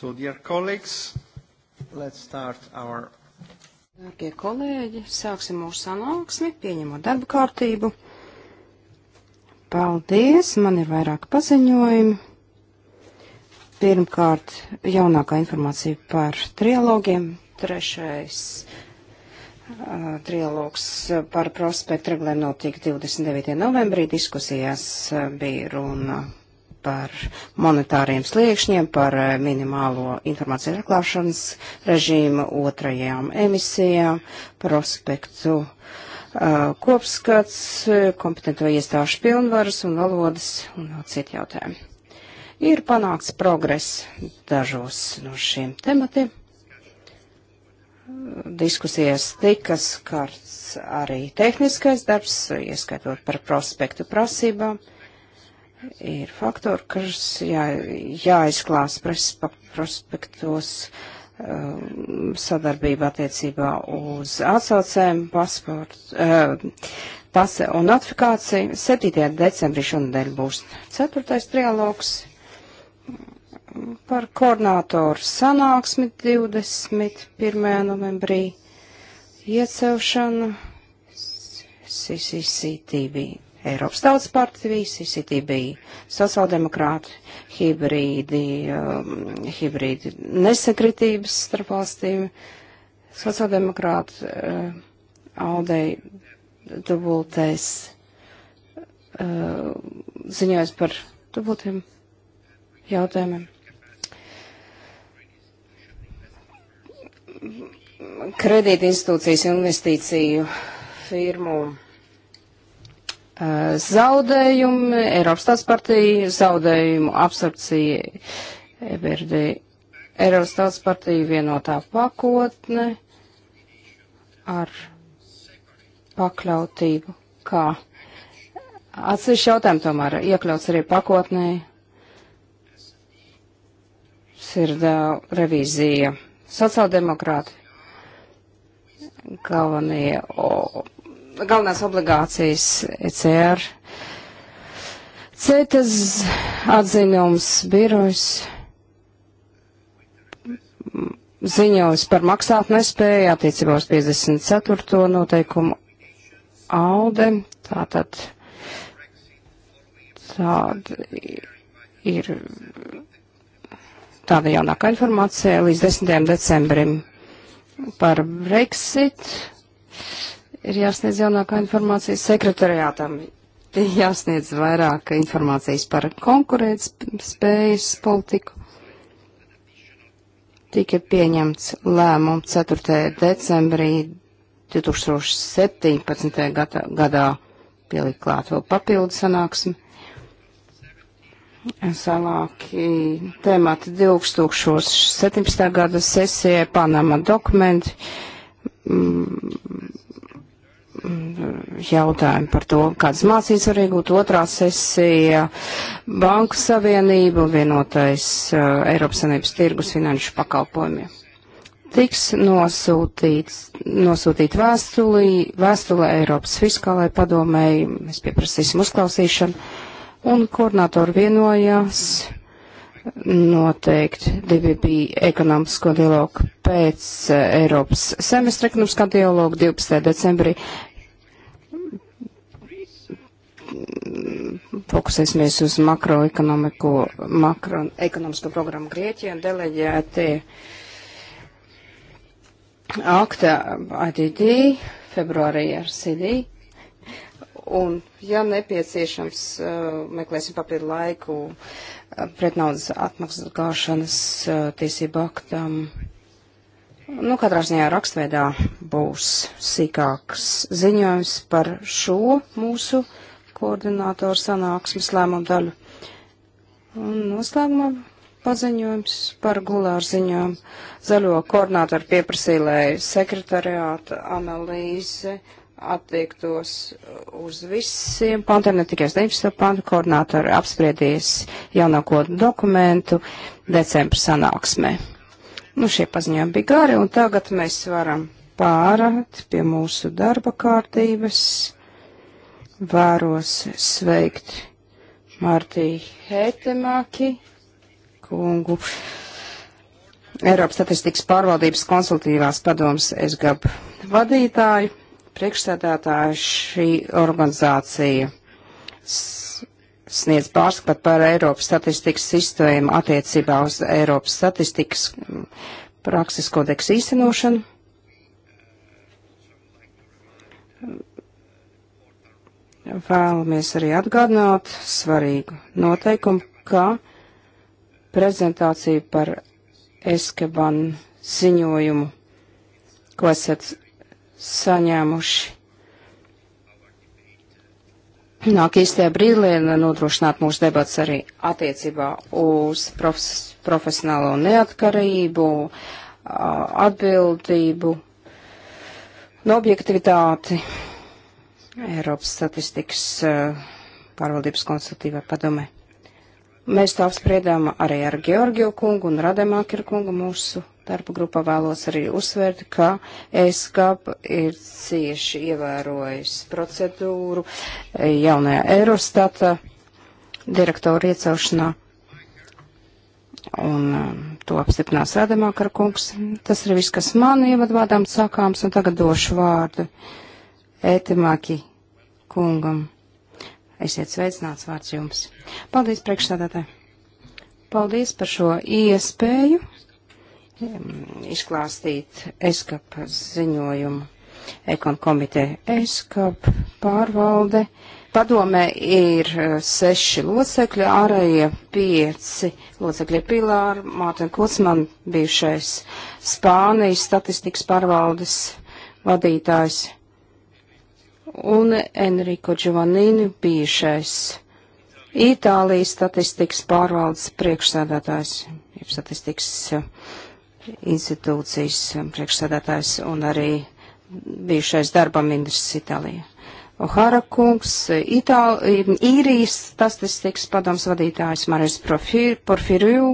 So, dear colleagues, let's start our. Dārgie kolēģi, sāksim mūsu sanāksmi, pieņemot darba kārtību. Paldies, man ir vairāk paziņojumi. Pirmkārt, jaunākā informācija par trialogiem. Trešais Uh, trialogs par prospektu regulē notika 29. novembrī. Diskusijās bija runa par monetāriem sliekšņiem, par eh, minimālo informācijas atklāšanas režīmu, otrajām emisijām, prospektu eh, kopskats, eh, kompetento iestāžu pilnvaras un valodas un vēl citi jautājumi. Ir panākts progress dažos no šiem tematiem. Diskusijas tika skarts arī tehniskais darbs, ieskaitot par prospektu prasībām ir faktori, kas jā, jāizklās prospektos um, sadarbība attiecībā uz atsaucēm, pasportu, um, pase un notifikāciju. 7. decembrī šonadēļ būs ceturtais trialogs par koordinātoru sanāksmi 21. novembrī iecelšanu CCCTV Eiropas tautas partijas, izsitī bija sociāldemokrāti, hibrīdi, um, hibrīdi nesakritības starp valstīm, sociāldemokrāti uh, audei dubultais uh, ziņojas par dubultiem jautājumiem. Kredīti institūcijas investīciju firmu Eh, zaudējumi, Eiropas tautas partija zaudējumu absorpcija EBRD, Eiropas tautas partija vienotā pakotne ar pakļautību, kā atsevišķi jautājumi tomēr iekļauts arī pakotnē. Sirdā revīzija sociāldemokrāti, galvenie galvenās obligācijas ECR. Cetas atzinums birojas ziņojas par maksātnespēju attiecībā uz 54. noteikumu ALDE. Tātad tāda ir tāda jaunākā informācija līdz 10. decembrim par Brexit. Uh, ir jāsniedz jaunākā informācija sekretariātam, jāsniedz vairāk informācijas par konkurētspējas politiku. Tika pieņemts lēmums 4. decembrī 2017. Gada, gadā pielikt klāt vēl papildu sanāksmi. Salāki temati 2017. gada sesijai Panama dokumenti. Mm, jautājumi par to, kādas mācības var iegūt otrā sesija, Banku Savienība un vienotais uh, Eiropas Savienības tirgus finanšu pakalpojumiem. Tiks nosūtīts, nosūtīt vēstulī, vēstulē Eiropas fiskālai padomēji, mēs pieprasīsim uzklausīšanu, un koordinātori vienojās. Mm noteikti divi bija ekonomisko dialogu pēc eh, Eiropas semestra ekonomiskā dialogu 12. decembrī. Fokusēsimies uz makroekonomisko programmu Grieķijā un deleģētie akta ADD februārī ar CD un, ja nepieciešams, uh, meklēsim papildu laiku uh, pretnaudas atmaksāšanas uh, tiesību aktam. Nu, katrā ziņā rakstveidā būs sīkāks ziņojums par šo mūsu koordinātoru sanāksmes lēmumu daļu. Un noslēgumā paziņojums par gulāru ziņām. Zaļo koordinātoru pieprasīja, lai sekretariāta analīze attiektos uz visiem pantiem, ne tikai uz 19. pantu. Koordinātori apspriedies jaunāko dokumentu decembra sanāksmē. Nu, šie paziņojumi bija gari, un tagad mēs varam pārāt pie mūsu darba kārtības. Vēros sveikt Mārtiju Heitemāki kungu. Eiropas statistikas pārvaldības konsultīvās padomas SGAB vadītāju priekšsēdētāja šī organizācija sniedz pārskatu par Eiropas statistikas sistēmu attiecībā uz Eiropas statistikas prakses kodeksu īstenošanu. Vēlamies arī atgādināt svarīgu noteikumu, ka prezentācija par Eskeban ziņojumu, ko esat saņēmuši. Nāk īstajā brīdī, lai nodrošinātu mūsu debats arī attiecībā uz profes, profesionālo neatkarību, atbildību un objektivitāti Eiropas statistikas pārvaldības konsultīvā padome. Mēs to apspriedām arī ar Georgiju kungu un Rademākeru kungu mūsu darba grupā vēlos arī uzsvērt, ka ESCAP ir cieši ievērojis procedūru jaunajā Eurostata direktora iecelšanā. Un um, to apstiprinās Rademākar kungs. Tas ir viss, kas man ievadvādām sakāms, un tagad došu vārdu Ētimāki kungam. Esiet sveicināts vārds jums. Paldies priekšstādātāji. Paldies par šo iespēju izklāstīt ESCAP ziņojumu Ekon komiteja ESCAP pārvalde. Padomē ir eh, seši locekļi, ārējie pieci locekļi Pilāra, Mārtiņa Kucman, bijušais Spānijas statistikas pārvaldes vadītājs, un Enrico Giovannini, bijušais Itālijas statistikas pārvaldes priekšsēdētājs, statistikas uh, institūcijas um, priekšsēdētājs un arī bijušais darba ministrs Itālijā. Ohara kungs, Itāli, īrijas statistikas padoms vadītājs Marijas Porfiriju,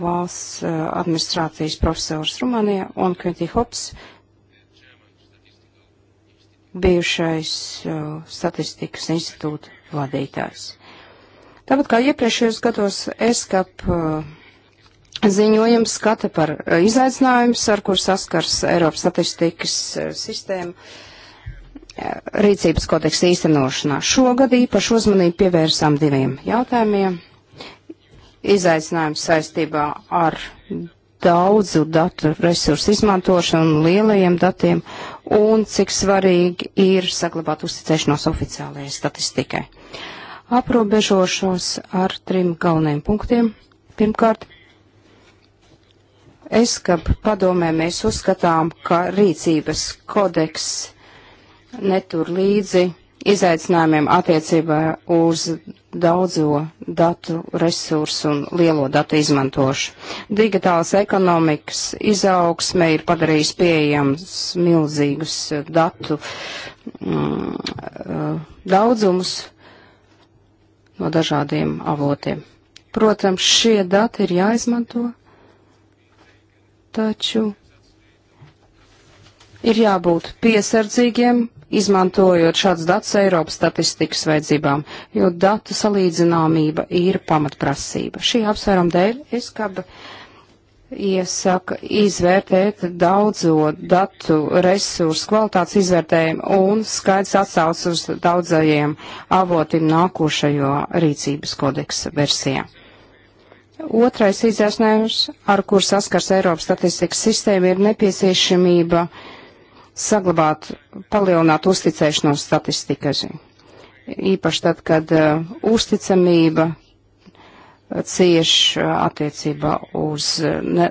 valsts uh, administrācijas profesors Rumānijā un Kventi Hops, bijušais uh, statistikas institūta vadītājs. Tāpat kā iepriekšējos gados ESCAP uh, Ziņojums skata par eh, izaicinājumus, ar kur saskars Eiropas statistikas eh, sistēma eh, rīcības kodeksa īstenošanā. Šogad īpaši uzmanību pievērsām diviem jautājumiem. Izaicinājums saistībā ar daudzu datu resursu izmantošanu, lielajiem datiem un cik svarīgi ir saglabāt uzticēšanos oficiālajai statistikai. Aprobežošos ar trim galvenajiem punktiem. Pirmkārt, Es, ka padomē mēs uzskatām, ka rīcības kodeks netur līdzi izaicinājumiem attiecībā uz daudzo datu resursu un lielo datu izmantošu. Digitālas ekonomikas izaugsme ir padarījis pieejams milzīgus datu mm, eh, daudzumus no dažādiem avotiem. Protams, šie dati ir jāizmanto taču ir jābūt piesardzīgiem, izmantojot šāds dats Eiropas statistikas vajadzībām, jo datu salīdzināmība ir pamatprasība. Šī apsvēruma dēļ es kādu iesaka izvērtēt daudzo datu resursu kvalitātes izvērtējumu un skaidrs atsauc uz daudzajiem avotiem nākošajo rīcības kodeksa versijā. Otrais izaicinājums, ar kur saskars Eiropas statistikas sistēma, ir nepieciešamība saglabāt, palielināt uzticēšanos statistikai. Īpaši tad, kad uh, uzticamība uh, cieš uh, attiecībā uz uh, ne,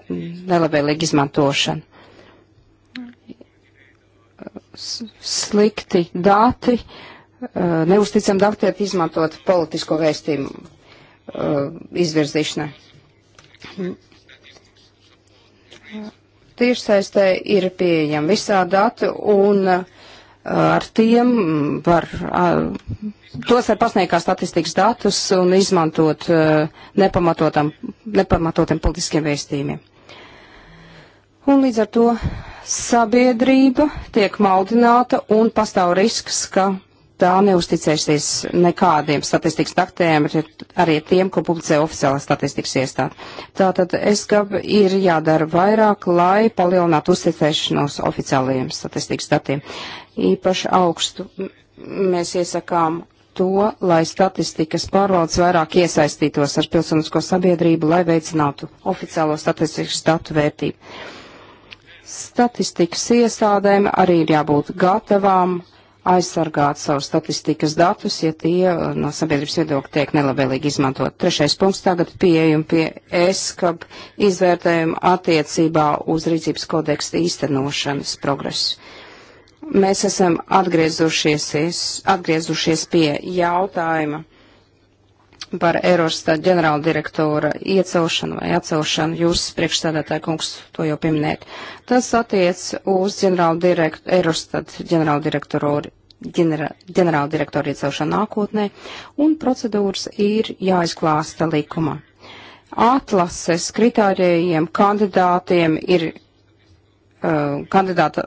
nelabvēlīgu izmantošanu. S slikti dati, uh, neusticami dati tiek izmantot politisko vēstījumu Uh, izvirzīšanai. Tiešsaistē ir pieejama visā datu un uh, ar tiem var, uh, tos var pasniegt kā statistikas datus un izmantot nepamatotam, nepamatotiem politiskiem vēstījumiem. Un līdz ar to sabiedrība tiek maldināta un pastāv risks, ka tā neusticēsies nekādiem statistikas taktiem, arī tiem, ko publicē oficiālā statistikas iestāde. Tātad SGAB ir jādara vairāk, lai palielinātu uzticēšanos oficiālajiem statistikas datiem. Īpaši augstu mēs iesakām to, lai statistikas pārvaldes vairāk iesaistītos ar pilsonisko sabiedrību, lai veicinātu oficiālo statistikas datu vērtību. Statistikas iestādēm arī ir jābūt gatavām aizsargāt savus statistikas datus, ja tie uh, no sabiedrības viedokļa tiek nelabvēlīgi izmantot. Trešais punkts tagad pieejam pie ESCAB izvērtējuma attiecībā uz rīcības kodeksta īstenošanas progresu. Mēs esam atgriezušies, atgriezušies pie jautājuma par Eurostat ģenerāla direktora iecelšanu vai atcelšanu. Jūs, priekšstādātāji kungs, to jau pieminēt. Tas attiec uz ģenerāla direkt, Eurostat ģenerāla direktora ģenerāla direktora iecelšana nākotnē, un procedūras ir jāizklāsta likumā. Atlases kritērijiem kandidātiem ir uh, kandidāta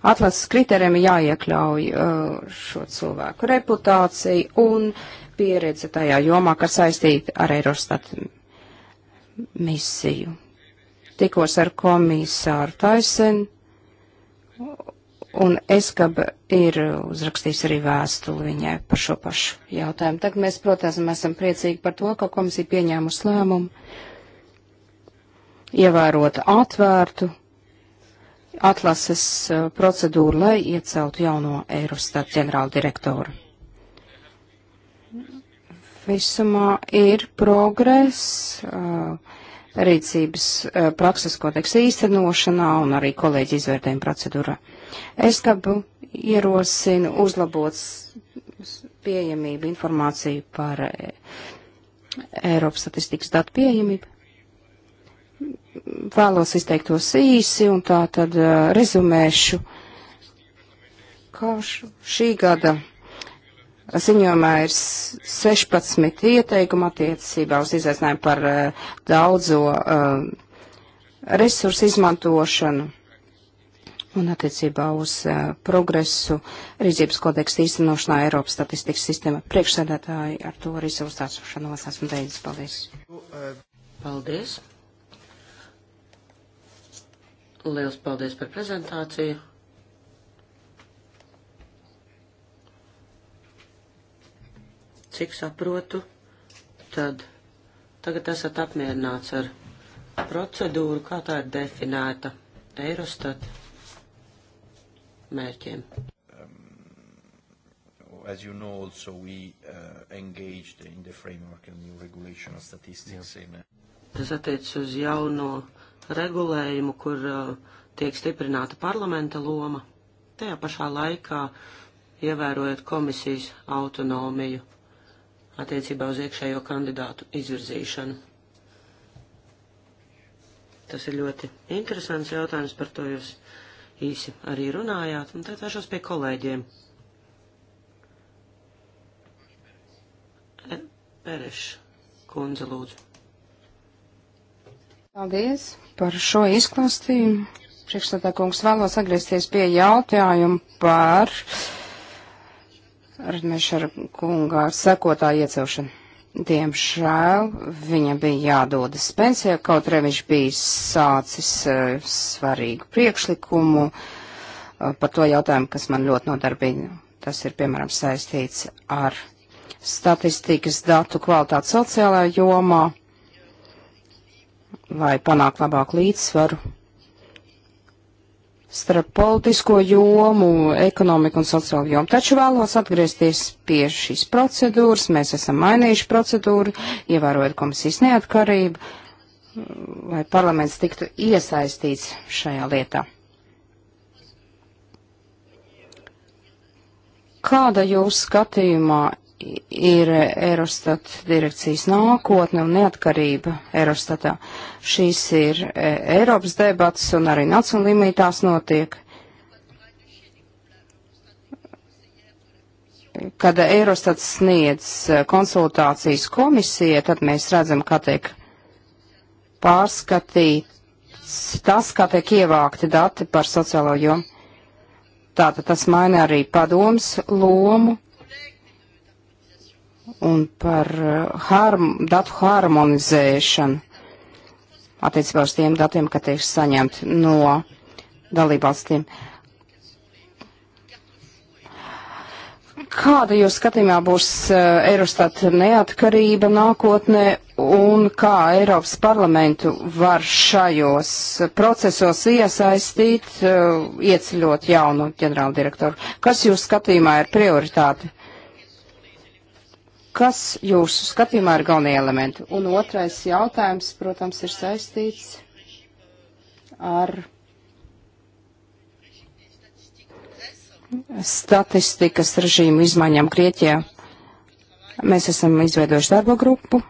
atlases kriterijiem jāiekļauj uh, šo cilvēku reputāciju un pieredze tajā jomā, kas saistīta ar Eirostat misiju. Tikos ar komisāru Taisen, un Eskab ir uzrakstījis arī vēstuli viņai par šo pašu jautājumu. Tagad mēs, protams, esam priecīgi par to, ka komisija pieņēmusi lēmumu ievērot atvērtu atlases eh, procedūru, lai ieceltu jauno Eirostat ģenerāldirektoru visumā ir progress rīcības prakses kodeksa īstenošanā un arī kolēģi izvērtējuma procedūrā. Es kādu ierosinu uzlabot pieejamību informāciju par Eiropas statistikas datu pieejamību. Vēlos izteiktos īsi un tā tad rezumēšu, kā šī gada Ziņojumā ir 16 ieteikuma attiecībā uz izaicinājumu par uh, daudzo uh, resursu izmantošanu un attiecībā uz uh, progresu rīzības kodeksta īstenošanā Eiropas statistikas sistēma. Priekšsēdētāji ar to arī savu stāstīšanos esmu beidzis. Paldies! Paldies! Liels paldies par prezentāciju! Cik saprotu, tad tagad esat apmierināts ar procedūru, kā tā ir definēta Eirostat mērķiem. Um, as you know, also we uh, engaged in the framework and new regulation of statistics. Jā. In, uh... Tas attiecas uz jauno regulējumu, kur uh, tiek stiprināta parlamenta loma, tajā pašā laikā ievērojot komisijas autonomiju attiecībā uz iekšējo kandidātu izvirzīšanu. Tas ir ļoti interesants jautājums, par to jūs īsi arī runājāt, un tad vēršos pie kolēģiem. E, Pereš, kundze, lūdzu. Paldies par šo izklāstījumu. Priekšstādā kungs vēlos atgriezties pie jautājumu par uh, Ernešara kunga sekotā iecelšana. Diemžēl viņam bija jādodas pensijā, kaut arī viņš bija sācis uh, svarīgu priekšlikumu uh, par to jautājumu, kas man ļoti nodarbina. Tas ir, piemēram, saistīts ar statistikas datu kvalitāti sociālajā jomā, lai panāktu labāku līdzsvaru starp politisko jomu, ekonomiku un sociālo jomu. Taču vēlos atgriezties pie šīs procedūras. Mēs esam mainījuši procedūru, ievērojot komisijas neatkarību, lai parlaments tiktu iesaistīts šajā lietā. Kāda jūs skatījumā ir Eurostat direkcijas nākotne un neatkarība Eurostatā. Šīs ir e, Eiropas debats un arī nacionāla līmenī tās notiek. Kad Eurostats sniedz e, konsultācijas komisija, tad mēs redzam, kā tiek pārskatīts tas, kā tiek ievākti dati par sociālo jomu. Tātad tas maina arī padoms lomu un par uh, harm, datu harmonizēšanu attiecībā uz tiem datiem, ka tiek saņemti no dalībvalstīm. Kāda jūs skatījumā būs uh, Eurostat neatkarība nākotnē un kā Eiropas parlamentu var šajos procesos iesaistīt, uh, ieceļot jaunu ģenerāldirektoru? Kas jūs skatījumā ir prioritāte? Kas jūsu skatījumā ir galvenie elementi? Un otrais jautājums, protams, ir saistīts ar statistikas režīmu izmaiņām Grieķijā. Mēs esam izveidojuši darba grupu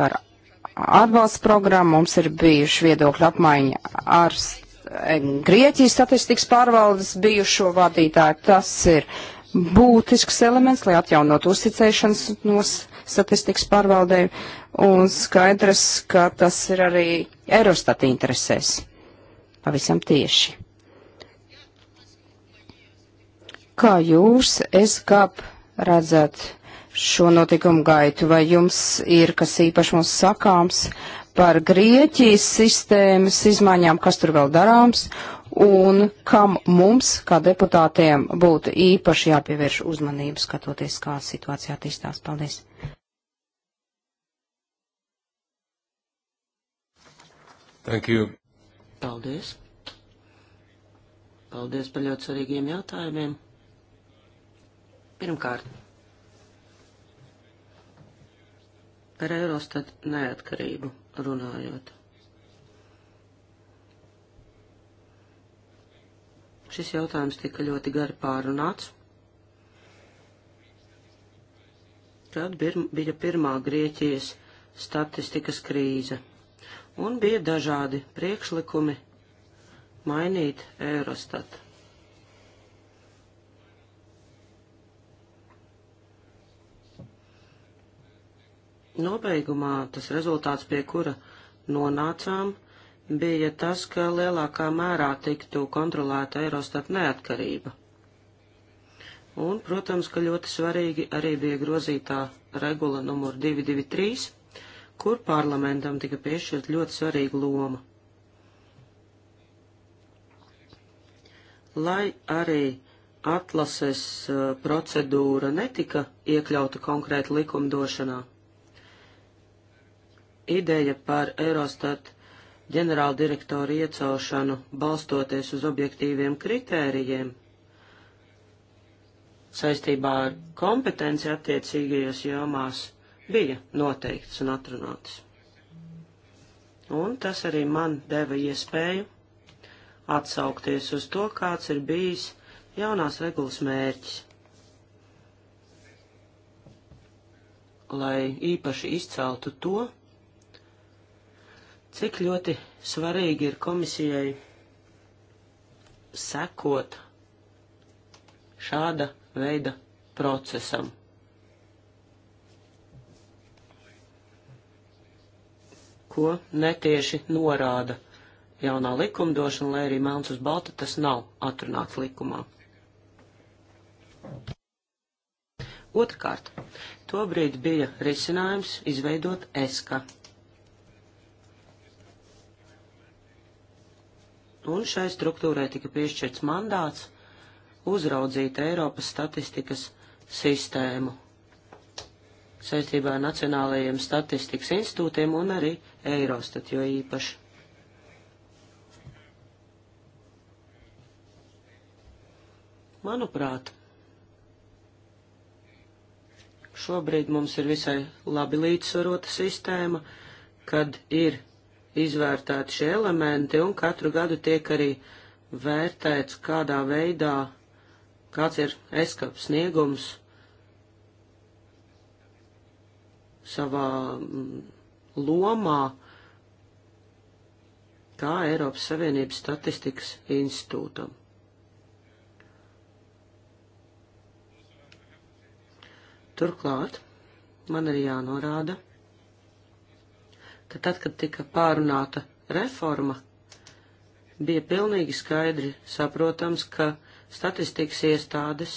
par atbalsta programmu. Mums ir bijuši viedokļu apmaiņa ar Grieķijas statistikas pārvaldes bijušo vadītāju. Tas ir būtisks elements, lai atjaunot uzticēšanas no statistikas pārvaldēju, un skaidrs, ka tas ir arī Eurostat interesēs. Pavisam tieši. Kā jūs, es kāp redzat šo notikumu gaitu, vai jums ir kas īpaši mums sakāms par Grieķijas sistēmas izmaiņām, kas tur vēl darāms, un kam mums, kā deputātiem, būtu īpaši jāpievērš uzmanību, skatoties, kā situācija attīstās. Paldies! Thank you. Paldies! Paldies par ļoti svarīgiem jautājumiem. Pirmkārt, Par Eurostat neatkarību runājot. Šis jautājums tika ļoti gari pārunāts. Tad bija pirmā Grieķijas statistikas krīze, un bija dažādi priekšlikumi mainīt Eurostatu. Nobeigumā tas rezultāts, pie kura nonācām, bija tas, ka lielākā mērā tiktu kontrolēta Eurostat neatkarība. Un, protams, ka ļoti svarīgi arī bija grozītā regula numur 223, kur parlamentam tika piešķirt ļoti svarīga loma. Lai arī atlases eh, procedūra netika iekļauta konkrēti likumdošanā, ideja par Eurostat ģenerāla direktoru iecelšanu balstoties uz objektīviem kritērijiem saistībā ar kompetenci attiecīgajos jomās bija noteikts un atrunāts. Un tas arī man deva iespēju atsaukties uz to, kāds ir bijis jaunās regulas mērķis. Lai īpaši izceltu to, Cik ļoti svarīgi ir komisijai sekot šāda veida procesam? Ko netieši norāda jaunā likumdošana, lai arī melns uz balta tas nav atrunāts likumā. Otrakārt, tobrīd bija risinājums izveidot ESKA un šai struktūrai tika piešķirts mandāts uzraudzīt Eiropas statistikas sistēmu saistībā ar Nacionālajiem statistikas institūtiem un arī Eirostat, jo īpaši. Manuprāt, šobrīd mums ir visai labi līdzsvarota sistēma, kad ir izvērtēti šie elementi, un katru gadu tiek arī vērtēts, kādā veidā, kāds ir eskaps sniegums savā mm, lomā, kā Eiropas Savienības statistikas institūtam. Turklāt man arī jānorāda, ka tad, kad tika pārunāta reforma, bija pilnīgi skaidri saprotams, ka statistikas iestādes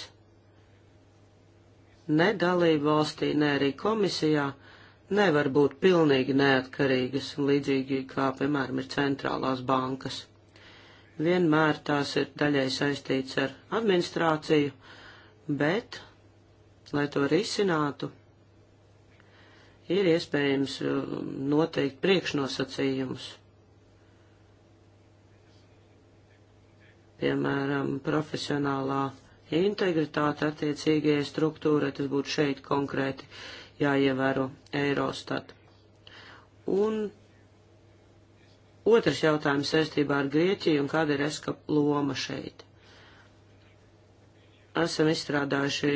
nedalība valstī, ne arī komisijā nevar būt pilnīgi neatkarīgas, līdzīgi kā, piemēram, ir centrālās bankas. Vienmēr tās ir daļai saistīts ar administrāciju, bet, lai to risinātu, ir iespējams um, noteikt priekšnosacījumus. Piemēram, profesionālā integritāte attiecīgajai struktūrai, tas būtu šeit konkrēti jāievēro Eirostat. Un otrs jautājums saistībā ar Grieķiju un kāda ir ESKA loma šeit. Esam izstrādājuši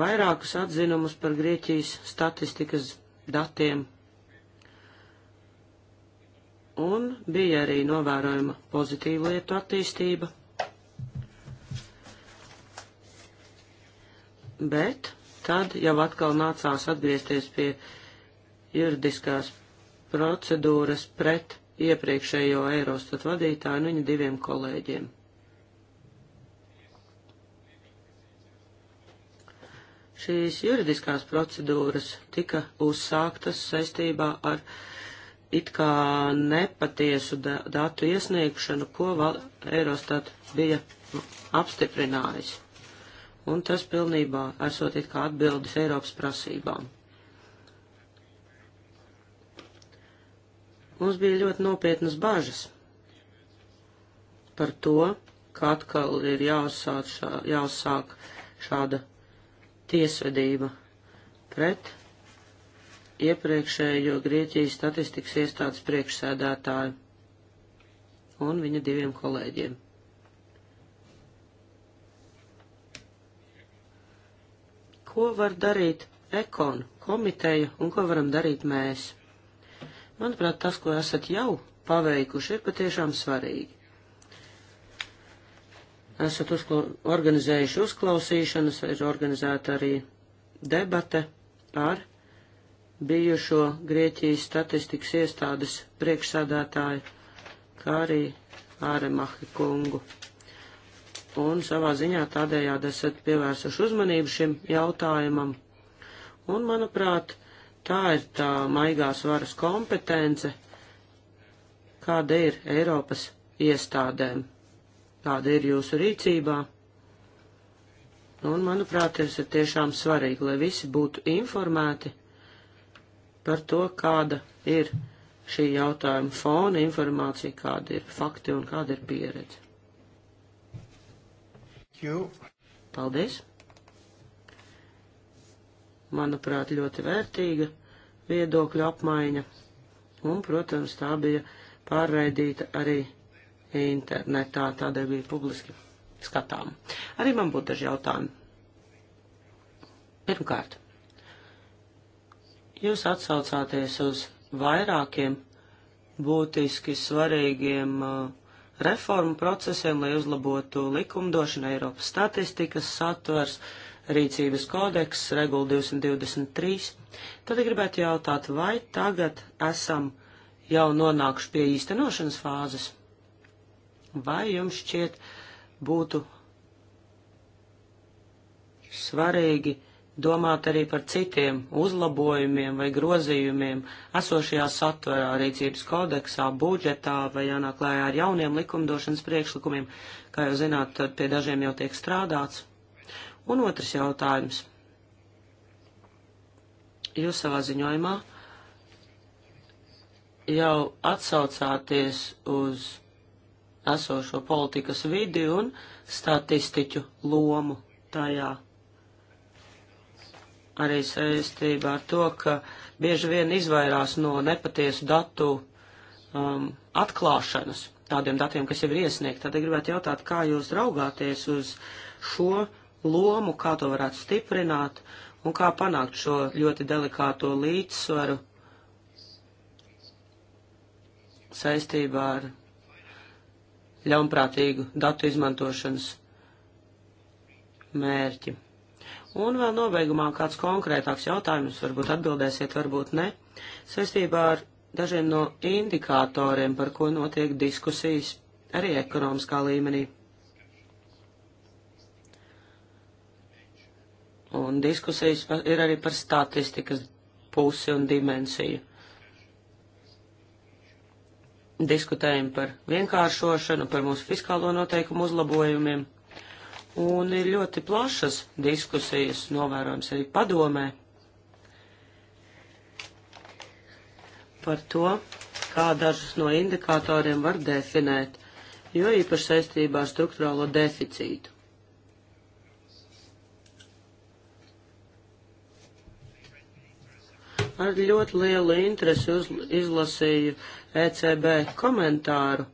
vairākus atzinumus par Grieķijas statistikas datiem. Un bija arī novērojama pozitīva lietu attīstība. Bet tad jau atkal nācās atgriezties pie juridiskās procedūras pret iepriekšējo Eirostat vadītāju un viņa diviem kolēģiem. Šīs juridiskās procedūras tika uzsāktas saistībā ar it kā nepatiesu da datu iesniegšanu, ko Eurostat bija apstiprinājis. Un tas pilnībā esot it kā atbildes Eiropas prasībām. Mums bija ļoti nopietnas bažas par to, ka atkal ir jāuzsāk, šā, jāuzsāk šāda tiesvedība pret iepriekšējo Grieķijas statistikas iestādes priekšsēdētāju un viņa diviem kolēģiem. Ko var darīt ekon komiteja un ko varam darīt mēs? Manuprāt, tas, ko esat jau paveikuši, ir patiešām svarīgi esat uzkla organizējuši uzklausīšanas, ir organizēta arī debate ar bijušo Grieķijas statistikas iestādes priekšsādātāju, kā arī Āremahi kungu. Un savā ziņā tādējādi esat pievērsuši uzmanību šim jautājumam. Un, manuprāt, tā ir tā maigās varas kompetence, kāda ir Eiropas iestādēm tāda ir jūsu rīcībā. Nu, un, manuprāt, tas ir tiešām svarīgi, lai visi būtu informēti par to, kāda ir šī jautājuma fona informācija, kāda ir fakti un kāda ir pieredze. Jū. Paldies! Manuprāt, ļoti vērtīga viedokļu apmaiņa. Un, protams, tā bija pārraidīta arī internetā, tādēļ bija publiski skatām. Arī man būtu daži jautājumi. Pirmkārt, jūs atsaucāties uz vairākiem būtiski svarīgiem uh, reformu procesiem, lai uzlabotu likumdošanu Eiropas statistikas satvers, rīcības kodeks, regula 223. Tad gribētu jautāt, vai tagad esam jau nonākuši pie īstenošanas fāzes? Vai jums šķiet būtu svarīgi domāt arī par citiem uzlabojumiem vai grozījumiem esošajā satverā, rīcības kodeksā, budžetā vai jānāklājā ar jauniem likumdošanas priekšlikumiem, kā jau zināt, tad pie dažiem jau tiek strādāts. Un otrs jautājums. Jūs savā ziņojumā jau atsaucāties uz esošo politikas vidi un statistiķu lomu tajā. Arī saistībā ar to, ka bieži vien izvairās no nepatiesu datu um, atklāšanas, tādiem datiem, kas jau ir iesniegti. Tad gribētu jautāt, kā jūs raugāties uz šo lomu, kā to varētu stiprināt un kā panākt šo ļoti delikāto līdzsvaru saistībā ar ļaunprātīgu datu izmantošanas mērķi. Un vēl nobeigumā kāds konkrētāks jautājums, varbūt atbildēsiet, varbūt ne, saistībā ar dažiem no indikatoriem, par ko notiek diskusijas arī ekonomiskā līmenī. Un diskusijas ir arī par statistikas pusi un dimensiju diskutējam par vienkāršošanu, par mūsu fiskālo noteikumu uzlabojumiem, un ir ļoti plašas diskusijas, novērojams arī padomē, par to, kā dažus no indikatoriem var definēt, jo īpaši saistībā ar struktūrālo deficītu. Ar ļoti lielu interesi uz, izlasīju ECB komentāru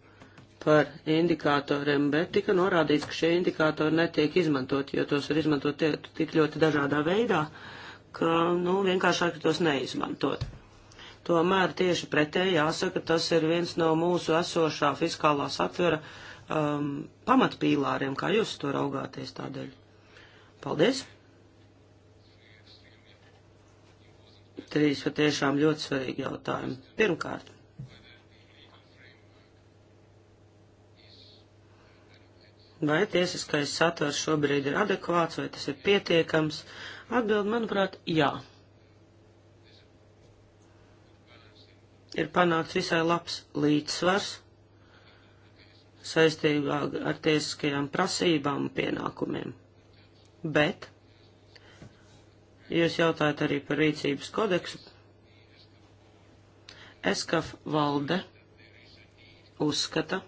par indikatoriem, bet tika norādīts, ka šie indikatori netiek izmantot, jo tos var izmantot tie, tik ļoti dažādā veidā, ka, nu, vienkāršāk tos neizmantot. Tomēr tieši pretēji jāsaka, tas ir viens no mūsu esošā fiskālā satvera um, pamatpīlāriem, kā jūs to raugāties tādēļ. Paldies! Trīs patiešām ļoti svarīgi jautājumi. Pirmkārt, vai tiesiskais saturs šobrīd ir adekvāts, vai tas ir pietiekams? Atbild, manuprāt, jā. Ir panākts visai labs līdzsvars saistībā ar tiesiskajām prasībām un pienākumiem. Bet jūs jautājat arī par rīcības kodeksu. Eskaf valde uzskata,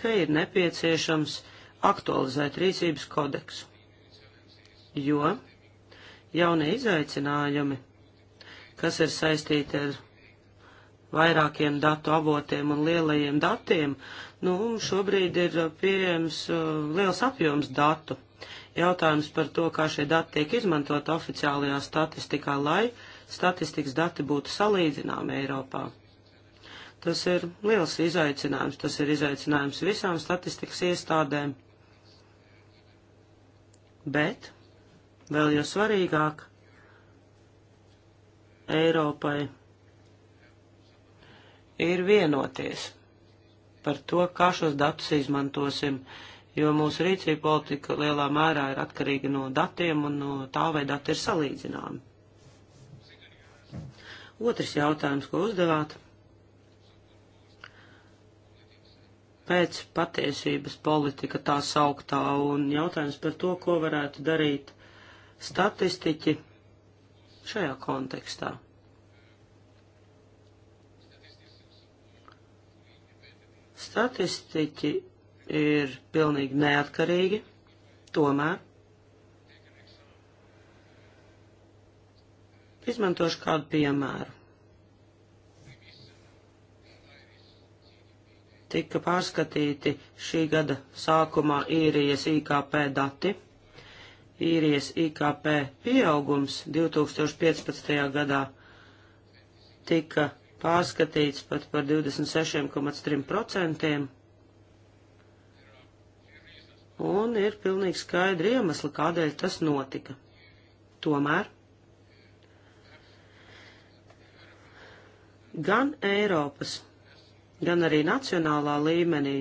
ka ir nepieciešams aktualizēt rīcības kodeksu, jo jaunie izaicinājumi, kas ir saistīti ar vairākiem datu avotiem un lielajiem datiem, nu, šobrīd ir pieejams uh, liels apjoms datu. Jautājums par to, kā šie dati tiek izmantot oficiālajā statistikā, lai statistikas dati būtu salīdzināmi Eiropā. Tas ir liels izaicinājums. Tas ir izaicinājums visām statistikas iestādēm. Bet, vēl jau svarīgāk, Eiropai ir vienoties par to, kā šos datus izmantosim, jo mūsu rīcība politika lielā mērā ir atkarīga no datiem un no tā, vai dati ir salīdzināmi. Otrs jautājums, ko uzdevāt. pēc patiesības politika tā sauktā, un jautājums par to, ko varētu darīt statistiķi šajā kontekstā. Statistiķi ir pilnīgi neatkarīgi, tomēr izmantošu kādu piemēru. tika pārskatīti šī gada sākumā īrijas IKP dati. Īrijas IKP pieaugums 2015. gadā tika pārskatīts pat par 26,3%, un ir pilnīgi skaidri iemesli, kādēļ tas notika. Tomēr gan Eiropas gan arī nacionālā līmenī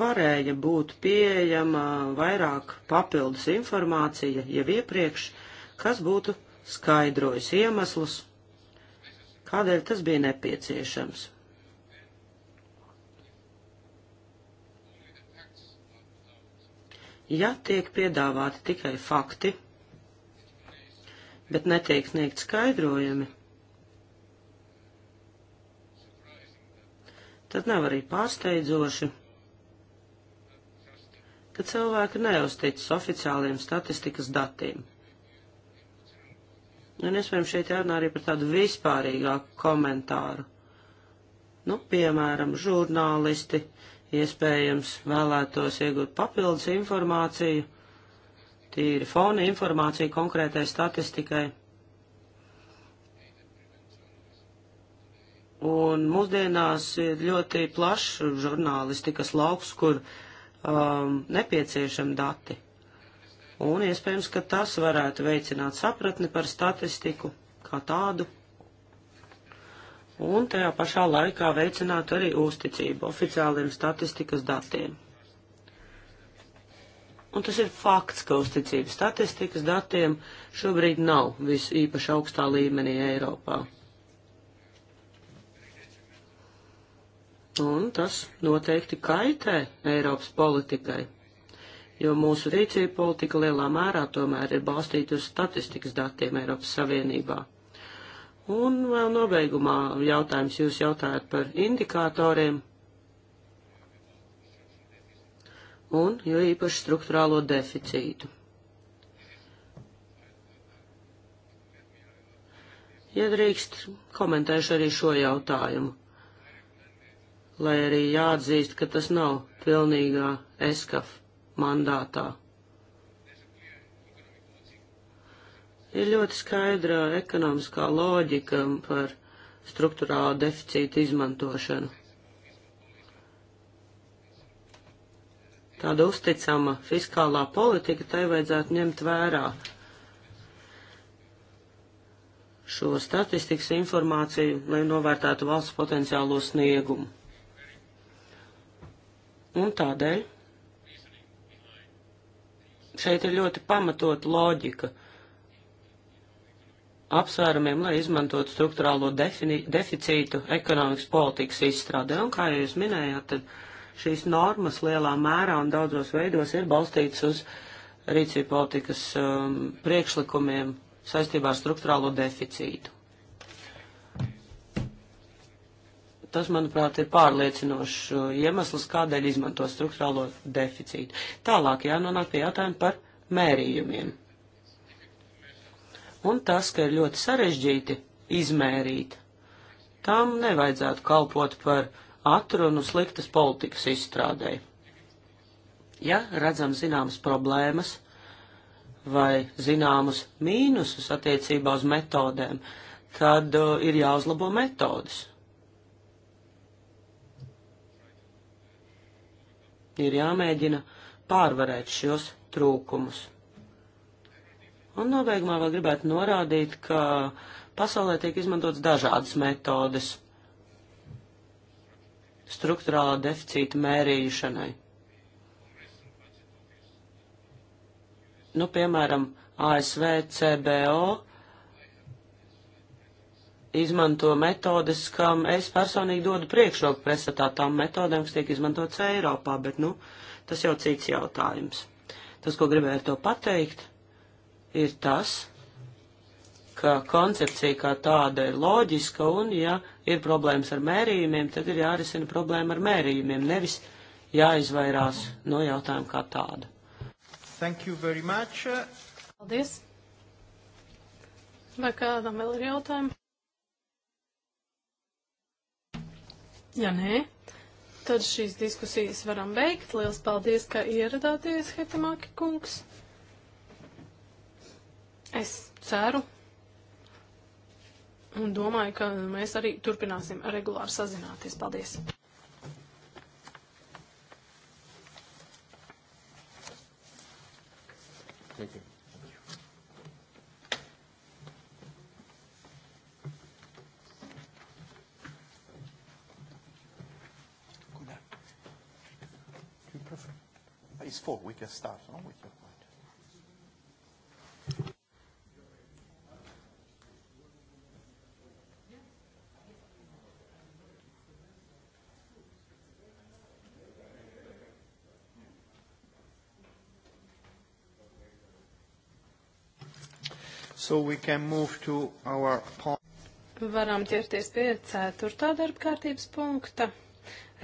varēja būt pieejama vairāk papildus informācija jau iepriekš, kas būtu skaidrojis iemeslus, kādēļ tas bija nepieciešams. Ja tiek piedāvāti tikai fakti, bet netiek sniegt skaidrojumi, tad nav arī pārsteidzoši, ka cilvēki neuzticas oficiāliem statistikas datiem. Un iespējams šeit jārunā arī par tādu vispārīgāku komentāru. Nu, piemēram, žurnālisti iespējams vēlētos iegūt papildus informāciju, tīri fona informāciju konkrētai statistikai. Un mūsdienās ir ļoti plašs žurnālistikas lauks, kur um, nepieciešami dati. Un iespējams, ka tas varētu veicināt sapratni par statistiku kā tādu. Un tajā pašā laikā veicinātu arī uzticību oficiāliem statistikas datiem. Un tas ir fakts, ka uzticības statistikas datiem šobrīd nav vis īpaši augstā līmenī Eiropā. un tas noteikti kaitē Eiropas politikai, jo mūsu rīcība politika lielā mērā tomēr ir balstīta uz statistikas datiem Eiropas Savienībā. Un vēl nobeigumā jautājums jūs jautājat par indikatoriem un jo īpaši struktūrālo deficītu. Ja drīkst, komentēšu arī šo jautājumu lai arī jāatzīst, ka tas nav pilnīgā ESCAF mandātā. Ir ļoti skaidra ekonomiskā loģika par struktūrālo deficītu izmantošanu. Tāda uzticama fiskālā politika tai vajadzētu ņemt vērā šo statistikas informāciju, lai novērtētu valsts potenciālo sniegumu. Un tādēļ šeit ir ļoti pamatot loģika apsvērumiem, lai izmantot struktūrālo defini, deficītu ekonomikas politikas izstrādē. Un kā jūs minējāt, tad šīs normas lielā mērā un daudzos veidos ir balstītas uz rīcību politikas um, priekšlikumiem saistībā ar struktūrālo deficītu. tas, manuprāt, ir pārliecinošs uh, iemesls, kādēļ izmanto struktūrālo deficītu. Tālāk jānonāk pie jautājuma par mērījumiem. Un tas, ka ir ļoti sarežģīti izmērīt, tam nevajadzētu kalpot par atrunu sliktas politikas izstrādēji. Ja redzam zināmas problēmas vai zināmus mīnusus attiecībā uz metodēm, tad uh, ir jāuzlabo metodas. ir jāmēģina pārvarēt šos trūkumus. Un nobeigumā vēl gribētu norādīt, ka pasaulē tiek izmantots dažādas metodes struktūrālā deficīta mērīšanai. Nu, piemēram, ASV CBO izmanto metodes, kam es personīgi dodu priekšroku pretstatā tām metodēm, kas tiek izmantotas Eiropā, bet, nu, tas jau cits jautājums. Tas, ko gribēju ar to pateikt, ir tas, ka koncepcija kā tāda ir loģiska un, ja ir problēmas ar mērījumiem, tad ir jārisina problēma ar mērījumiem, nevis jāizvairās no jautājuma kā tāda. Thank you very much. Paldies. Vai kādam vēl ir jautājumi? Ja nē, tad šīs diskusijas varam beigt. Liels paldies, ka ieradāties, Hetemāki kungs. Es ceru un domāju, ka mēs arī turpināsim regulāri sazināties. Paldies! Thank you. four. We can start no, with your point. So we can move to our point. Varam ķerties pie ceturtā darba kārtības punkta.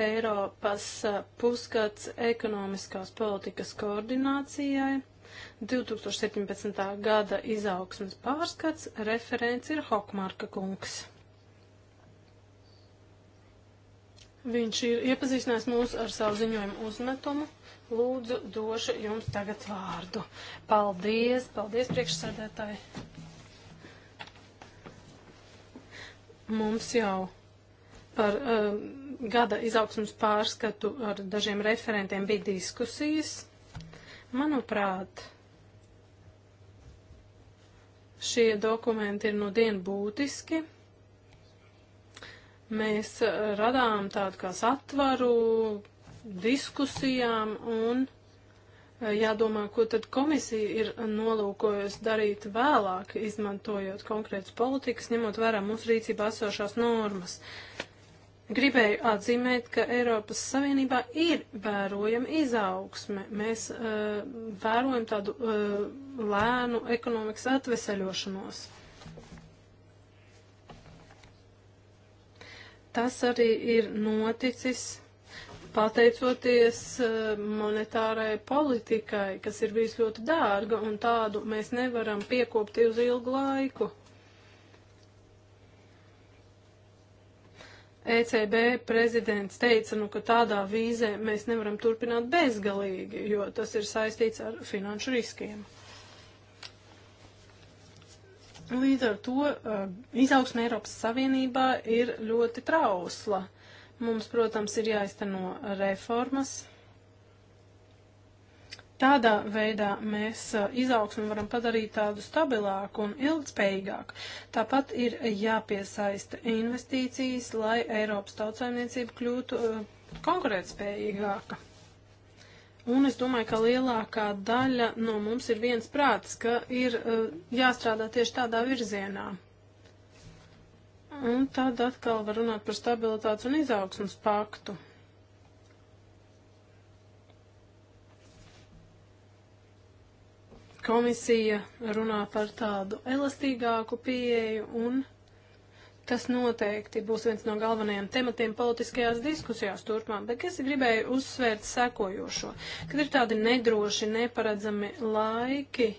Eiropas pusgads ekonomiskās politikas koordinācijai. 2017. gada izaugsmas pārskats referents ir Hokmarka kungs. Viņš ir iepazīstinājis mūs ar savu ziņojumu uzmetumu. Lūdzu, došu jums tagad vārdu. Paldies, paldies priekšsēdētāji. Mums jau par um, gada izaugsmas pārskatu ar dažiem referentiem bija diskusijas. Manuprāt, šie dokumenti ir no dienu būtiski. Mēs uh, radām tādu kā satvaru diskusijām un uh, jādomā, ko tad komisija ir nolūkojusi darīt vēlāk, izmantojot konkrētas politikas, ņemot vērā mūsu rīcībā esošās normas. Uh, Gribēju atzīmēt, ka Eiropas Savienībā ir vērojama izaugsme. Mēs uh, vērojam tādu uh, lēnu ekonomikas atveseļošanos. Tas arī ir noticis pateicoties eh, monetārai politikai, kas ir bijusi ļoti dārga, un tādu mēs nevaram piekopti uz ilgu laiku. ECB prezidents teica, nu, ka tādā vīzē mēs nevaram turpināt bezgalīgi, jo tas ir saistīts ar finanšu riskiem. Līdz ar to uh, izaugsme Eiropas Savienībā ir ļoti trausla. Mums, protams, ir jāizteno reformas, Tādā veidā mēs uh, izaugsmi varam padarīt tādu stabilāku un ilgspējīgāku. Tāpat ir jāpiesaista investīcijas, lai Eiropas tautsājumniecība kļūtu uh, konkurētspējīgāka. Un es domāju, ka lielākā daļa no mums ir viens prāts, ka ir uh, jāstrādā tieši tādā virzienā. Un tad atkal var runāt par stabilitātes un izaugsmas paktu. komisija runā par tādu elastīgāku pieeju un tas noteikti būs viens no galvenajiem tematiem politiskajās diskusijās turpmāk, bet es gribēju uzsvērt sekojošo, kad ir tādi nedroši, neparedzami laiki,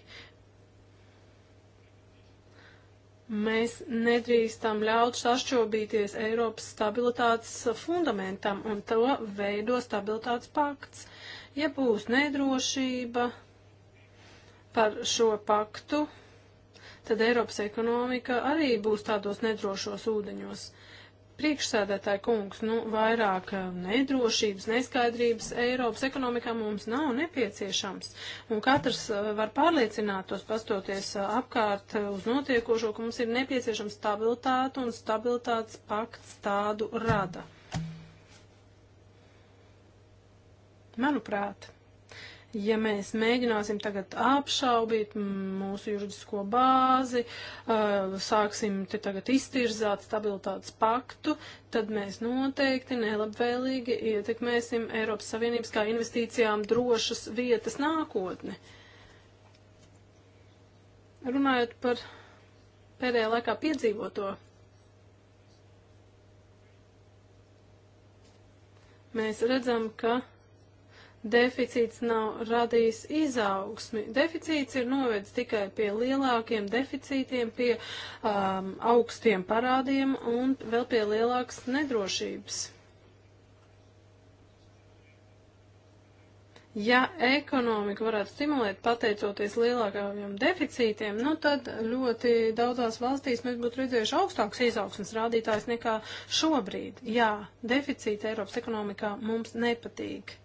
Mēs nedrīkstam ļaut sašķobīties Eiropas stabilitātes fundamentam, un to veido stabilitātes pakts. Ja būs nedrošība, par šo paktu, tad Eiropas ekonomika arī būs tādos nedrošos ūdeņos. Priekšsēdētāji kungs, nu, vairāk eh, nedrošības, neskaidrības Eiropas ekonomikā mums nav nepieciešams. Un katrs eh, var pārliecinātos, pastoties eh, apkārt uz notiekošo, ka mums ir nepieciešama stabilitāte un stabilitātes pakts tādu rada. Manuprāt, ja mēs mēģināsim tagad apšaubīt mūsu juridisko bāzi, uh, sāksim te tagad iztirzāt stabilitātes paktu, tad mēs noteikti nelabvēlīgi ietekmēsim Eiropas Savienības kā investīcijām drošas vietas nākotni. Runājot par pēdējā laikā piedzīvoto, mēs redzam, ka deficīts nav radījis izaugsmi. Deficīts ir novedis tikai pie lielākiem deficītiem, pie um, augstiem parādiem un vēl pie lielākas nedrošības. Ja ekonomika varētu stimulēt pateicoties lielākajiem deficītiem, nu tad ļoti daudzās valstīs mēs būtu redzējuši augstāks izaugsmas rādītājs nekā šobrīd. Jā, deficīti Eiropas ekonomikā mums nepatīk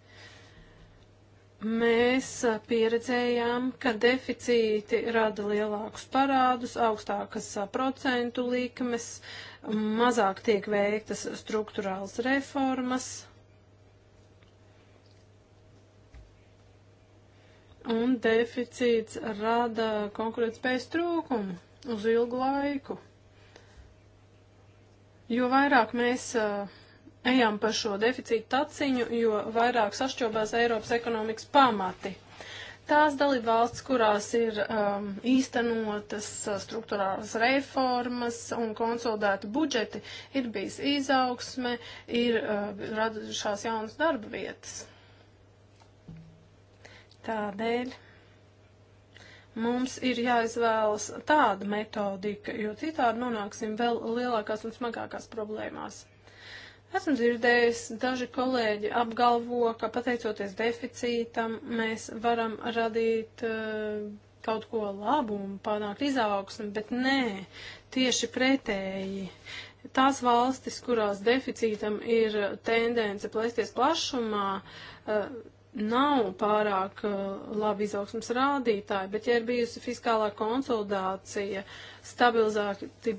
mēs pieredzējām, ka deficīti rada lielākus parādus, augstākas procentu likmes, mazāk tiek veiktas struktūrāls reformas. Un deficīts rada konkurētspējas trūkumu uz ilgu laiku. Jo vairāk mēs uh, ejam pa šo deficītu taciņu, jo vairāk sašķobās Eiropas ekonomikas pamati. Tās dalība valsts, kurās ir um, īstenotas uh, struktūrālas reformas un konsolidēti budžeti, ir bijis izaugsme, ir uh, radušās jaunas darba vietas. Tādēļ mums ir jāizvēlas tāda metodika, jo citādi nonāksim vēl lielākās un smagākās problēmās. Esmu dzirdējis, daži kolēģi apgalvo, ka pateicoties deficītam, mēs varam radīt uh, kaut ko labu un panākt izaugsmi, bet nē, tieši pretēji. Tās valstis, kurās deficītam ir tendence plēsties plašumā, uh, nav pārāk uh, labi izaugsmas rādītāji, bet ja ir bijusi fiskālā konsolidācija, stabilizēti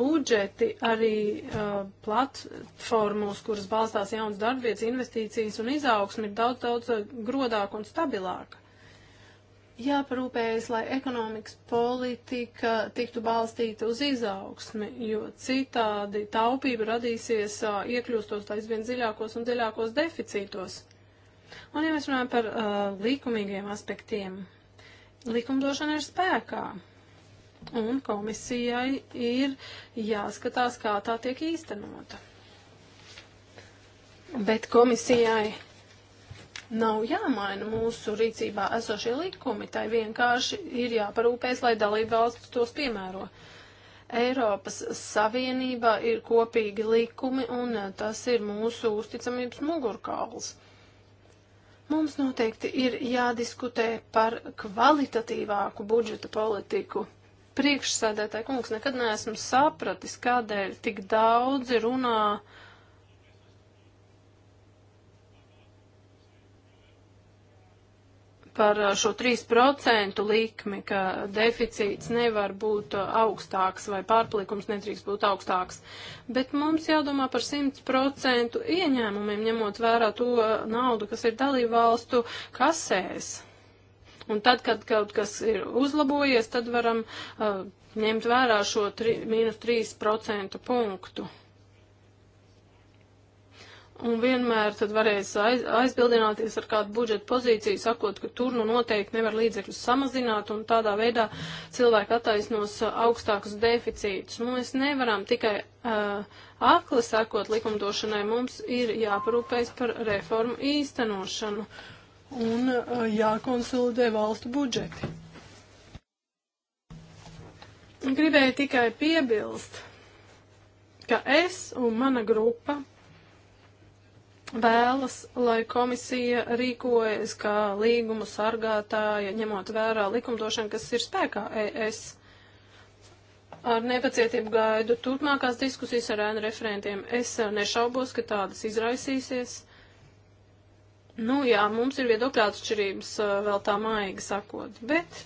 budžeti, arī uh, platformos, kuras balstās jaunas darbvietas, investīcijas un izaugsmi, ir daudz, daudz uh, grodāk un stabilāk. Jāparūpējas, lai ekonomikas politika tiktu balstīta uz izaugsmi, jo citādi taupība radīsies uh, iekļūstot aizvien dziļākos un dziļākos deficītos. Un, ja mēs runājam par uh, likumīgiem aspektiem, likumdošana ir spēkā. Un komisijai ir jāskatās, kā tā tiek īstenota. Bet komisijai nav jāmaina mūsu rīcībā esošie likumi, tai vienkārši ir jāparūpēs, lai dalība valsts tos piemēro. Eiropas Savienībā ir kopīgi likumi, un uh, tas ir mūsu uzticamības mugurkauls. Mums noteikti ir jādiskutē par kvalitatīvāku budžeta politiku. Priekšsēdētāji kungs nekad neesmu sapratis, kādēļ tik daudzi runā uh, par uh, šo 3% likmi, ka deficīts nevar būt uh, augstāks vai pārpalikums nedrīkst būt augstāks, bet mums jādomā par 100% ieņēmumiem, ņemot vērā to uh, naudu, kas ir dalību valstu kasēs. Un tad, kad kaut kas ir uzlabojies, tad varam uh, ņemt vērā šo tri, mīnus 3% punktu. Un vienmēr tad varēs aiz, aizbildināties ar kādu budžeta pozīciju, sakot, ka tur nu noteikti nevar līdzekļus samazināt, un tādā veidā cilvēki attaisnos uh, augstākus deficītus. Nu, mēs nevaram tikai uh, akli sekot likumdošanai, mums ir jāparūpējas par reformu īstenošanu un uh, jākonsolidē valstu budžeti. Gribēju tikai piebilst, ka es un mana grupa vēlas, lai komisija rīkojas kā līgumu sargātāja, ņemot vērā likumdošanu, kas ir spēkā ES. Ar nepacietību gaidu turpmākās diskusijas ar ēnu referentiem. Es eh, nešaubos, ka tādas izraisīsies. Nu jā, mums ir viedokļa atšķirības eh, vēl tā maigi sakot, bet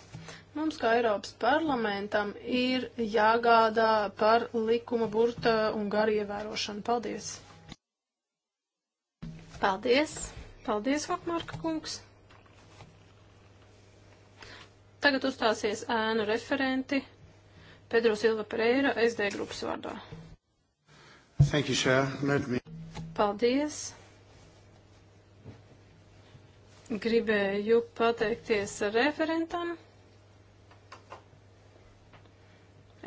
mums kā Eiropas parlamentam ir jāgādā par likuma burta un garu ievērošanu. Paldies! Paldies! Paldies, Hokmarka kungs! Tagad uzstāsies ēnu referenti Pedro Silva Pereira SD grupas vārdā. Thank you, Chair. Let me... Paldies. Gribēju pateikties referentam.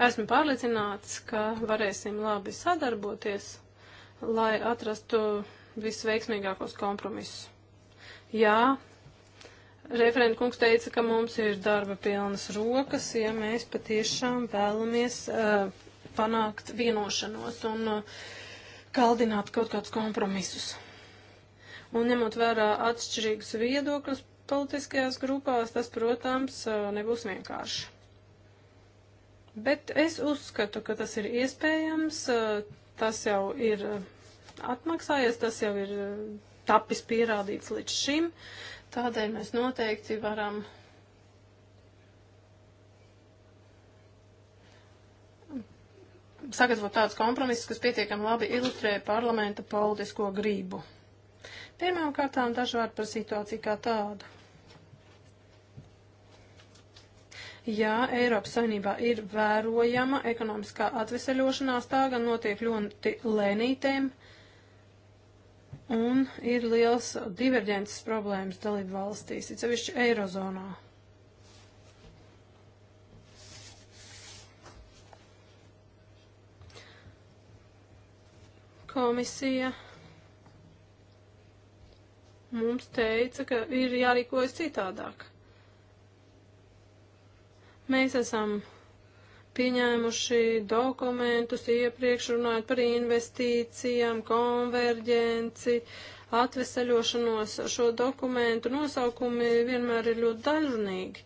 Esmu pārliecināts, ka varēsim labi sadarboties, lai atrastu visveiksmīgākos kompromisus. Jā, referenta kungs teica, ka mums ir darba pilnas rokas, ja mēs patiešām vēlamies uh, panākt vienošanos un uh, kaldināt kaut kādus kompromisus. Un ņemot vērā atšķirīgus viedokļus politiskajās grupās, tas, protams, uh, nebūs vienkārši. Bet es uzskatu, ka tas ir iespējams, uh, tas jau ir. Uh, atmaksājies, tas jau ir eh, tapis pierādīts līdz šim, tādēļ mēs noteikti varam sagatavot tādus kompromisus, kas pietiekami labi ilustrē parlamenta politisko grību. Pirmām kārtām daži vārdi par situāciju kā tādu. Jā, Eiropas Savienībā ir vērojama ekonomiskā atveseļošanās, tā gan notiek ļoti lēnītēm, un ir liels diverģences problēmas dalību valstīs, it sevišķi Eirozonā. Komisija mums teica, ka ir jārīkojas citādāk. Mēs esam pieņēmuši dokumentus iepriekš runājot par investīcijām, konverģenci, atveseļošanos. Šo dokumentu nosaukumi vienmēr ir ļoti dažnīgi.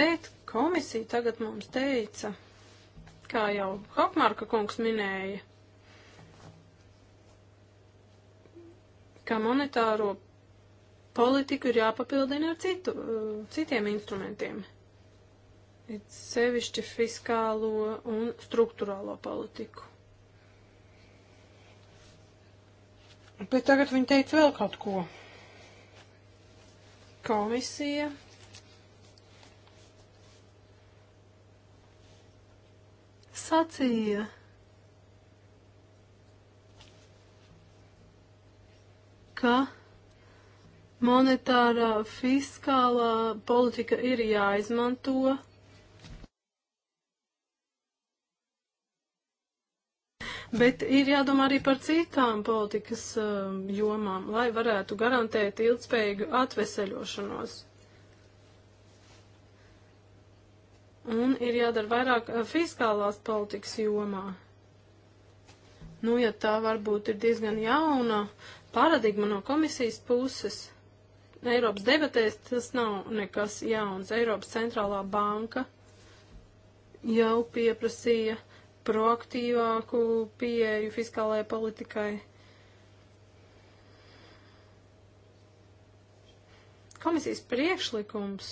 Bet komisija tagad mums teica, kā jau Hopmarka kungs minēja, ka monetāro politiku ir jāpapildina ar citu, uh, citiem instrumentiem it sevišķi fiskālo un struktūrālo politiku. Bet tagad viņi teica vēl kaut ko. Komisija. Sacīja. Ka monetārā fiskālā politika ir jāizmanto bet ir jādomā arī par citām politikas um, jomām, lai varētu garantēt ilgspējīgu atveseļošanos. Un ir jādara vairāk uh, fiskālās politikas jomā. Nu, ja tā varbūt ir diezgan jauna paradigma no komisijas puses. Eiropas debatēs tas nav nekas jauns. Eiropas centrālā banka jau pieprasīja proaktīvāku pieeju fiskālajai politikai. Komisijas priekšlikums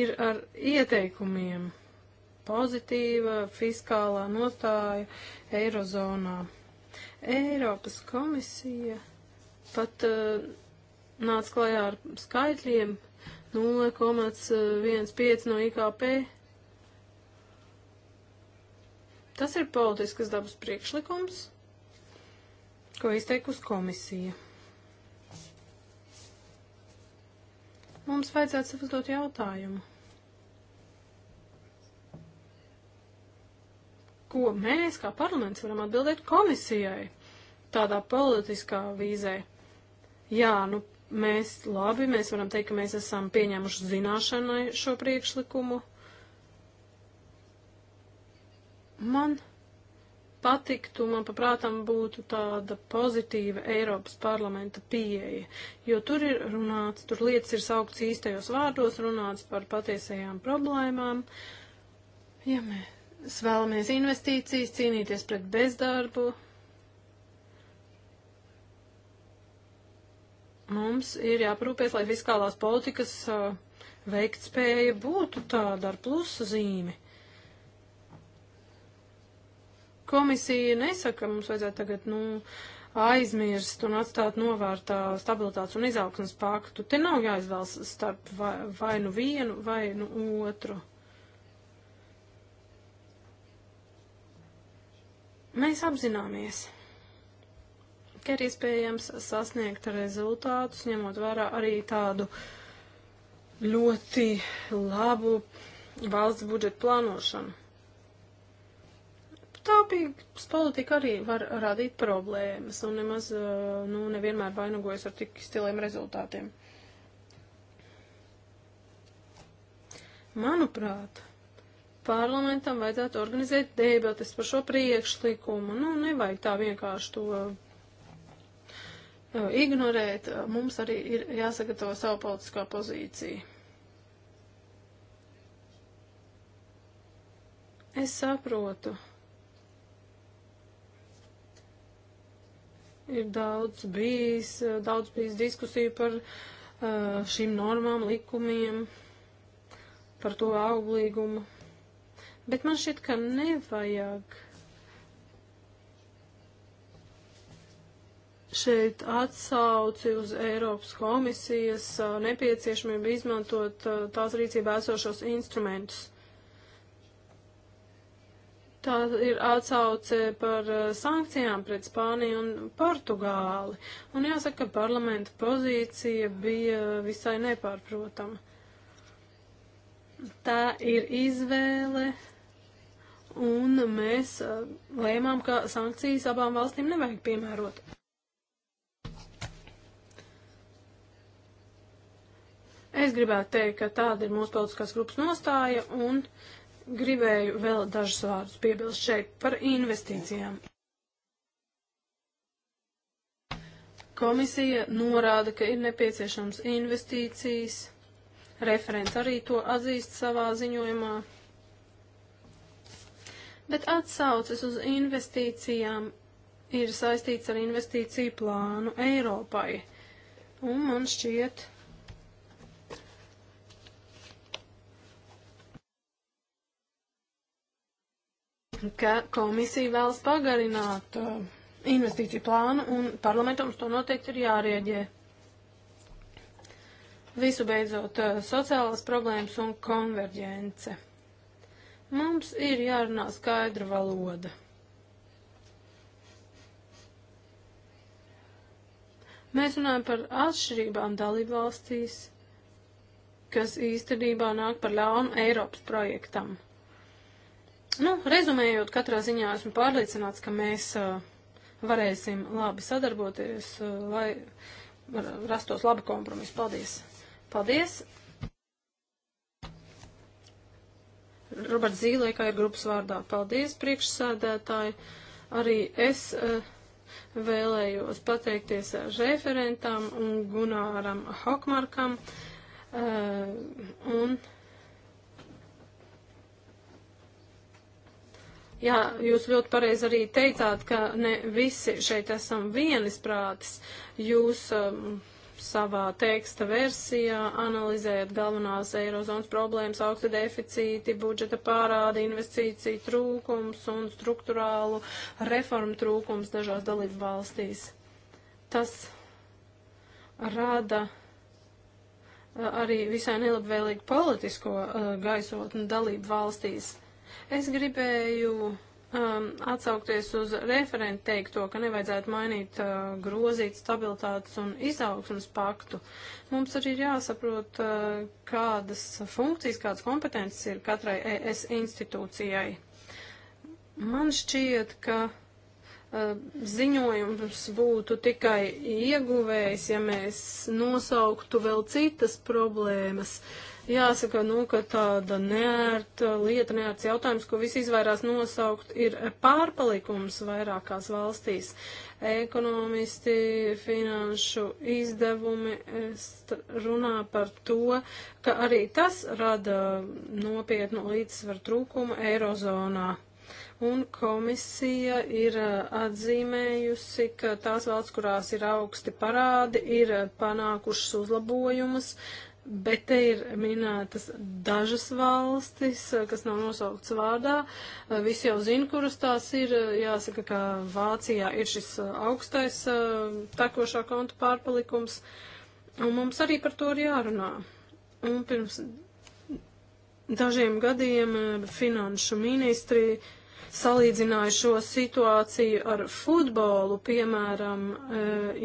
ir ar ieteikumiem pozitīva fiskālā nostāja Eirozonā. Eiropas komisija pat uh, nāca klajā ar skaitļiem, uh, 0,15 uh, no IKP. Tas ir politiskas dabas priekšlikums, ko izteikusi komisija. Mums vajadzētu sev uzdot jautājumu. Ko mēs, kā parlaments, varam atbildēt komisijai tādā politiskā vīzē? Jā, nu, Mēs labi, mēs varam teikt, ka mēs esam pieņēmuši zināšanai šo priekšlikumu. Man patiktu, man paprātam būtu tāda pozitīva Eiropas parlamenta pieeja, jo tur ir runāts, tur lietas ir saukts īstajos vārdos, runāts par patiesajām problēmām. Ja mēs vēlamies investīcijas, cīnīties pret bezdarbu, Mums ir jāparūpēs, lai fiskālās politikas uh, veiktspēja būtu tāda ar plusa zīmi. Komisija nesaka, mums vajadzētu tagad, nu, aizmirst un atstāt novārtā stabilitātes un izaugsmas paktu. Te nav jāizvēlas starp vai, vai nu vienu, vai nu otru. Mēs apzināmies, ka ir iespējams sasniegt rezultātus, ņemot vērā arī tādu ļoti labu valsts budžeta plānošanu. Tāpīgs politika arī var radīt problēmas un nemaz, nu, nevienmēr vainagojas ar tik stiliem rezultātiem. Manuprāt, parlamentam vajadzētu organizēt debates par šo priekšlikumu. Nu, nevajag tā vienkārši to ignorēt, mums arī ir jāsagatavo savu politiskā pozīciju. Es saprotu. Ir daudz bijis, daudz bijis diskusiju par šīm normām, likumiem, par to auglīgumu. Bet man šķiet, ka nevajag šeit atsauci uz Eiropas komisijas uh, nepieciešamību izmantot uh, tās rīcībā esošos instrumentus. Tā ir atsauce par uh, sankcijām pret Spāniju un Portugāli. Un jāsaka, ka parlamenta pozīcija bija visai nepārprotama. Tā ir izvēle un mēs lēmām, ka sankcijas abām valstīm nevajag piemērot. Es gribētu teikt, ka tāda ir mūsu politiskās grupas nostāja un gribēju vēl dažus vārdus piebilst šeit par investīcijām. Komisija norāda, ka ir nepieciešams investīcijas. Referents arī to atzīst savā ziņojumā. Bet atsauces uz investīcijām ir saistīts ar investīciju plānu Eiropai. Un man šķiet, ka komisija vēlas pagarināt uh, investīciju plānu un parlamentam uz to noteikti ir jārieģē. Visu beidzot, uh, sociālās problēmas un konverģence. Mums ir jārunā skaidra valoda. Mēs runājam par atšķirībām dalībvalstīs, kas īstenībā nāk par ļaunu Eiropas projektam. Nu, rezumējot, katrā ziņā esmu pārliecināts, ka mēs varēsim labi sadarboties, lai rastos labi kompromisi. Paldies! Paldies! Roberts Zīlē, kā ir grupas vārdā. Paldies, priekšsēdētāji! Arī es vēlējos pateikties referentam un Gunāram Hokmarkam. Un Jā, jūs ļoti pareizi arī teicāt, ka ne visi šeit esam vienisprātis. Jūs um, savā teksta versijā analizējat galvenās eirozonas problēmas, augsta deficīti, budžeta pārādi, investīciju trūkums un struktūrālu reformu trūkums dažās dalību valstīs. Tas rada uh, arī visai nelabvēlīgu politisko uh, gaisotni dalību valstīs. Es gribēju um, atsaukties uz referentu teikto, ka nevajadzētu mainīt, uh, grozīt stabilitātes un izaugsmas paktu. Mums arī ir jāsaprot, uh, kādas funkcijas, kādas kompetences ir katrai ES institūcijai. Man šķiet, ka uh, ziņojums būtu tikai ieguvējs, ja mēs nosauktu vēl citas problēmas. Uh, Jāsaka, nu, ka tāda neērta lieta, neērts jautājums, ko visi izvairās nosaukt, ir pārpalikums vairākās valstīs. Ekonomisti, finanšu izdevumi runā par to, ka arī tas rada nopietnu līdzsvaru trūkumu Eirozonā un komisija ir eh, atzīmējusi, ka tās valsts, kurās ir augsti parādi, ir eh, panākušas uzlabojumus, bet te ir minētas dažas valstis, kas nav nosauktas vārdā. Visi jau zina, kuras tās ir. Jāsaka, ka Vācijā ir šis augstais tekošā konta pārpalikums, un mums arī par to ir jārunā. Un pirms dažiem gadiem finanšu ministrija salīdzināju šo situāciju ar futbolu. Piemēram, e,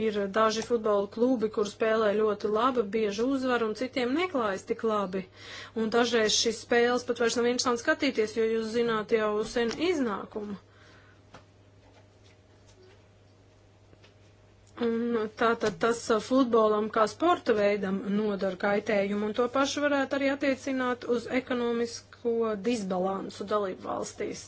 ir daži futbola klubi, kur spēlē ļoti labi, bieži uzvar, un citiem neklājas tik labi. Un dažreiz šīs spēles pat vairs nav interesanti skatīties, jo jūs zināt jau sen iznākumu. Un tātad tas e, futbolam kā sporta veidam nodara kaitējumu, un to pašu varētu arī attiecināt uz ekonomisko disbalansu dalību valstīs.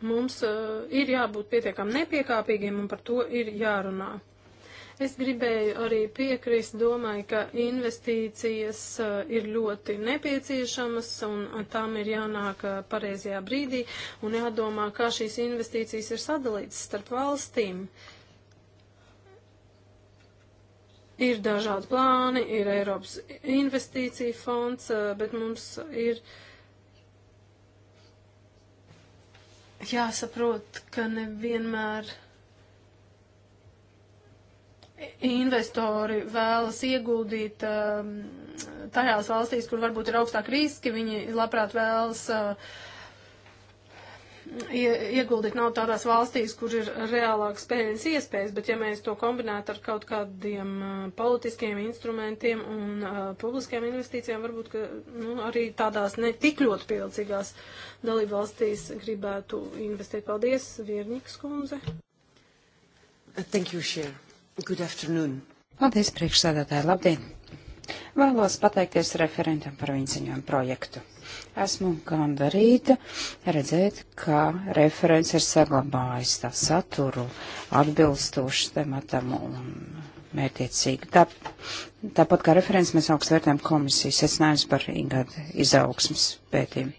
Mums uh, ir jābūt pietiekam nepiekāpīgiem un par to ir jārunā. Es gribēju arī piekrist, domāju, ka investīcijas eh, ir ļoti nepieciešamas un tām ir jānāk eh, pareizajā brīdī un jādomā, kā šīs investīcijas ir sadalītas starp valstīm. Ir dažādi plāni, ir Eiropas investīcija fonds, bet mums ir. Uh, jāsaprot, ka nevienmēr investori vēlas ieguldīt um, tajās valstīs, kur varbūt ir augstāk riski, viņi labprāt vēlas uh, ieguldīt naudu tādās valstīs, kur ir reālākas peļņas iespējas, bet ja mēs to kombinētu ar kaut kādiem politiskiem instrumentiem un uh, publiskiem investīcijām, varbūt, ka nu, arī tādās netik ļoti pievilcīgās dalību valstīs gribētu investēt. Paldies, Viernikas kundze. Thank you, Chair. Good afternoon. Paldies, priekšsēdētāji. Labdien. Vēlos pateikties referentam par viņa ziņojumu projektu. Esmu gandarīta redzēt, ka referents ir saglabājis tā saturu atbilstoši tematam un mērķiecīgi. Tā, tāpat kā referents mēs augstu vērtējam komisijas secinājumus par ingadu izaugsmas pētījumu.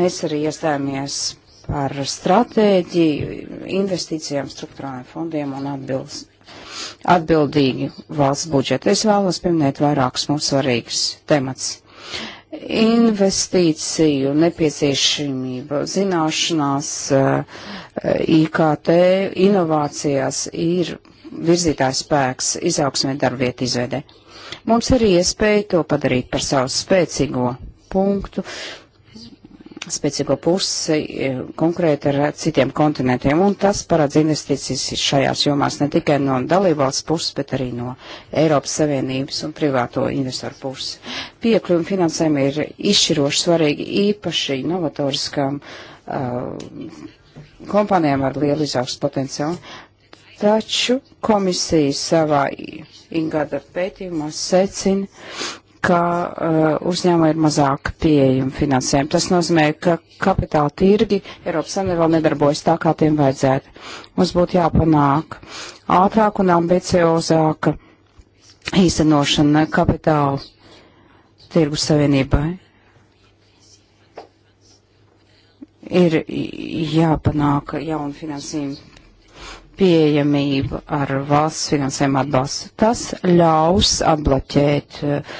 Mēs arī iestājāmies par stratēģiju, investīcijām, struktūrālajiem fondiem un atbilst, atbildīgi valsts budžetu. Es vēlos pieminēt vairākus mums svarīgus temats. Investīciju nepieciešamība zināšanās, eh, IKT, inovācijās ir virzītājs spēks izaugsmē darbvietu izvedē. Mums ir iespēja to padarīt par savu spēcīgo punktu, spēcīgo pusi e, konkrēti ar citiem kontinentiem, un tas parāds investīcijas šajās jomās ne tikai no dalībvalsts puses, bet arī no Eiropas Savienības un privāto investoru puses. Piekļuvi finansējumi ir izšķiroši svarīgi īpaši novatoriskām uh, kompānijām ar lielu izaugs potenciālu. Taču komisija savā ingada pētījumā secina, ka uh, uzņēmumi ir mazāk pieejami finansējumu. Tas nozīmē, ka kapitāla tirgi Eiropas Savienībā vēl nedarbojas tā, kā tiem vajadzētu. Mums būtu jāpanāk ātrāk un ambiciozāka īstenošana kapitāla tirgu savienībai. Ir jāpanāk jaunu finansējumu pieejamība ar valsts finansējumu atbalstu. Tas ļaus atbloķēt uh,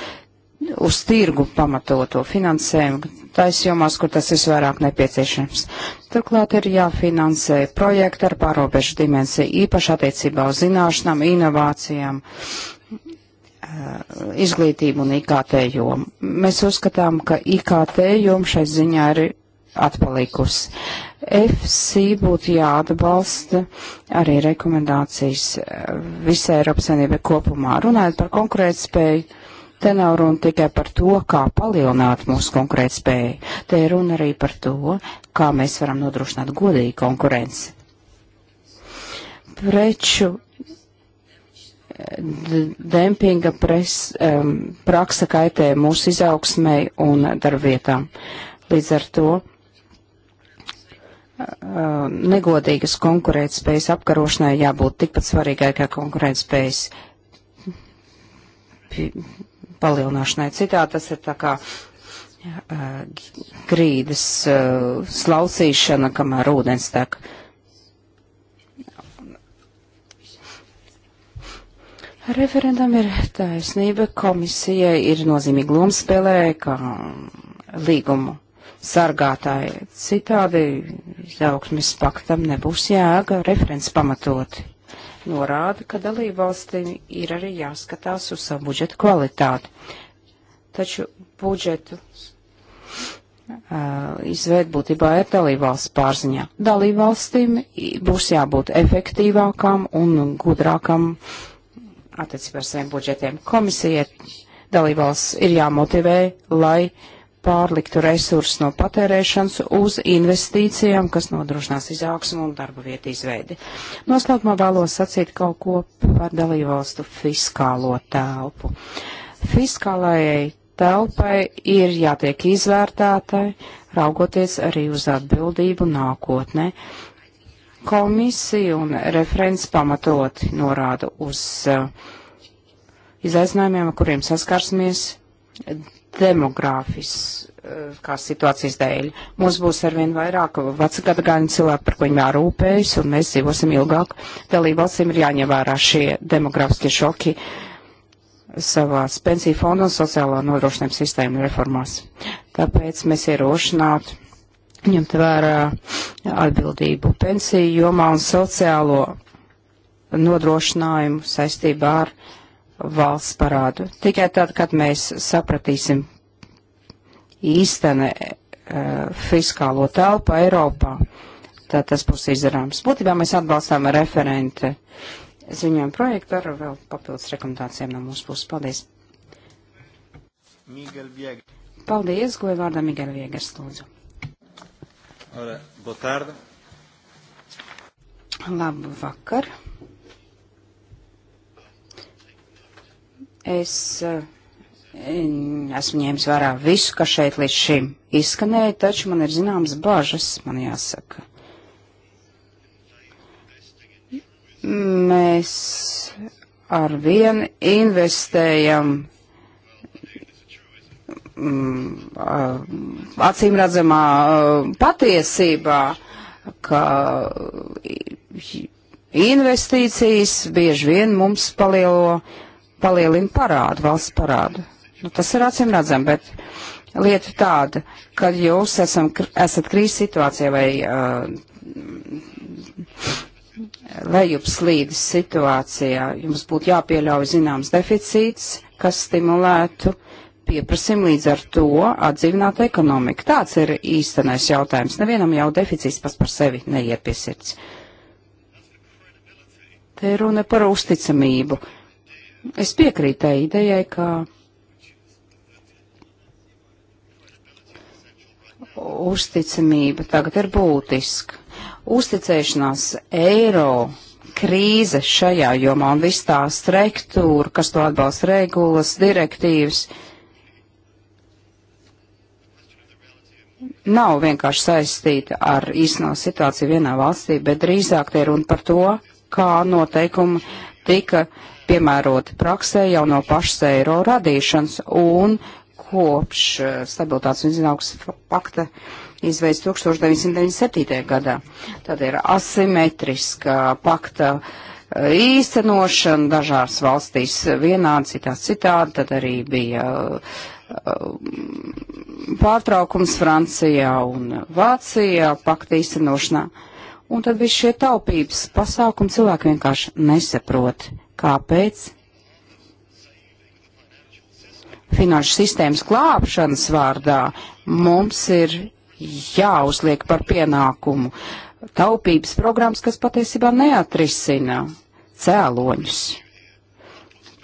uz tirgu pamatoto finansējumu tais jomās, kur tas visvairāk nepieciešams. Turklāt ir jāfinansē projekti ar pārobežu dimensiju, īpaši attiecībā uz zināšanām, inovācijām, eh, izglītību un IKT jomu. Mēs uzskatām, ka IKT joma šai ziņā ir atpalikusi. FC būtu jāatbalsta arī rekomendācijas eh, visai Eiropas Savienībai kopumā. Runājot par konkurētspēju Te nav runa tikai par to, kā palielināt mūsu konkurētspēju. Te ir runa arī par to, kā mēs varam nodrošināt godīgu konkurenci. Preču dempinga pres, um, praksa kaitē mūsu izaugsmai un darbvietām. Līdz ar to negodīgas konkurētspējas apkarošanai jābūt tikpat svarīgai kā konkurētspējas palielināšanai. Citā tas ir tā kā eh, grīdas eh, slausīšana, kamēr ūdens tek. Referendam ir taisnība, komisija ir nozīmīga loma spēlē, kā līgumu sargātāji. Citādi jauksmes paktam nebūs jēga referents pamatoti norāda, ka dalību valstīm ir arī jāskatās uz savu budžetu kvalitāti. Taču budžetu uh, izveid būtībā ir dalību valsts pārziņā. Dalību valstīm būs jābūt efektīvākām un gudrākām attiecībā ar saviem budžetiem. Komisija dalību valsts ir jāmotivē, lai uh, pārliktu resursus no patērēšanas uz investīcijām, kas nodrošinās izaugsmu un darba vietu izveidi. Noslēgumā vēlos sacīt kaut ko par dalībvalstu fiskālo telpu. Fiskālajai telpai ir jātiek izvērtētai, raugoties arī uz atbildību nākotnē. Komisija un referents pamatoti norāda uz uh, izaicinājumiem, ar kuriem saskarsimies demogrāfiskās eh, situācijas dēļ. Mums būs arvien vairāk vecgadagāņu cilvēku, par kuriem jārūpējas, un mēs dzīvosim ilgāk. Dalībvalstīm ir jāņem vērā šie demogrāfiskie šoki savās pensiju fondu un sociālā nodrošinājuma sistēmu reformās. Tāpēc mēs ierošinātu ņemt vērā atbildību pensiju jomā un sociālo nodrošinājumu saistībā ar uh, valsts parādu. Tikai tad, kad mēs sapratīsim īstene uh, fiskālo telpu Eiropā, tad tas būs izdarāms. Būtībā mēs atbalstām referente ziņojumu projektu ar vēl papildus rekomendācijām no mūsu puses. Paldies! Paldies, goja vārdā Migel Viegers, lūdzu. Labu vakar. Es eh, esmu ņēmis vērā visu, kas šeit līdz šim izskanēja, taču man ir zināmas bažas, man jāsaka. Mēs ar vienu investējam mm, acīm redzamā patiesībā, ka investīcijas bieži vien mums palielo uh, palielina parādu, valsts parādu. Nu, tas ir acīm redzam, bet lieta tāda, ka jūs esam, esat krīzes situācijā vai uh, lejupslīdes situācijā, jums būtu jāpieļauj zināms deficīts, kas stimulētu pieprasījumu līdz ar to atdzīvināt ekonomiku. Tāds ir īstenais jautājums. Nevienam jau deficīts pats par sevi neiet pie sirds. Te ir runa par uzticamību Es piekrītu tai idejai, ka uzticamība tagad ir būtiska. Uzticēšanās eiro krīze šajā jomā un viss tā struktūra, kas to atbalsta regulas, direktīvas, nav vienkārši saistīta ar īsno situāciju vienā valstī, bet drīzāk te ir runa par to, kā noteikumi tika uh, piemēroti praksē jau no pašas eiro radīšanas un kopš eh, stabilitātes un zinātnes pakta izveids 1997. gadā. Tad ir asimetriska pakta eh, īstenošana dažās valstīs vienādi, citās citādi, tad arī bija eh, pārtraukums Francijā un Vācijā pakta īstenošanā. Uh, Un tad viss šie taupības pasākumi cilvēki vienkārši nesaprot, kāpēc finanšu sistēmas klāpšanas vārdā mums ir jāuzliek par pienākumu taupības programmas, kas patiesībā neatrisina cēloņus.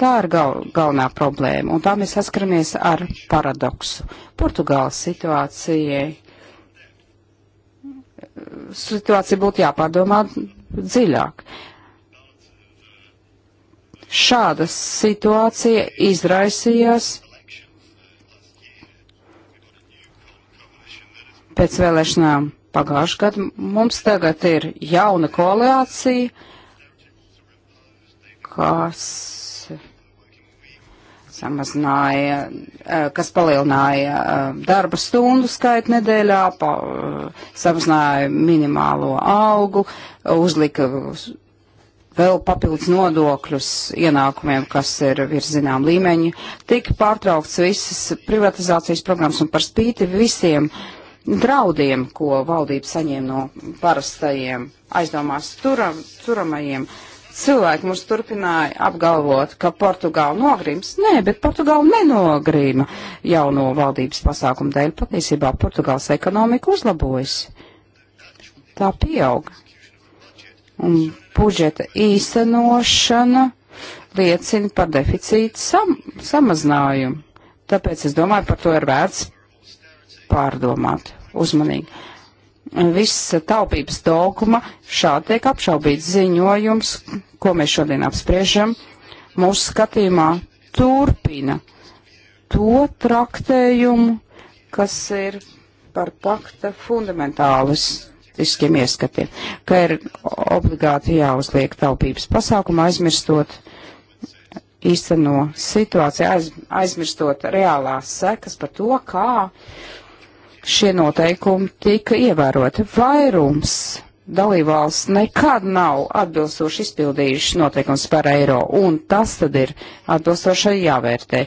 Tā ir gal, galvenā problēma, un tā mēs saskaramies ar paradoksu. Portugāles situācijai situācija būtu jāpārdomā dziļāk. Šāda situācija izraisījās pēc vēlēšanām pagājušajā gadā. Mums tagad ir jauna koalīcija, kas samazināja, eh, kas palielināja eh, darba stundu skaitu nedēļā, pa, eh, samazināja minimālo algu, uzlika vēl papildus nodokļus ienākumiem, kas ir virs zinām līmeņa, tika pārtraukts visas privatizācijas programmas un par spīti visiem draudiem, ko valdība saņēma no parastajiem aizdomās turam, turamajiem. Uh, cilvēki mums turpināja apgalvot, ka Portugāla nogrims. Nē, bet Portugāla nenogrima jauno valdības pasākumu dēļ. Patiesībā Portugāls ekonomika uzlabojas. Tā pieauga. Un budžeta īstenošana liecina par deficītu sam samazinājumu. Tāpēc es domāju, par to ir vērts pārdomāt uzmanīgi viss taupības dogma šādi tiek apšaubīts ziņojums, ko mēs šodien apspriežam, mūsu skatījumā turpina to traktējumu, kas ir par pakta fundamentālistiskiem ieskatiem, ka ir obligāti jāuzliek taupības pasākumu, aizmirstot īsteno situāciju, aiz, aizmirstot reālās sekas par to, kā šie noteikumi tika ievēroti. Vairums dalībvalsts nekad nav atbilstoši izpildījuši noteikums par eiro, un tas tad ir atbilstošai jāvērtē.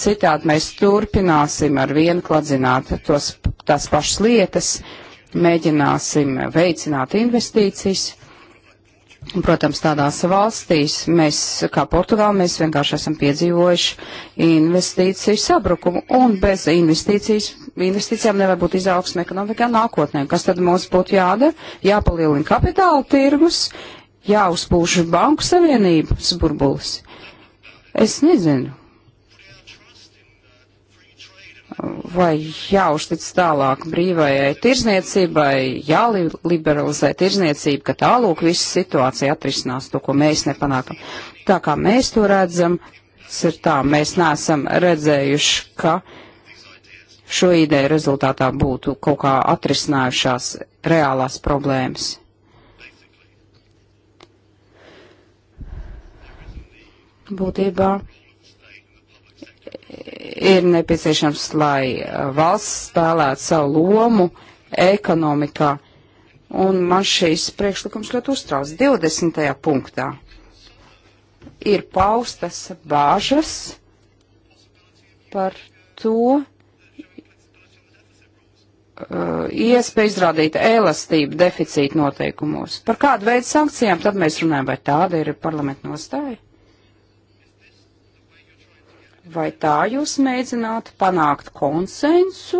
Citādi mēs turpināsim ar vienu kladzināt tos, tās pašas lietas, mēģināsim veicināt investīcijas Protams, tādās valstīs mēs, kā Portugāla, mēs vienkārši esam piedzīvojuši investīciju sabrukumu, un bez investīcijām nevar būt izaugsme ekonomikā nākotnē. Kas tad mums būtu jādara? Jāpalielina kapitāla tirgus, jāuzpūš banku savienības burbulis. Es nezinu vai jāuztic tālāk brīvajai tirzniecībai, jāliberalizē tirzniecība, ka tālūk viss situācija atrisinās to, ko mēs nepanākam. Tā kā mēs to redzam, ir tā, mēs neesam redzējuši, ka šo ideju rezultātā būtu kaut kā atrisinājušās reālās problēmas. Būtībā ir nepieciešams, lai uh, valsts spēlētu savu lomu ekonomikā. Un man šīs priekšlikums ļoti uztrauc. 20. punktā ir paustas bāžas par to uh, iespēju izrādīt elastību deficīta noteikumos. Par kādu veidu sankcijām tad mēs runājam, vai tāda ir parlamenta nostāja? Vai tā jūs mēģināt panākt konsensu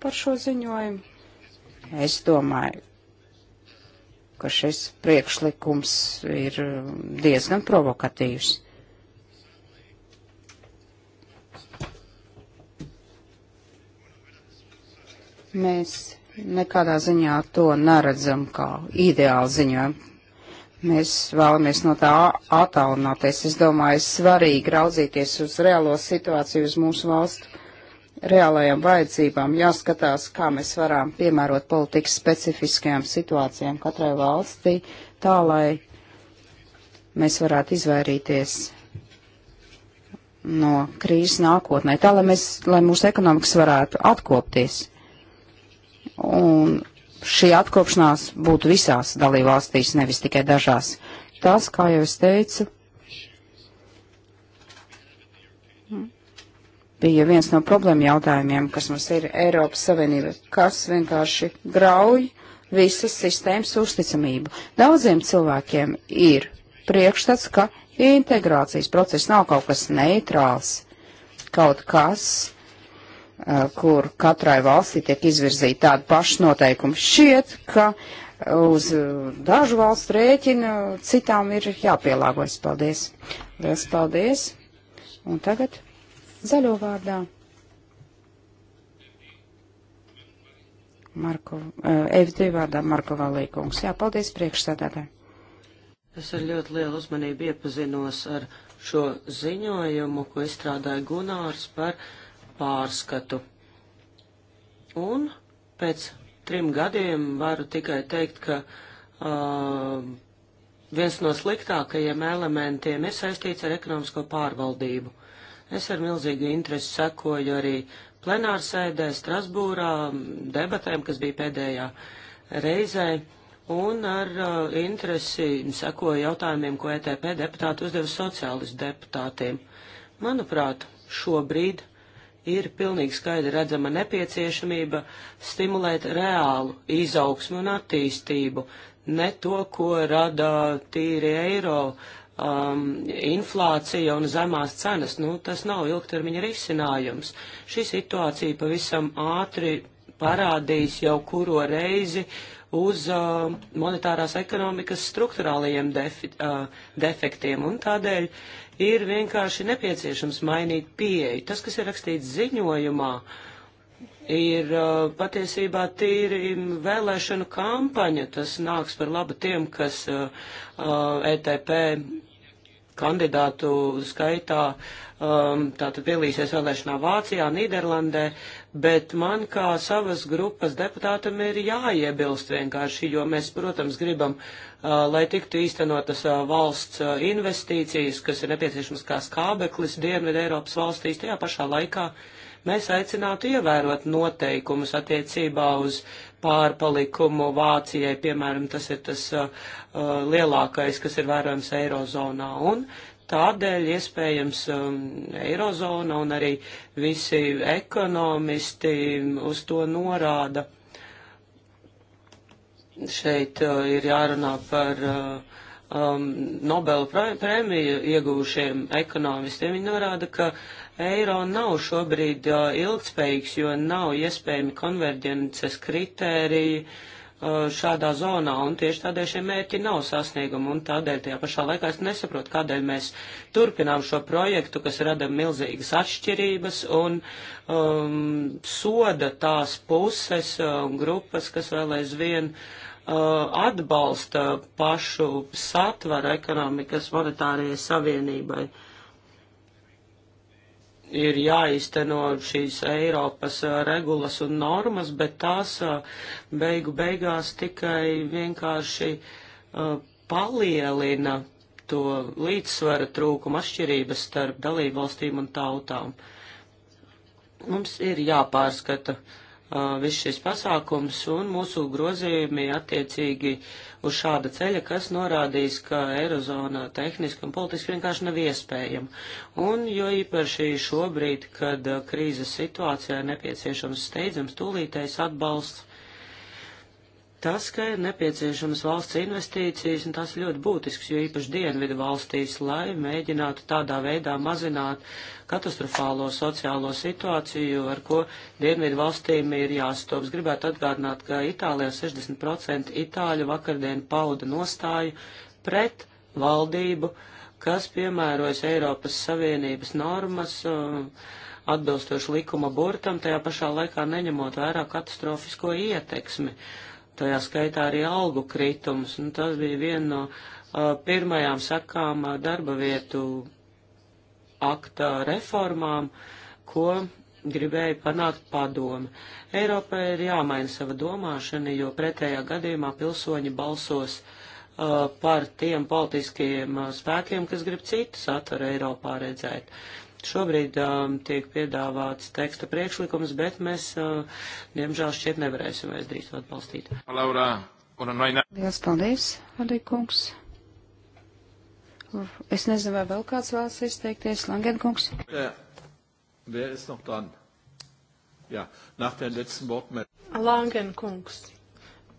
par šo ziņojumu? Es domāju, ka šis priekšlikums ir diezgan provokatīvs. Mēs nekādā ziņā to neredzam kā ideālu ziņojumu Mēs vēlamies no tā attālināties. Es domāju, svarīgi raudzīties uz reālo situāciju, uz mūsu valstu reālajām vajadzībām, jāskatās, kā mēs varam piemērot politikas specifiskajām situācijām katrai valstī, tā lai mēs varētu izvairīties no krīzes nākotnē, tā lai, mēs, lai mūsu ekonomikas varētu atkopties. Un šī atkopšanās būtu visās dalībvalstīs, nevis tikai dažās. Tas, kā jau es teicu, bija viens no problēma jautājumiem, kas mums ir Eiropas Savienība, kas vienkārši grauj visas sistēmas uzticamību. Daudziem cilvēkiem ir priekšstats, ka integrācijas process nav kaut kas neitrāls, kaut kas, Eh, kur katrai valstī tiek izvirzīti tādi paši noteikumi. Šķiet, ka uz eh, dažu valstu rēķinu citām ir jāpielāgojas. Paldies! Liels paldies! Un tagad zaļo vārdā. Marko, FD eh, vārdā Marko Valīkungs. Jā, paldies priekšsēdētāji. Es ar ļoti lielu uzmanību iepazinos ar šo ziņojumu, ko izstrādāja Gunārs par uh, pārskatu. Un pēc trim gadiem varu tikai teikt, ka uh, viens no sliktākajiem elementiem ir saistīts ar ekonomisko pārvaldību. Es ar milzīgu interesi sekoju arī plenārsēdē Strasbūrā debatēm, kas bija pēdējā reizē un ar uh, interesi sekoja jautājumiem, ko ETP deputāti uzdeva sociālistu deputātiem. Manuprāt, šobrīd ir pilnīgi skaidri redzama nepieciešamība stimulēt reālu izaugsmu un attīstību, ne to, ko rada tīri eiro, um, inflācija un zemās cenas. Nu, tas nav ilgtermiņa risinājums. Šī situācija pavisam ātri parādīs jau kuro reizi uz uh, monetārās ekonomikas struktūrālajiem defi, uh, defektiem, un tādēļ ir vienkārši nepieciešams mainīt pieeju. Tas, kas ir rakstīts ziņojumā, ir uh, patiesībā tīri vēlēšanu kampaņa. Tas nāks par labu tiem, kas uh, uh ETP kandidātu skaitā um, tātad pielīsies vēlēšanā Vācijā, Nīderlandē. Uh, bet man kā savas grupas deputātam ir jāiebilst vienkārši, jo mēs, protams, gribam, uh, lai tiktu īstenotas uh, valsts uh, investīcijas, kas ir nepieciešams kā skābeklis Dienvidu Eiropas valstīs, tajā pašā laikā mēs aicinātu ievērot noteikumus attiecībā uz pārpalikumu Vācijai, piemēram, tas ir tas uh, lielākais, kas ir vērojams Eirozonā. Un Tādēļ iespējams um, Eirozona un arī visi ekonomisti uz to norāda. Šeit uh, ir jārunā par uh, um, Nobela prēmiju iegūšiem ekonomistiem. Viņi norāda, ka eiro nav šobrīd uh, ilgspējīgs, jo nav iespējami konverģences kritēriji. Uh, Uh, šādā zonā, un tieši tādēļ šie mērķi nav sasniegumi, un tādēļ tajā pašā laikā es nesaprotu, kādēļ mēs turpinām šo projektu, kas rada milzīgas atšķirības un um, soda tās puses un uh, um, grupas, kas vēl aizvien uh, atbalsta pašu satvaru ekonomikas monetārajai savienībai. Uh, ir jāizteno šīs Eiropas regulas un normas, bet tās beigu beigās tikai vienkārši palielina to līdzsvara trūkuma atšķirības starp dalībvalstīm un tautām. Mums ir jāpārskata uh, viss šis pasākums, un mūsu grozījumi attiecīgi uh, uz šāda ceļa, kas norādīs, ka Eirozona tehniski un politiski vienkārši nav iespējama. Un jo īpaši šobrīd, kad uh, krīzes situācijā ir nepieciešams steidzams tūlītais atbalsts tas, ka ir nepieciešamas valsts investīcijas, un tas ļoti būtisks, jo īpaši dienvidu valstīs, lai mēģinātu tādā veidā mazināt katastrofālo sociālo situāciju, ar ko dienvidu valstīm ir jāstops. Gribētu atgādināt, ka Itālijā 60% itāļu vakardien pauda nostāju pret valdību, kas piemērojas Eiropas Savienības normas. Uh, atbilstoši likuma burtam, tajā pašā laikā neņemot vērā katastrofisko ieteksmi. Uh, tajā skaitā arī algu kritums. Nu, tas bija viena no uh, pirmajām sakām uh, darba vietu akta reformām, ko gribēja panākt padome. Eiropai ir jāmaina sava domāšana, jo pretējā gadījumā pilsoņi balsos uh, par tiem politiskajiem uh, spēkiem, kas grib citus atveru Eiropā redzēt. Uh, Šobrīd um, tiek piedāvāts teksta priekšlikums, bet mēs, uh, diemžēl, šķiet nevarēsim vairs drīz atbalstīt. Laura, Lielas paldies, Adīkungs. Es nezinu, vai vēl kāds vēlas izteikties, Langenkungs. Langenkungs.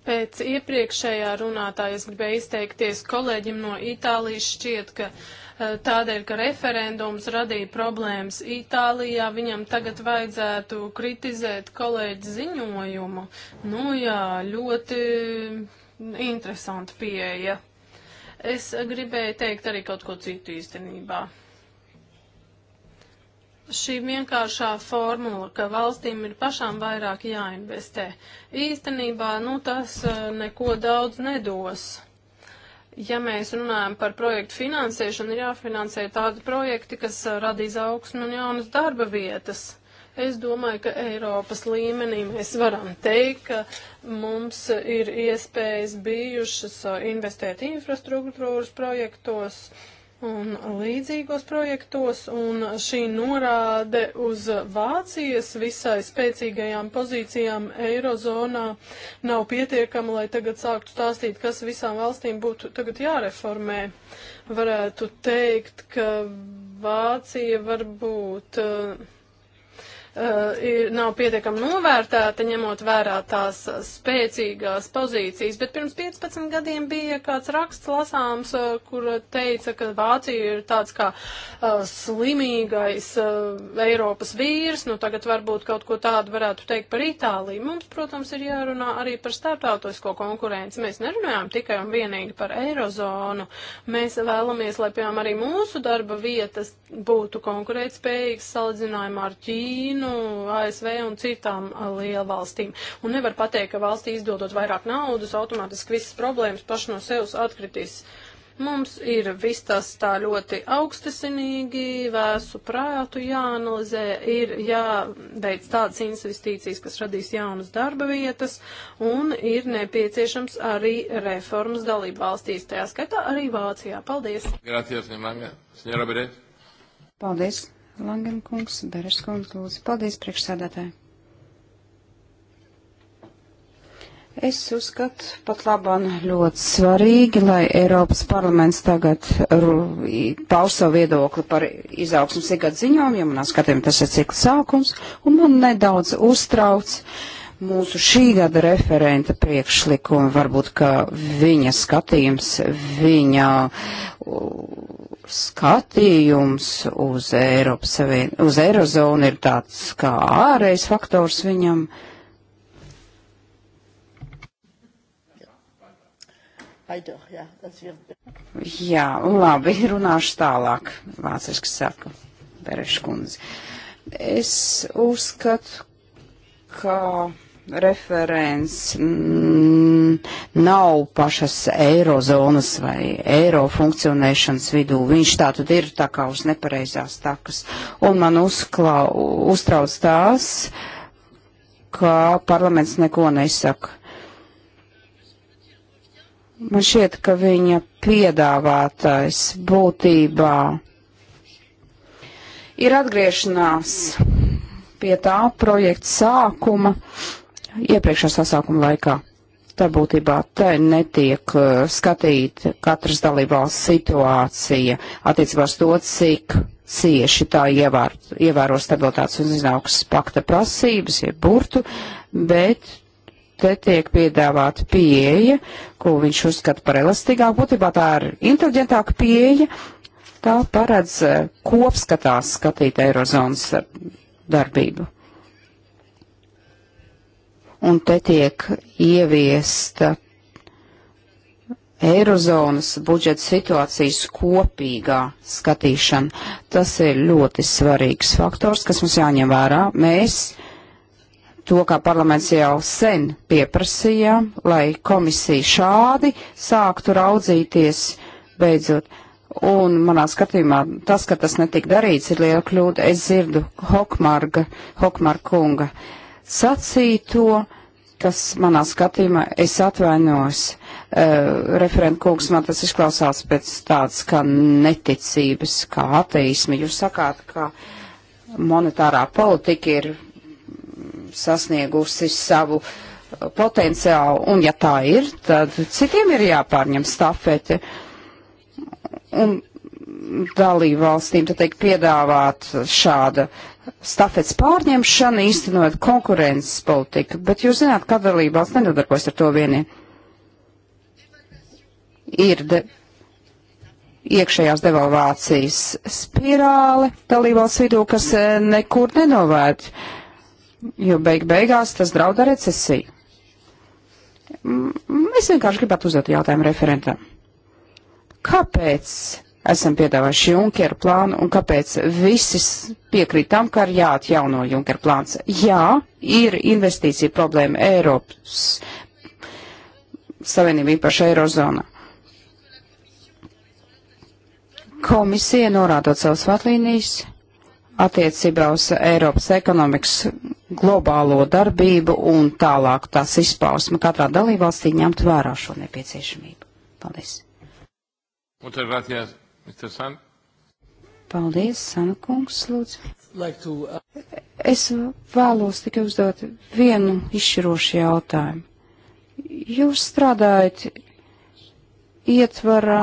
Pēc iepriekšējā runātāja es gribēju izteikties kolēģim no Itālijas šķiet, ka eh, tādēļ, ka referendums radīja problēmas Itālijā, viņam tagad vajadzētu kritizēt kolēģi ziņojumu. Nu jā, ļoti interesanta pieeja. Es gribēju teikt arī kaut ko citu īstenībā šī vienkāršā formula, ka valstīm ir pašām vairāk jāinvestē, īstenībā nu, tas e, neko daudz nedos. Ja mēs runājam par projektu finansēšanu, ir jāfinansē tādi projekti, kas e, radīs augsmu un jaunas darba vietas. Es domāju, ka Eiropas līmenī mēs varam teikt, ka mums ir iespējas bijušas e, investēt infrastruktūras projektos, uh, un līdzīgos projektos, un šī norāde uz Vācijas visai spēcīgajām pozīcijām Eirozonā nav pietiekama, lai tagad sāktu stāstīt, kas visām valstīm būtu tagad jāreformē. Varētu teikt, ka Vācija varbūt. Uh, Uh, nav pietiekami novērtēta, ņemot vērā tās spēcīgās pozīcijas. Bet pirms 15 gadiem bija kāds raksts lasāms, uh, kur teica, ka Vācija ir tāds kā uh, slimīgais uh, Eiropas vīrs. Nu, tagad varbūt kaut ko tādu varētu teikt par Itāliju. Mums, protams, ir jārunā arī par starptautisko konkurenci. Mēs nerunājam tikai un vienīgi par Eirozonu. Mēs vēlamies, lai, piemēram, arī mūsu darba vietas būtu konkurētspējīgas salīdzinājumā ar Ķīnu Ķīnu, ASV un citām lielvalstīm. Un nevar pateikt, ka valstī izdodot vairāk naudas, automātiski visas problēmas paši no sevis atkritīs. Mums ir viss tas tā ļoti augstasinīgi, vēsu prātu jāanalizē, ir jāveic tādas investīcijas, kas radīs jaunas darba vietas, un ir nepieciešams arī reformas dalību valstīs, tajā skaitā arī Vācijā. Paldies! Grācies, Paldies! Langenkungs, Bereskungs, lūdzu. Paldies, priekšsēdētāji. Es uzskatu pat labāk ļoti svarīgi, lai Eiropas parlaments tagad pauž savu viedokli par izaugsmas ikgad ziņojumu, jo manā skatījumā tas ir cikla sākums, un man nedaudz uztrauc mūsu šī gada referenta priekšlikumu, varbūt, ka viņa skatījums, viņa skatījums uz Eiropas Savien... uz Eirozonu ir tāds kā ārējs faktors viņam. Jā, labi, runāšu tālāk, vāciski saka Bereškundze. Es uzskatu, ka referents mm, nav pašas eirozonas vai eiro funkcionēšanas vidū. Viņš tā tad ir tā kā uz nepareizās takas. Un man uzklau, uztrauc tās, ka parlaments neko nesaka. Man šķiet, ka viņa piedāvātais būtībā ir atgriešanās pie tā projekta sākuma. Uh, iepriekšā sasākuma laikā. Tā būtībā te netiek uh, skatīta katras dalībvalsts situācija attiecībā uz to, cik cieši tā ievēr, ievēro stabilitātes un iznaugsmes pakta prasības, ja burtu, bet te tiek piedāvāta pieeja, ko viņš uzskata par elastīgāku. Būtībā tā ir inteliģentāka pieeja. Tā paredz uh, kopskatās skatīt Eirozonas uh, darbību un te tiek ieviesta Eirozonas budžeta situācijas kopīgā skatīšana. Tas ir ļoti svarīgs faktors, kas mums jāņem vērā. Mēs to, kā parlaments jau sen pieprasījām, lai komisija šādi sāktu raudzīties beidzot. Un manā skatījumā tas, ka tas netika darīts, ir liela kļūda. Es dzirdu Hokmarga, Hokmarga kunga sacīto Tas manā skatījumā, es atvainojos, uh, referenta kungs, man tas izklausās pēc tāds kā neticības, kā ateismi. Jūs sakāt, ka monetārā politika ir sasniegusi savu eh, potenciālu, un ja tā ir, tad citiem ir jāpārņem stafete. Un dalību valstīm, tad tiek piedāvāt šāda stafets pārņemšana, īstenot konkurences politiku, bet jūs zināt, ka dalību valsts nedarbojas ar to vieniem. Ir de iekšējās devalvācijas spirāle dalību valsts vidū, kas eh, nekur nenovērt, jo beig beigās tas draud ar recesiju. Es vienkārši gribētu uzdot jautājumu referentam. Kāpēc esam piedāvājuši Junkera plānu un kāpēc visi piekrīt tam, ka ir jāatjauno Junkera plāns. Jā, ir investīcija problēma Eiropas Savienība īpaši Eirozonā. Komisija norādot savas vadlīnijas attiecībā uz Eiropas ekonomikas globālo darbību un tālāk tās izpausme katrā dalībvalstī ņemt vērā šo nepieciešamību. Paldies. Muchas gracias. Mr. San. Paldies, Sankungs, lūdzu. Like to, uh... Es vēlos tikai uzdot vienu izšķirošu jautājumu. Jūs strādājat ietvarā,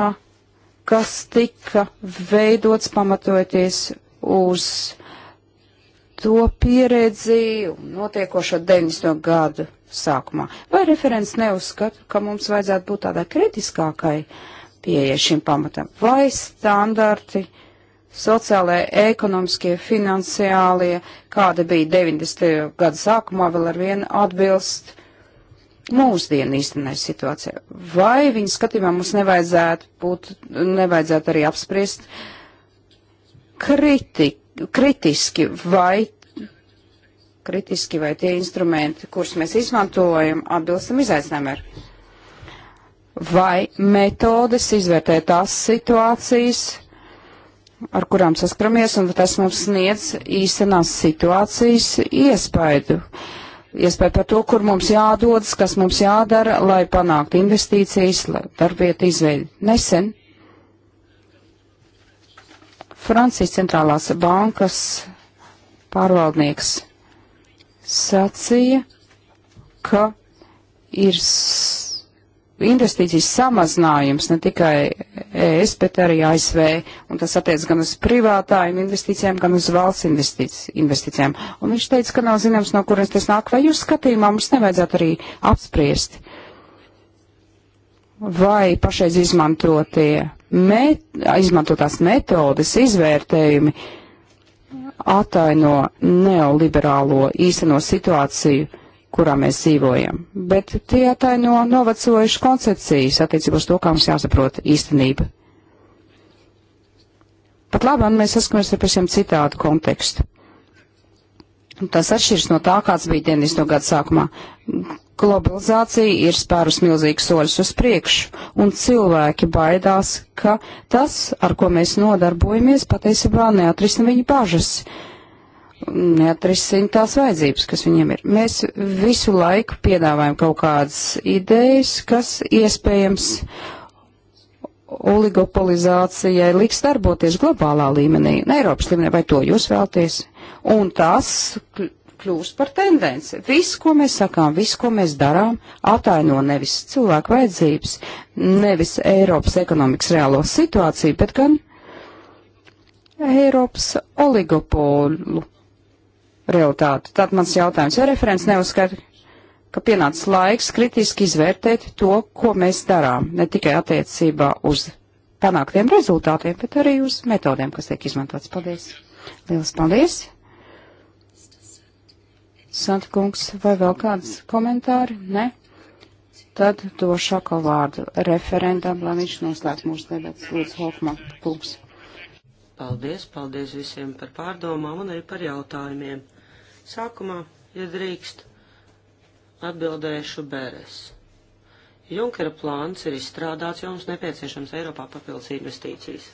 kas tika veidots pamatojoties uz to pieredzi un notiekošo 90. gadu sākumā. Vai referents neuzskata, ka mums vajadzētu būt tādai kritiskākai uh, pieeja šim pamatam. Vai standarti, sociālajie, ekonomiskie, finansiālie, kāda bija 90. gada sākumā, vēl ar vienu atbilst mūsdienu īstenai situācijai. Vai viņa skatījumā mums nevajadzētu būt, nevajadzētu arī apspriest kriti, kritiski vai kritiski vai tie instrumenti, kurus mēs izmantojam, atbilstam izaicinājumiem vai metodes izvērtēt tās situācijas, ar kurām saskaramies, un tas mums sniedz īstenās situācijas iespaidu. Iespēju par to, kur mums jādodas, kas mums jādara, lai panāktu investīcijas, lai darbvietu izveidi. Nesen Francijas centrālās bankas pārvaldnieks sacīja, ka ir investīcijas samazinājums ne tikai ES, bet arī ASV, un tas attiec gan uz privātājiem investīcijām, gan uz valsts investīcijām. Un viņš teica, ka nav zināms, no kurienes tas nāk, vai jūs skatījumā mums nevajadzētu arī apspriest, vai pašreiz izmantotie, met, izmantotās metodes, izvērtējumi ataino neoliberālo īsteno situāciju kurā mēs dzīvojam, bet tie ataino novecojušas koncepcijas attiecībā uz to, kā mums jāsaprot īstenība. Pat labi, mēs saskaramies ar pašiem citādu kontekstu. Un tas atšķirs no tā, kāds bija 90. gada sākumā. Globalizācija ir spērus milzīgus soļus uz priekšu, un cilvēki baidās, ka tas, ar ko mēs nodarbojamies, patiesībā neatrisina viņu bažas. Uh, neatrisina tās vajadzības, kas viņiem ir. Mēs visu laiku piedāvājam kaut kādas idejas, kas iespējams oligopolizācijai liks darboties globālā līmenī, ne Eiropas līmenī, vai to jūs vēlties. Un tas kļūst par tendenci. Viss, ko mēs sakām, viss, ko mēs darām, ataino nevis cilvēku vajadzības, nevis Eiropas ekonomikas reālo situāciju, bet gan Eiropas oligopolu realitāti. Tad mans jautājums, ja referents neuzskata, ka pienācis laiks kritiski izvērtēt to, ko mēs darām, ne tikai attiecībā uz panāktiem rezultātiem, bet arī uz metodēm, kas tiek izmantotas. Paldies! Lielas paldies! Santa kungs, vai vēl kāds komentāri? Ne? Tad došu atkal vārdu referendam, lai viņš noslēdz mūsu debats. Lūdzu, Hofman kungs. Paldies, paldies visiem par pārdomām un arī par jautājumiem. Sākumā, ja drīkst, atbildēšu Beres. Junkera plāns ir izstrādāts, jo mums nepieciešams Eiropā papildus investīcijas.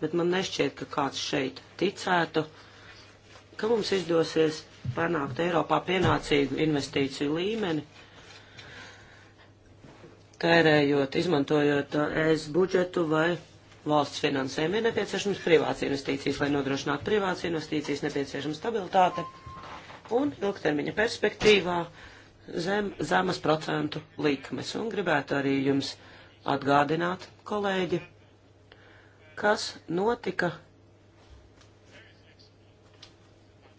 Bet man nešķiet, ka kāds šeit ticētu, ka mums izdosies panākt Eiropā pienācīgu investīciju līmeni, tērējot, izmantojot ES uh, budžetu vai valsts finansējumu. Ir nepieciešams privāts investīcijas, lai nodrošinātu privāts investīcijas, nepieciešama stabilitāte un ilgtermiņa perspektīvā zem, zemas procentu likmes. Un gribētu arī jums atgādināt, kolēģi, kas notika,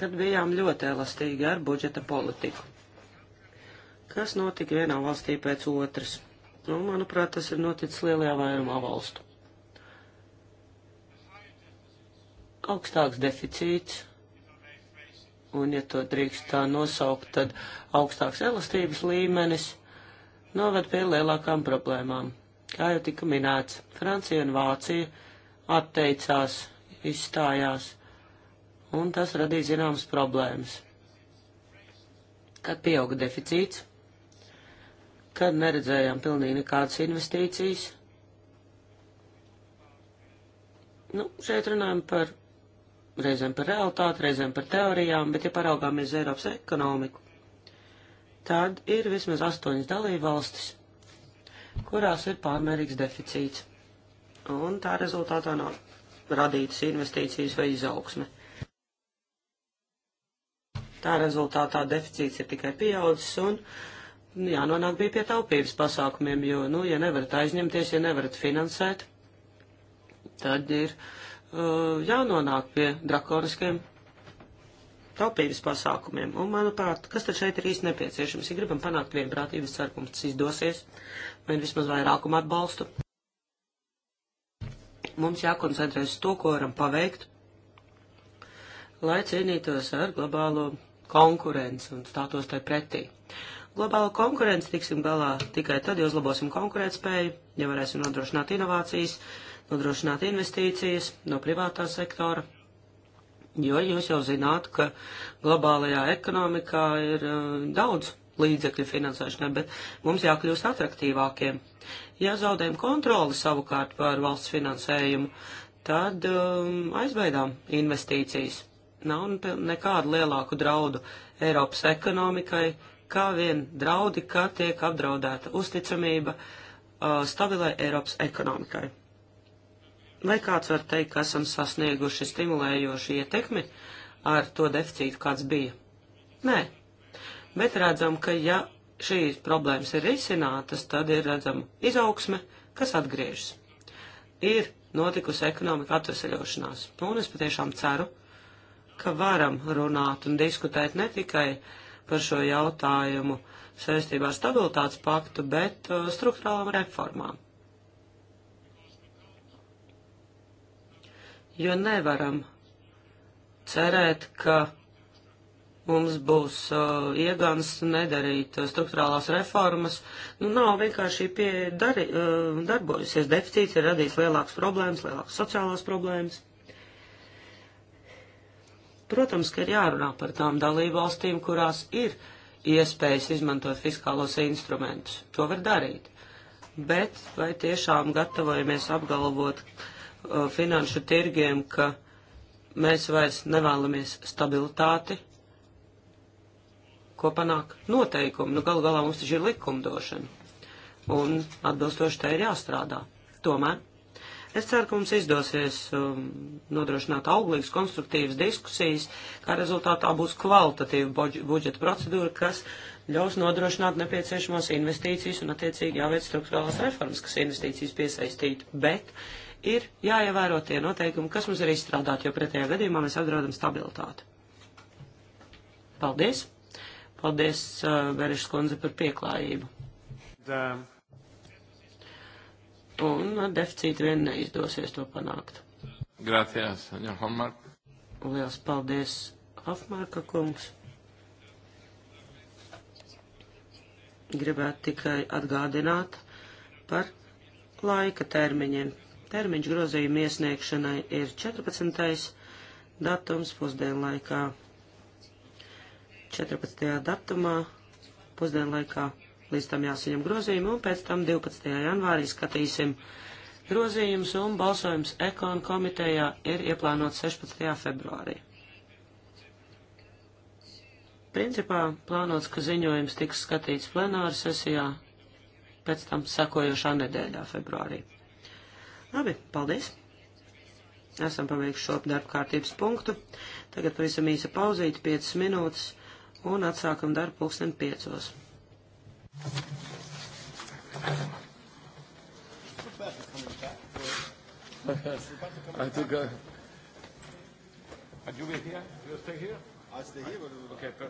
kad bijām ļoti elastīgi ar budžeta politiku. Kas notika vienā valstī pēc otras? Un, nu, manuprāt, tas ir noticis lielajā vairumā valstu. Augstāks deficīts, un, ja to drīkst tā nosaukt, tad augstāks elastības līmenis noved pie lielākām problēmām. Kā jau tika minēts, Francija un Vācija atteicās, izstājās, un tas radīja zināmas problēmas. Kad pieauga deficīts, kad neredzējām pilnīgi nekādas investīcijas, nu, šeit runājam par reizēm par realitāti, reizēm par teorijām, bet ja paraugāmies Eiropas ekonomiku, tad ir vismaz astoņas dalībvalstis, kurās ir pārmērīgs deficīts, un tā rezultātā nav radītas investīcijas vai izaugsme. Tā rezultātā deficīts ir tikai pieaudzis un nu, jānonāk bija pie taupības pasākumiem, jo, nu, ja nevarat aizņemties, ja nevarat finansēt, tad ir uh, Uh, jānonāk pie drakoniskiem taupības pasākumiem. Un, manuprāt, kas tad šeit ir īsti nepieciešams? Ja gribam panākt vienprātības ceru, ka mums izdosies, vai nu vismaz vairākumu atbalstu, mums jākoncentrēs uz to, ko varam paveikt, lai cīnītos ar globālo konkurenci un stātos tai pretī. Globāla konkurence tiksim galā tikai tad, ja uzlabosim konkurētspēju, ja varēsim nodrošināt inovācijas, uh, nodrošināt investīcijas no privātā sektora, jo jūs jau zināt, ka globālajā ekonomikā ir eh, daudz līdzekļu finansēšanai, bet mums jākļūst atraktīvākiem. Ja zaudējam kontroli savukārt par valsts finansējumu, tad um, aizbaidām investīcijas. Nav nekādu lielāku draudu Eiropas ekonomikai, kā vien draudi, kā tiek apdraudēta uzticamība uh, stabilai Eiropas ekonomikai. Vai kāds var teikt, ka esam sasnieguši stimulējošu ietekmi ar to deficītu, kāds bija? Nē. Bet redzam, ka ja šīs problēmas ir risinātas, tad ir redzama izaugsme, kas atgriežas. Ir notikusi ekonomika atvesaļošanās. Un es patiešām ceru, ka varam runāt un diskutēt ne tikai par šo jautājumu saistībā ar stabilitātes paktu, bet uh, struktūrālām reformām. jo nevaram cerēt, ka mums būs uh, iegans nedarīt uh, struktūrālās reformas. Nu, nav vienkārši pieeja uh, darbojusies. Deficīts ir radījis lielākas problēmas, lielākas sociālās problēmas. Protams, ka ir jārunā par tām dalību valstīm, kurās ir iespējas izmantot fiskālos instrumentus. To var darīt. Bet vai tiešām gatavojamies apgalvot, uh, uh, finanšu tirgiem, ka mēs vairs nevēlamies stabilitāti, ko panāk noteikumi. Nu, galu galā mums taču ir likumdošana, un atbilstoši tai ir jāstrādā. Tomēr es ceru, ka mums izdosies um, nodrošināt auglīgas, konstruktīvas diskusijas, kā rezultātā būs kvalitatīva budžeta procedūra, kas ļaus nodrošināt nepieciešamos investīcijas un attiecīgi jāveic struktūrālās reformas, kas investīcijas piesaistītu. Bet ir jāievēro tie noteikumi, kas mums ir izstrādāti, jo pretējā gadījumā mēs apdraudam stabilitāti. Paldies! Paldies, uh, Berešs kundze, par pieklājību. The... Un ar deficītu vien neizdosies to panākt. Grācijās, Aņa Homark. Liels paldies, Hofmarka kungs. Gribētu tikai atgādināt par laika termiņiem. Termiņš grozījuma iesniegšanai ir 14. datums pusdienlaikā. 14. datumā pusdienlaikā līdz tam jāsaņem grozījumi, un pēc tam 12. janvārī skatīsim grozījums, un balsojums ekonu komitejā ir ieplānots 16. februārī. Principā plānots, ka ziņojums tiks skatīts plenāra sesijā, pēc tam sekojošā nedēļā februārī. Labi, paldies! Esam paveikuši šo darba kārtības punktu. Tagad pavisam īsa pauzīte, 5 minūtes, un atsākam darbu pulksten 5. I think uh, and you will here? You stay here? I stay here. Okay.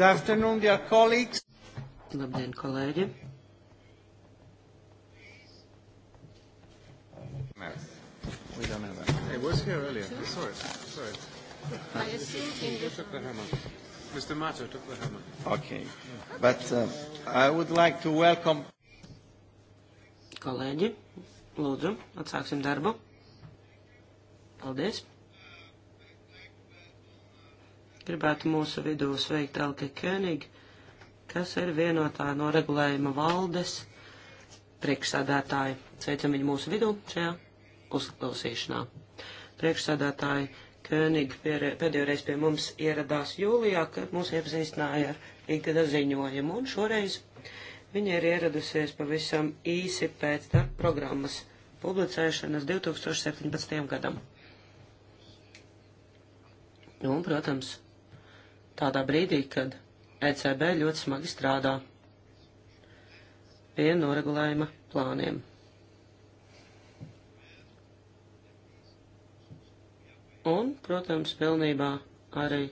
Good afternoon, dear colleagues. Labdien, kolēģi. We don't have that. It was here earlier. I saw it. I saw it. I assume you took the hammer. Mr. Mato took the hammer. Okay. But uh, I would like to welcome... Kolēģi, lūdzu, atsāksim darbu. Paldies gribētu mūsu vidū sveikt Elke König, kas ir vienotā no regulējuma valdes priekšsādātāja. Sveicam viņu mūsu vidū šajā uzklausīšanā. Priekšsādātāja König pēdējo reizi pie mums ieradās jūlijā, kad mūs iepazīstināja ar ikgada ziņojumu, un šoreiz viņa ir ieradusies pavisam īsi pēc darba programmas publicēšanas 2017. gadam. Nu, un, protams, tādā brīdī, kad ECB ļoti smagi strādā pie noregulējuma plāniem. Un, protams, pilnībā arī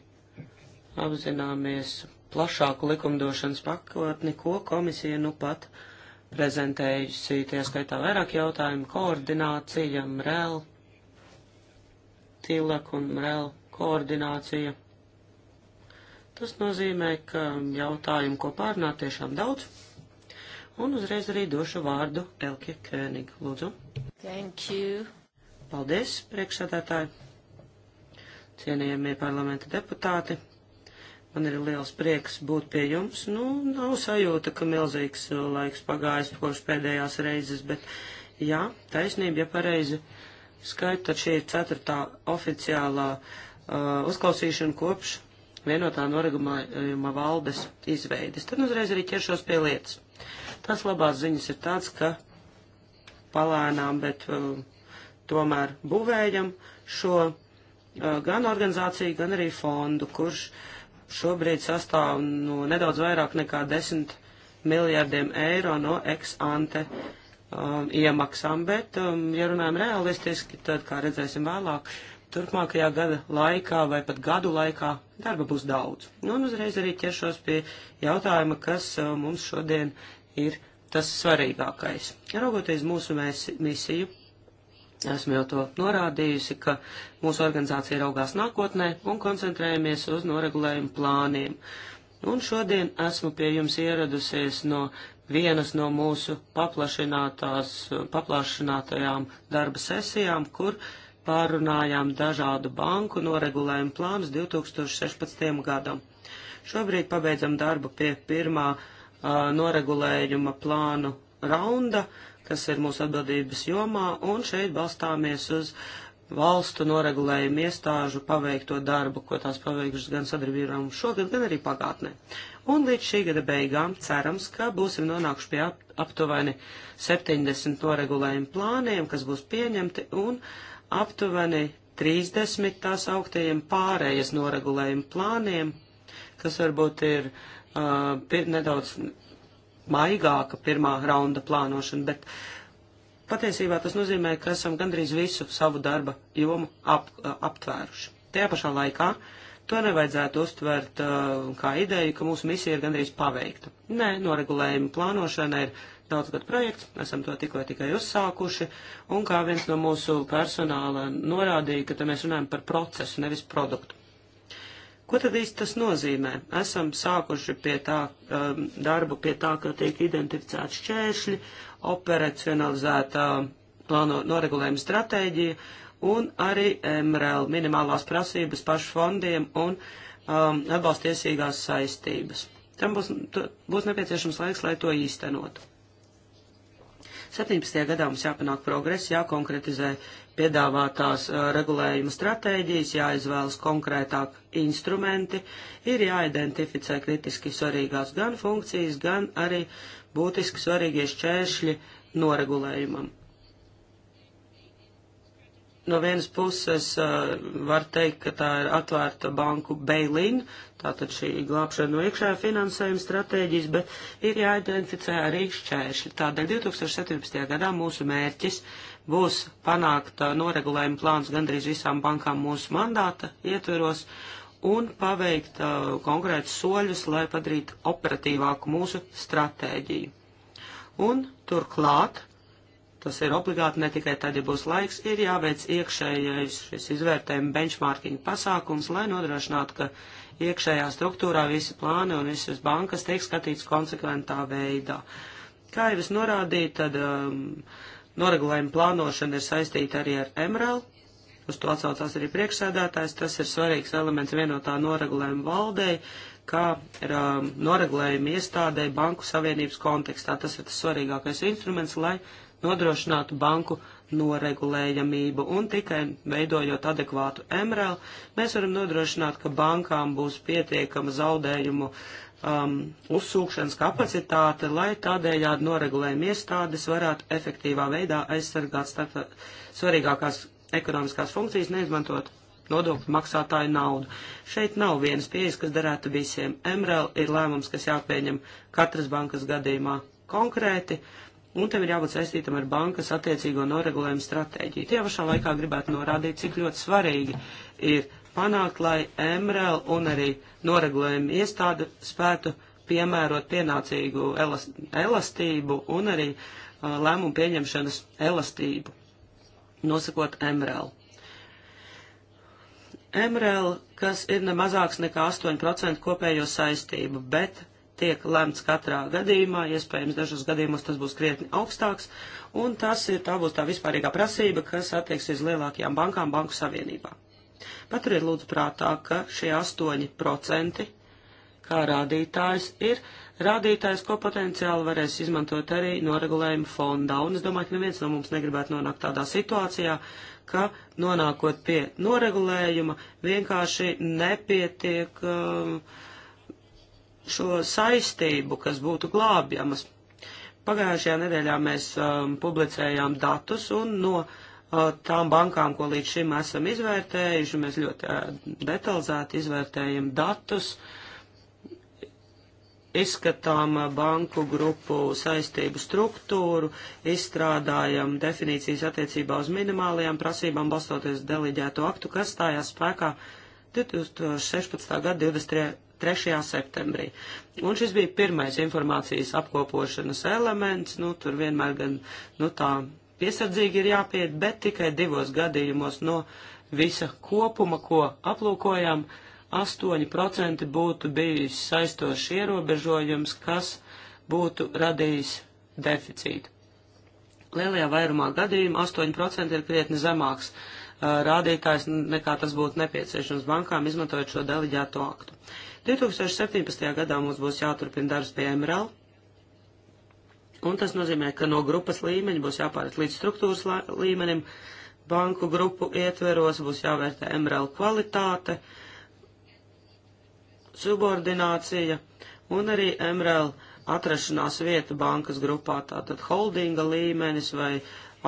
apzināmies plašāku likumdošanas pakotni, ko komisija nu pat prezentējusi, tie skaitā vairāk jautājumu, koordinācija, MREL, TILAK un MREL koordinācija. Tas nozīmē, ka jautājumu, ko pārnāt, tiešām daudz. Un uzreiz arī došu vārdu Elke König. Lūdzu. Thank you. Paldies, priekšsēdētāji. Cienījamie parlamenta deputāti. Man ir liels prieks būt pie jums. Nu, nav sajūta, ka milzīgs laiks pagājis kopš pēdējās reizes, bet jā, taisnība, ja pareizi skaitot, šī ir ceturtā oficiālā uh, uzklausīšana kopš vienotā noregulējuma valdes izveides. Tad uzreiz arī ķeršos pie lietas. Tas labās ziņas ir tāds, ka palēnām, bet uh, tomēr būvējam šo uh, gan organizāciju, gan arī fondu, kurš šobrīd sastāv no nu, nedaudz vairāk nekā 10 miljārdiem eiro no ex-ante um, iemaksām, bet, um, ja runājam realistiski, tad, kā redzēsim vēlāk, turpmākajā gada laikā vai pat gadu laikā darba būs daudz. Nu, un uzreiz arī ķeršos pie jautājuma, kas uh, mums šodien ir tas svarīgākais. Raugoties mūsu mēsi, misiju, esmu jau to norādījusi, ka mūsu organizācija raugās nākotnē un koncentrējamies uz noregulējumu plāniem. Un šodien esmu pie jums ieradusies no vienas no mūsu paplašinātajām darba sesijām, kur uh, pārunājām dažādu banku noregulējumu plānus 2016. gadam. Šobrīd pabeidzam darbu pie pirmā uh, noregulējuma plānu raunda, kas ir mūsu atbildības jomā, un šeit balstāmies uz valstu noregulējumu iestāžu paveikto darbu, ko tās paveikušas gan sadarbībām šogad, gan arī pagātnē. Un līdz šī gada beigām cerams, ka būsim nonākuši pie aptuveni 70 noregulējumu plāniem, kas būs pieņemti, un uh, aptuveni 30 tās augtajiem pārējas noregulējuma plāniem, kas varbūt ir uh, pir, nedaudz maigāka pirmā raunda plānošana, bet patiesībā tas nozīmē, ka esam gandrīz visu savu darba jomu ap, uh, aptvēruši. Tajā pašā laikā to nevajadzētu uztvert uh, kā ideju, ka mūsu misija ir gandrīz paveikta. Nē, noregulējuma plānošana ir daudzgad projekts, esam to tikko tikai uzsākuši, un kā viens no mūsu personāla norādīja, ka te mēs runājam par procesu, nevis produktu. Ko tad īsti tas nozīmē? Esam sākuši pie tā, um, darbu pie tā, ka tiek identificēti šķēršļi, operacionalizēta plāno noregulējuma stratēģija un arī MRL minimālās prasības pašu fondiem un um, atbalstiesīgās saistības. Tam būs, būs nepieciešams laiks, lai to īstenotu. 17. gadā mums jāpanāk progress, jākonkretizē piedāvātās uh, regulējuma stratēģijas, jāizvēlas konkrētāk instrumenti, ir jāidentificē kritiski svarīgās gan funkcijas, gan arī būtiski svarīgie šķēršļi noregulējumam no vienas puses eh, var teikt, ka tā ir atvērta banku bailīna, tātad šī glābšana no iekšējā finansējuma stratēģijas, bet ir jāidentificē arī šķēršļi. Tādēļ 2017. gadā mūsu mērķis būs panākt eh, noregulējuma plāns gandrīz visām bankām mūsu mandāta ietveros un paveikt uh, konkrētus soļus, lai padarītu operatīvāku mūsu stratēģiju. Un turklāt tas ir obligāti ne tikai tad, ja būs laiks, ir jāveic iekšējais šis izvērtējuma benchmarking pasākums, lai nodrošinātu, ka iekšējā struktūrā visi plāni un visas bankas tiek skatīts konsekventā veidā. Kā jau es norādīju, tad um, noregulējuma plānošana ir saistīta arī ar MRL. Uz to atsaucās arī priekšsēdētājs. Tas ir svarīgs elements vienotā noregulējuma valdei, kā ir um, noregulējuma iestādē Banku Savienības kontekstā. Tas ir tas svarīgākais instruments, lai nodrošinātu banku noregulējamību, un tikai veidojot adekvātu MRL, mēs varam nodrošināt, ka bankām būs pietiekama zaudējumu um, uzsūkšanas kapacitāte, lai tādējādi noregulējuma iestādes varētu efektīvā veidā aizsargāt starp svarīgākās ekonomiskās funkcijas, neizmantot nodokļu maksātāju naudu. Šeit nav vienas pieejas, kas derētu visiem. MRL ir lēmums, kas jāpieņem katras bankas gadījumā konkrēti, un tam ir jābūt saistītam ar bankas attiecīgo noregulējumu stratēģiju. Tie pašā laikā gribētu norādīt, cik ļoti svarīgi ir panākt, lai MRL un arī noregulējumu iestāde spētu piemērot pienācīgu elastību un arī uh, lēmumu pieņemšanas elastību, nosakot MRL. MRL, kas ir ne mazāks nekā 8% kopējo saistību, bet tiek lemts katrā gadījumā, iespējams dažos gadījumos tas būs krietni augstāks, un tas ir tā būs tā vispārīgā prasība, kas attieks uz lielākajām bankām Banku Savienībā. Paturiet lūdzu prātā, ka šie 8% kā rādītājs ir rādītājs, ko potenciāli varēs izmantot arī noregulējuma fondā, un es domāju, ka neviens no mums negribētu nonākt tādā situācijā, ka nonākot pie noregulējuma vienkārši nepietiek. Um, uh, šo saistību, kas būtu glābjamas. Pagājušajā nedēļā mēs um, publicējām datus un no uh, tām bankām, ko līdz šim esam izvērtējuši, mēs ļoti uh, detalizēti izvērtējam datus, izskatām uh, banku grupu saistību struktūru, izstrādājam definīcijas attiecībā uz minimālajām prasībām, balstoties deliģēto aktu, kas stājās spēkā 2016. gada 23. 3. septembrī. Un šis bija pirmais informācijas apkopošanas elements, nu, tur vienmēr gan, nu, tā piesardzīgi ir jāpiet, bet tikai divos gadījumos no visa kopuma, ko aplūkojam, 8% būtu bijis saistošs ierobežojums, kas būtu radījis deficītu. Lielajā vairumā gadījumu 8% ir krietni zemāks uh, rādītājs nekā tas būtu nepieciešams bankām, izmantojot šo deliģēto aktu. 2017. gadā mums būs jāturpina darbs pie MRL, un tas nozīmē, ka no grupas līmeņa būs jāpāriet līdz struktūras līmenim, banku grupu ietveros būs jāvērtē MRL kvalitāte, subordinācija un arī MRL atrašanās vieta bankas grupā, tātad holdinga līmenis vai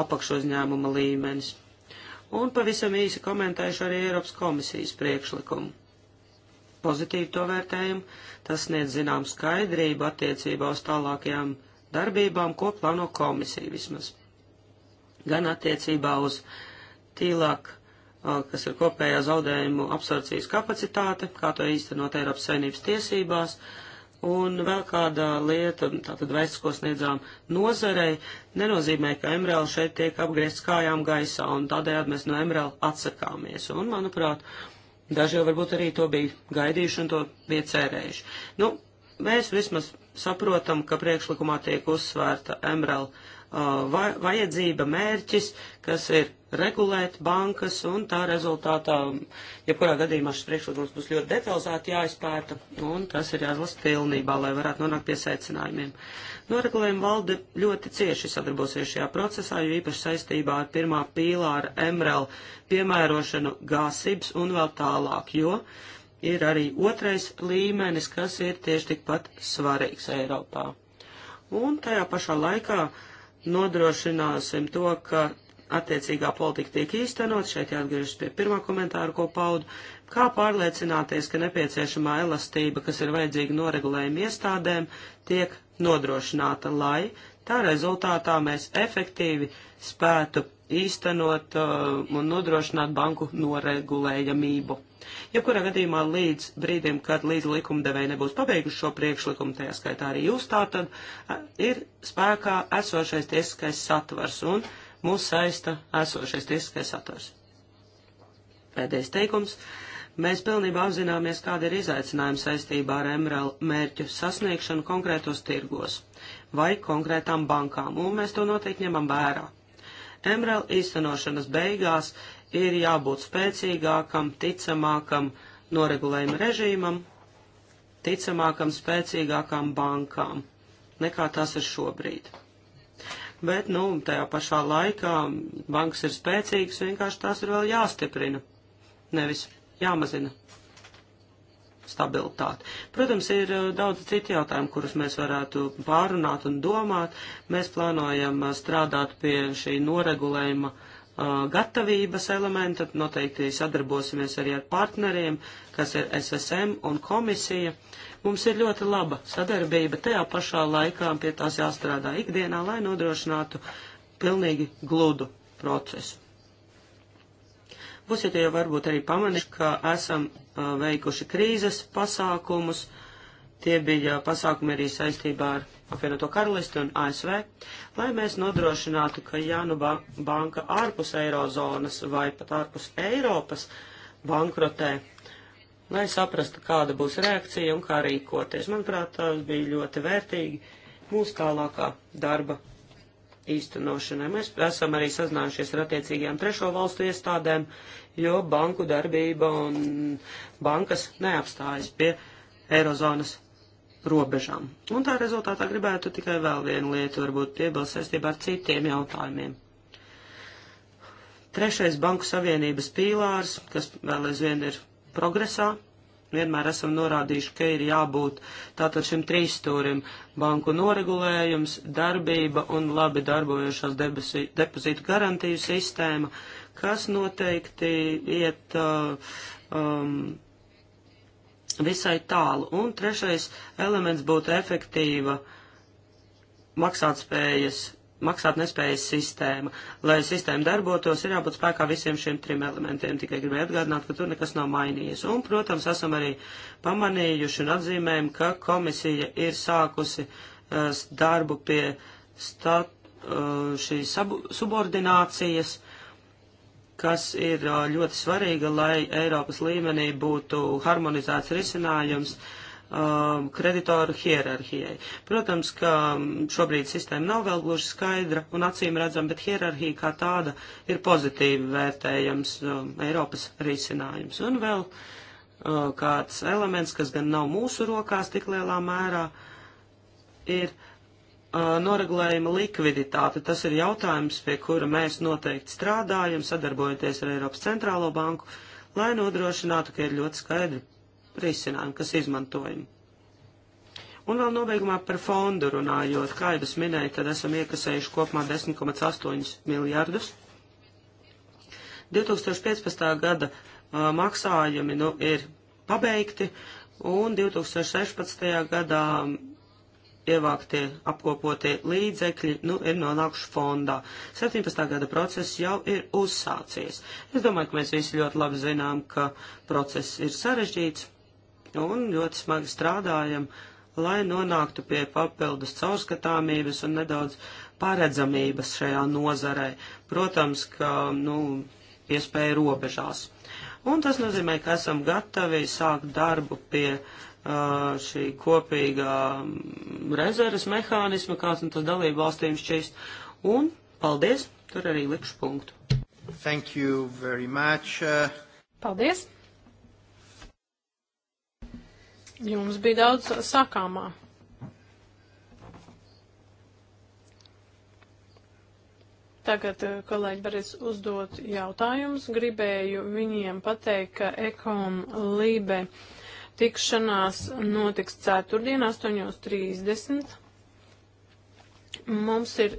apakšuzņēmuma līmenis. Un pavisam īsi komentēšu arī Eiropas komisijas priekšlikumu pozitīvi to vērtējam. Tas sniedz zinām skaidrību attiecībā uz tālākajām darbībām, ko plāno komisija vismaz. Gan attiecībā uz tīlāk, kas ir kopējā zaudējumu absorpcijas kapacitāte, kā to īstenot Eiropas saimnības tiesībās, un vēl kāda lieta, tātad vēsts, ko sniedzām nozarei, nenozīmē, ka MRL šeit tiek apgriezt kājām gaisā, un tādējādi mēs no MRL atsakāmies. Un, manuprāt, uh, Daži jau varbūt arī to bija gaidījuši un to bija cerējuši. Nu, mēs vismaz saprotam, ka priekšlikumā tiek uzsvērta MRL uh, vajadzība, mērķis, kas ir regulēt bankas, un tā rezultātā, jebkurā gadījumā šis priekšlikums būs ļoti detalizēti jāizpēta, un tas ir jāizlasa pilnībā, lai varētu nonākt pie secinājumiem. Noregulējuma valde ļoti cieši sadarbosies šajā procesā, jo īpaši saistībā ar pirmā pīlāra MRL piemērošanu gāsibs un vēl tālāk, jo ir arī otrais līmenis, kas ir tieši tikpat svarīgs Eiropā. Un tajā pašā laikā nodrošināsim to, ka attiecīgā politika tiek īstenot, šeit jāatgriežas pie pirmā komentāra, ko paudu, kā pārliecināties, ka nepieciešamā elastība, kas ir vajadzīga noregulējuma iestādēm, tiek nodrošināta, lai tā rezultātā mēs efektīvi spētu īstenot uh, un nodrošināt banku noregulējamību. Jebkurā gadījumā līdz brīdim, kad līdz likumdevēji nebūs pabeiguši šo priekšlikumu, tajā skaitā arī jūs tā tad, uh, ir spēkā esošais tiesiskais satvars un mūs saista esošais tiesiskais satvars. Pēdējais teikums. Uh, Mēs pilnībā apzināmies, kāda ir izaicinājuma saistībā ar MRL mērķu sasniegšanu konkrētos tirgos vai konkrētām bankām, un mēs to noteikti ņemam vērā. MRL īstenošanas beigās ir jābūt spēcīgākam, ticamākam noregulējuma režīmam, ticamākam, spēcīgākām bankām nekā tas ir šobrīd. Bet, nu, tajā pašā laikā bankas ir spēcīgas, vienkārši tās ir vēl jāstiprina, nevis jāmazina stabilitāte. Protams, ir uh, daudz citu jautājumu, kurus mēs varētu pārunāt un domāt. Mēs plānojam uh, strādāt pie šī noregulējuma uh, gatavības elementa, noteikti sadarbosimies arī ar partneriem, kas ir SSM un komisija. Mums ir ļoti laba sadarbība, tajā pašā laikā pie tās jāstrādā ikdienā, lai nodrošinātu pilnīgi gludu procesu. Būsiet jau varbūt arī pamanījuši, ka esam uh, veikuši krīzes pasākumus. Tie bija pasākumi arī saistībā ar apvienoto karalisti un ASV, lai mēs nodrošinātu, ka ja nu ba banka ārpus eirozonas vai pat ārpus Eiropas bankrotē, lai saprastu, kāda būs reakcija un kā rīkoties. Manuprāt, tas bija ļoti vērtīgi mūsu tālākā darba īstenošanai. Mēs esam arī sazinājušies ar attiecīgajām trešo valstu iestādēm, jo banku darbība un bankas neapstājas pie Eirozonas robežām. Un tā rezultātā gribētu tikai vēl vienu lietu varbūt piebilst saistībā ar citiem jautājumiem. Trešais banku savienības pīlārs, kas vēl aizvien ir progresā, vienmēr esam norādījuši, ka ir jābūt tātad šim trīsstūrim - banku noregulējums, darbība un labi darbojošās debesi, depozītu garantiju sistēma, kas noteikti iet uh, um, visai tālu. Un trešais elements būtu efektīva maksātspējas maksātnespējas sistēma. Lai sistēma darbotos, ir jābūt spēkā visiem šiem trim elementiem. Tikai gribēju atgādināt, ka tur nekas nav mainījies. Un, protams, esam arī pamanījuši un atzīmējam, ka komisija ir sākusi uh, darbu pie stat, uh, eh, šīs subordinācijas, kas ir uh, ļoti svarīga, lai Eiropas līmenī būtu harmonizēts risinājums. Uh, um, kreditoru hierarhijai. Protams, ka mm, šobrīd sistēma nav vēl gluži skaidra un acīm redzama, bet hierarhija kā tāda ir pozitīvi vērtējams um, Eiropas risinājums. Un vēl uh, kāds elements, kas gan nav mūsu rokās tik lielā mērā, ir uh, noregulējuma likviditāte. Tas ir jautājums, pie kura mēs noteikti strādājam, sadarbojoties ar Eiropas centrālo banku, lai nodrošinātu, ka ir ļoti skaidri risinājumu, kas izmantojami. Un vēl nobeigumā par fondu runājot, kā jau es minēju, tad esam iekasējuši kopumā 10,8 miljardus. 2015. gada uh, maksājumi nu, ir pabeigti, un 2016. gadā ievāktie apkopotie līdzekļi nu, ir nonākuši fondā. 17. gada process jau ir uzsācies. Es domāju, ka mēs visi ļoti labi zinām, ka process ir sarežģīts un ļoti smagi strādājam, lai nonāktu pie papildus caurskatāmības un nedaudz paredzamības šajā nozarē. Protams, ka, nu, iespēja robežās. Un tas nozīmē, ka esam gatavi sākt darbu pie uh, šī kopīgā mm, rezerves mehānisma, kāds nu tas dalību valstīm šķīst. Un paldies, tur arī likšu punktu. Thank you very much. Uh, paldies. Jums bija daudz sakāmā. Tagad eh, kolēģi varēs uzdot jautājumus. Gribēju viņiem pateikt, ka Ekom Lībe tikšanās notiks ceturtdien 8.30. Mums ir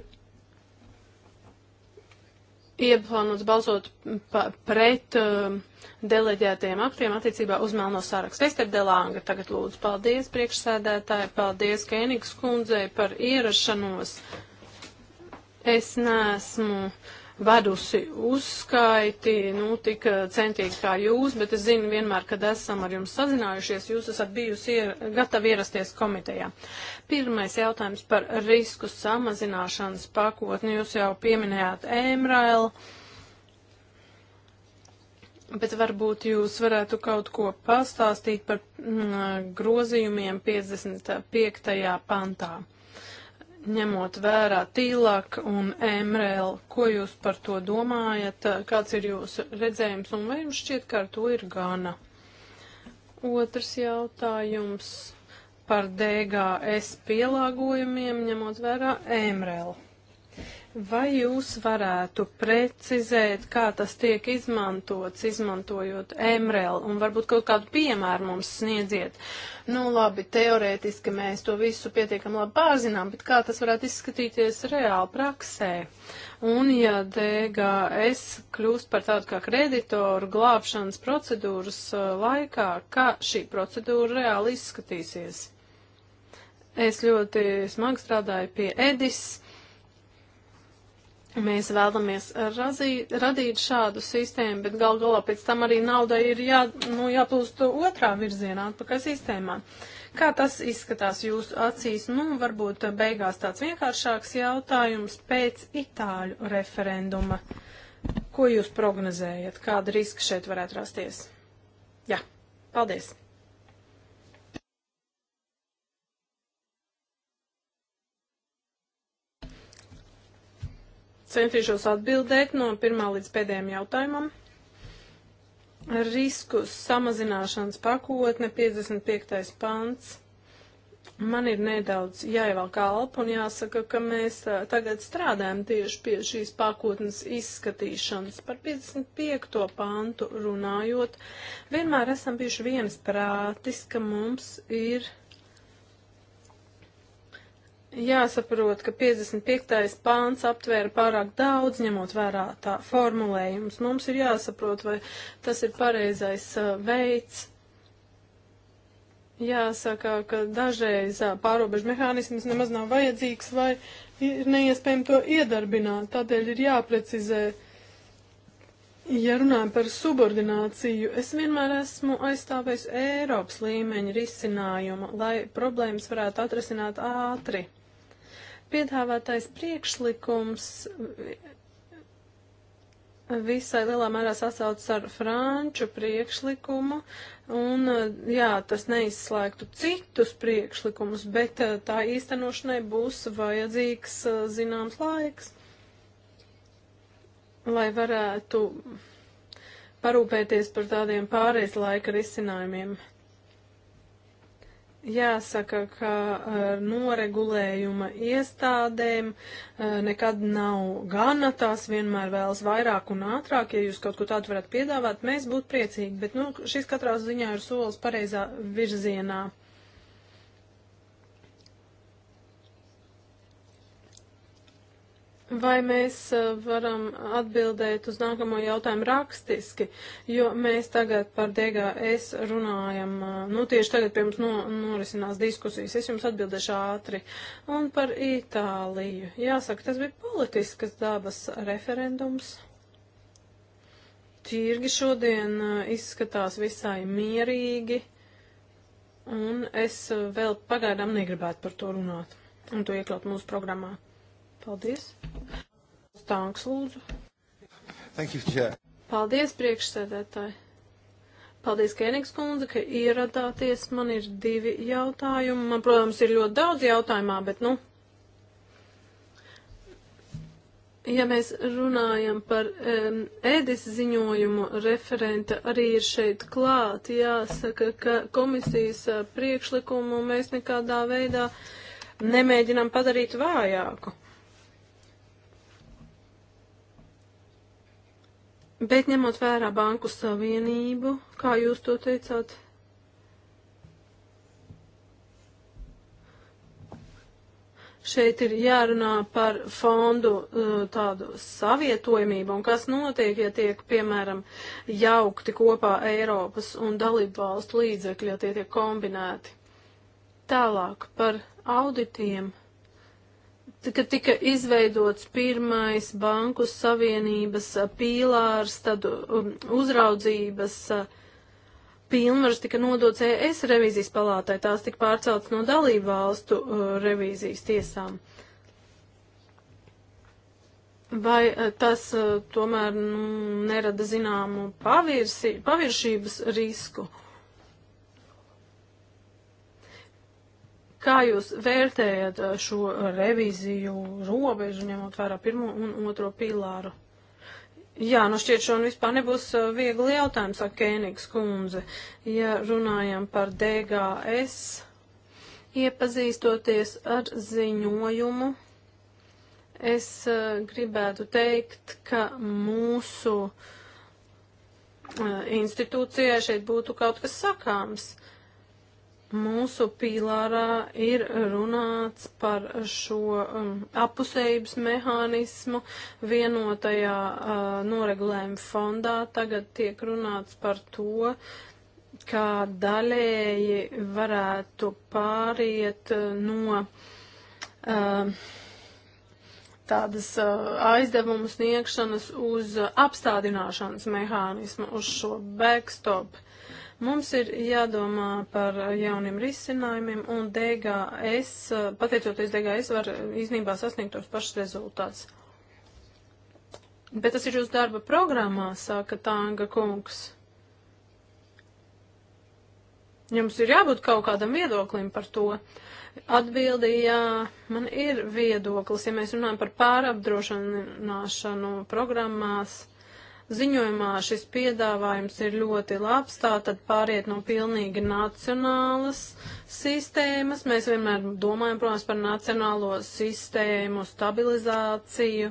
ieplānots balsot pret. Uh, deleģētajiem aktiem attiecībā uz melno sarakstu. Ester Delanga tagad lūdzu paldies priekšsēdētāji, paldies Kēnigas kundzei par ierašanos. Es neesmu vedusi uzskaiti, nu, tik eh, centīgi kā jūs, bet es zinu vienmēr, kad esam ar jums sazinājušies, jūs esat bijusi ier, gatavi ierasties komitejā. Pirmais jautājums par risku samazināšanas pakotni. Jūs jau pieminējāt Ēmrailu. Bet varbūt jūs varētu kaut ko pastāstīt par mm, grozījumiem 55. pantā, ņemot vērā tīlāk un MRL. Ko jūs par to domājat? Kāds ir jūsu redzējums un vai jums šķiet, ka ar to ir gana? Otrs jautājums par DGS pielāgojumiem, ņemot vērā MRL. Vai jūs varētu precizēt, kā tas tiek izmantots, izmantojot MRL, un varbūt kaut kādu piemēru mums sniedziet? Nu, labi, teorētiski mēs to visu pietiekam labi pārzinām, bet kā tas varētu izskatīties reāli praksē? Un ja DGS kļūst par tādu kā kreditoru glābšanas procedūras uh, laikā, kā šī procedūra reāli izskatīsies? Es ļoti smagi strādāju pie Edis Mēs vēlamies razī, radīt šādu sistēmu, bet gal galā pēc tam arī naudai ir jā, nu, jāplūst otrā virzienā, atpakaļ sistēmā. Kā tas izskatās jūsu acīs? Nu, varbūt beigās tāds vienkāršāks jautājums pēc Itāļu referenduma. Ko jūs prognozējat? Kāda riska šeit varētu rasties? Jā, paldies! Centīšos atbildēt no pirmā līdz pēdējiem jautājumam. Risku samazināšanas pakotne 55. pants. Man ir nedaudz jāievelk alpa un jāsaka, ka mēs tagad strādājam tieši pie šīs pakotnes izskatīšanas. Par 55. pantu runājot, vienmēr esam bijuši viens prātis, ka mums ir Jāsaprot, ka 55. pāns aptvēra pārāk daudz, ņemot vērā tā formulējums. Mums ir jāsaprot, vai tas ir pareizais uh, veids. Jāsaka, ka dažreiz uh, pārobežu mehānisms nemaz nav vajadzīgs vai ir neiespējami to iedarbināt. Tādēļ ir jāprecizē. Ja runājam par subordināciju, es vienmēr esmu aizstāvējis Eiropas līmeņa risinājumu, lai problēmas varētu atrisināt ātri. Piedāvātais priekšlikums visai lielā mērā sasaucas ar franču priekšlikumu, un jā, tas neizslēgtu citus priekšlikumus, bet eh, tā īstenošanai būs vajadzīgs eh, zināms laiks, lai varētu parūpēties par tādiem pāreiz laika risinājumiem. Jāsaka, ka ar e, noregulējuma iestādēm e, nekad nav gana, tās vienmēr vēlas vairāk un ātrāk, ja jūs kaut ko tādu varat piedāvāt, mēs būtu priecīgi, bet nu, šis katrā ziņā ir solis pareizā virzienā. Vai mēs uh, varam atbildēt uz nākamo jautājumu rakstiski, jo mēs tagad par DGS runājam, uh, nu tieši tagad pie mums no, norisinās diskusijas, es jums atbildēšu ātri. Un par Itāliju. Jāsaka, tas bija politiskas dabas referendums. Ķirgi šodien uh, izskatās visai mierīgi, un es vēl pagaidām negribētu par to runāt un to iekļaut mūsu programmā. Paldies! Stānks lūdzu. Thank you, Chair. Paldies, priekšsēdētāji. Paldies, Kēnigs kundze, ka ieradāties. Man ir divi jautājumi. Man, protams, ir ļoti daudz jautājumā, bet, nu, Ja mēs runājam par um, ēdis ziņojumu, referenta arī ir šeit klāt. Jāsaka, ka komisijas eh, priekšlikumu mēs nekādā veidā nemēģinām padarīt vājāku. Bet ņemot vērā banku savienību, kā jūs to teicāt, šeit ir jārunā par fondu uh, tādu savietojamību un kas notiek, ja tiek, piemēram, jaukti kopā Eiropas un dalību valstu līdzekļi, ja tie tiek kombinēti. Tālāk par auditiem kad tika izveidots pirmais banku savienības pīlārs, tad um, uzraudzības pilnvaras tika nodots ES revīzijas palātai, tās tika pārceltas no dalību valstu uh, revīzijas tiesām. Vai tas tomēr nu, nerada zināmu pavirsi, paviršības risku? Kā jūs vērtējat uh, šo uh, revīziju robežu, ņemot vērā pirmo un otro pilāru? Jā, nu šķiet, šo vispār nebūs uh, viegli jautājums, saka Kēnigs kundze. Ja runājam par DGS, iepazīstoties ar ziņojumu, es gribētu teikt, ka mūsu institūcijai šeit būtu kaut kas sakāms. Mūsu pīlārā ir runāts par šo um, apusējības mehānismu vienotajā uh, noregulējuma fondā. Tagad tiek runāts par to, kā daļēji varētu pāriet uh, no. Uh, tādas uh, aizdevumu sniegšanas uz uh, apstādināšanas mehānismu, uz šo backstop. Mums ir jādomā par jauniem risinājumiem, un DGS, pateicoties DGS, var īstenībā sasniegt tos pašus rezultātus. Bet tas ir jūsu darba programmā, saka Tanga kungs. Jums ir jābūt kaut kādam viedoklim par to. Atbildīja, man ir viedoklis, ja mēs runājam par pārapdrošināšanu programmās Ziņojumā šis piedāvājums ir ļoti labs, tā tad pāriet no pilnīgi nacionālas sistēmas. Mēs vienmēr domājam, protams, par nacionālo sistēmu stabilizāciju.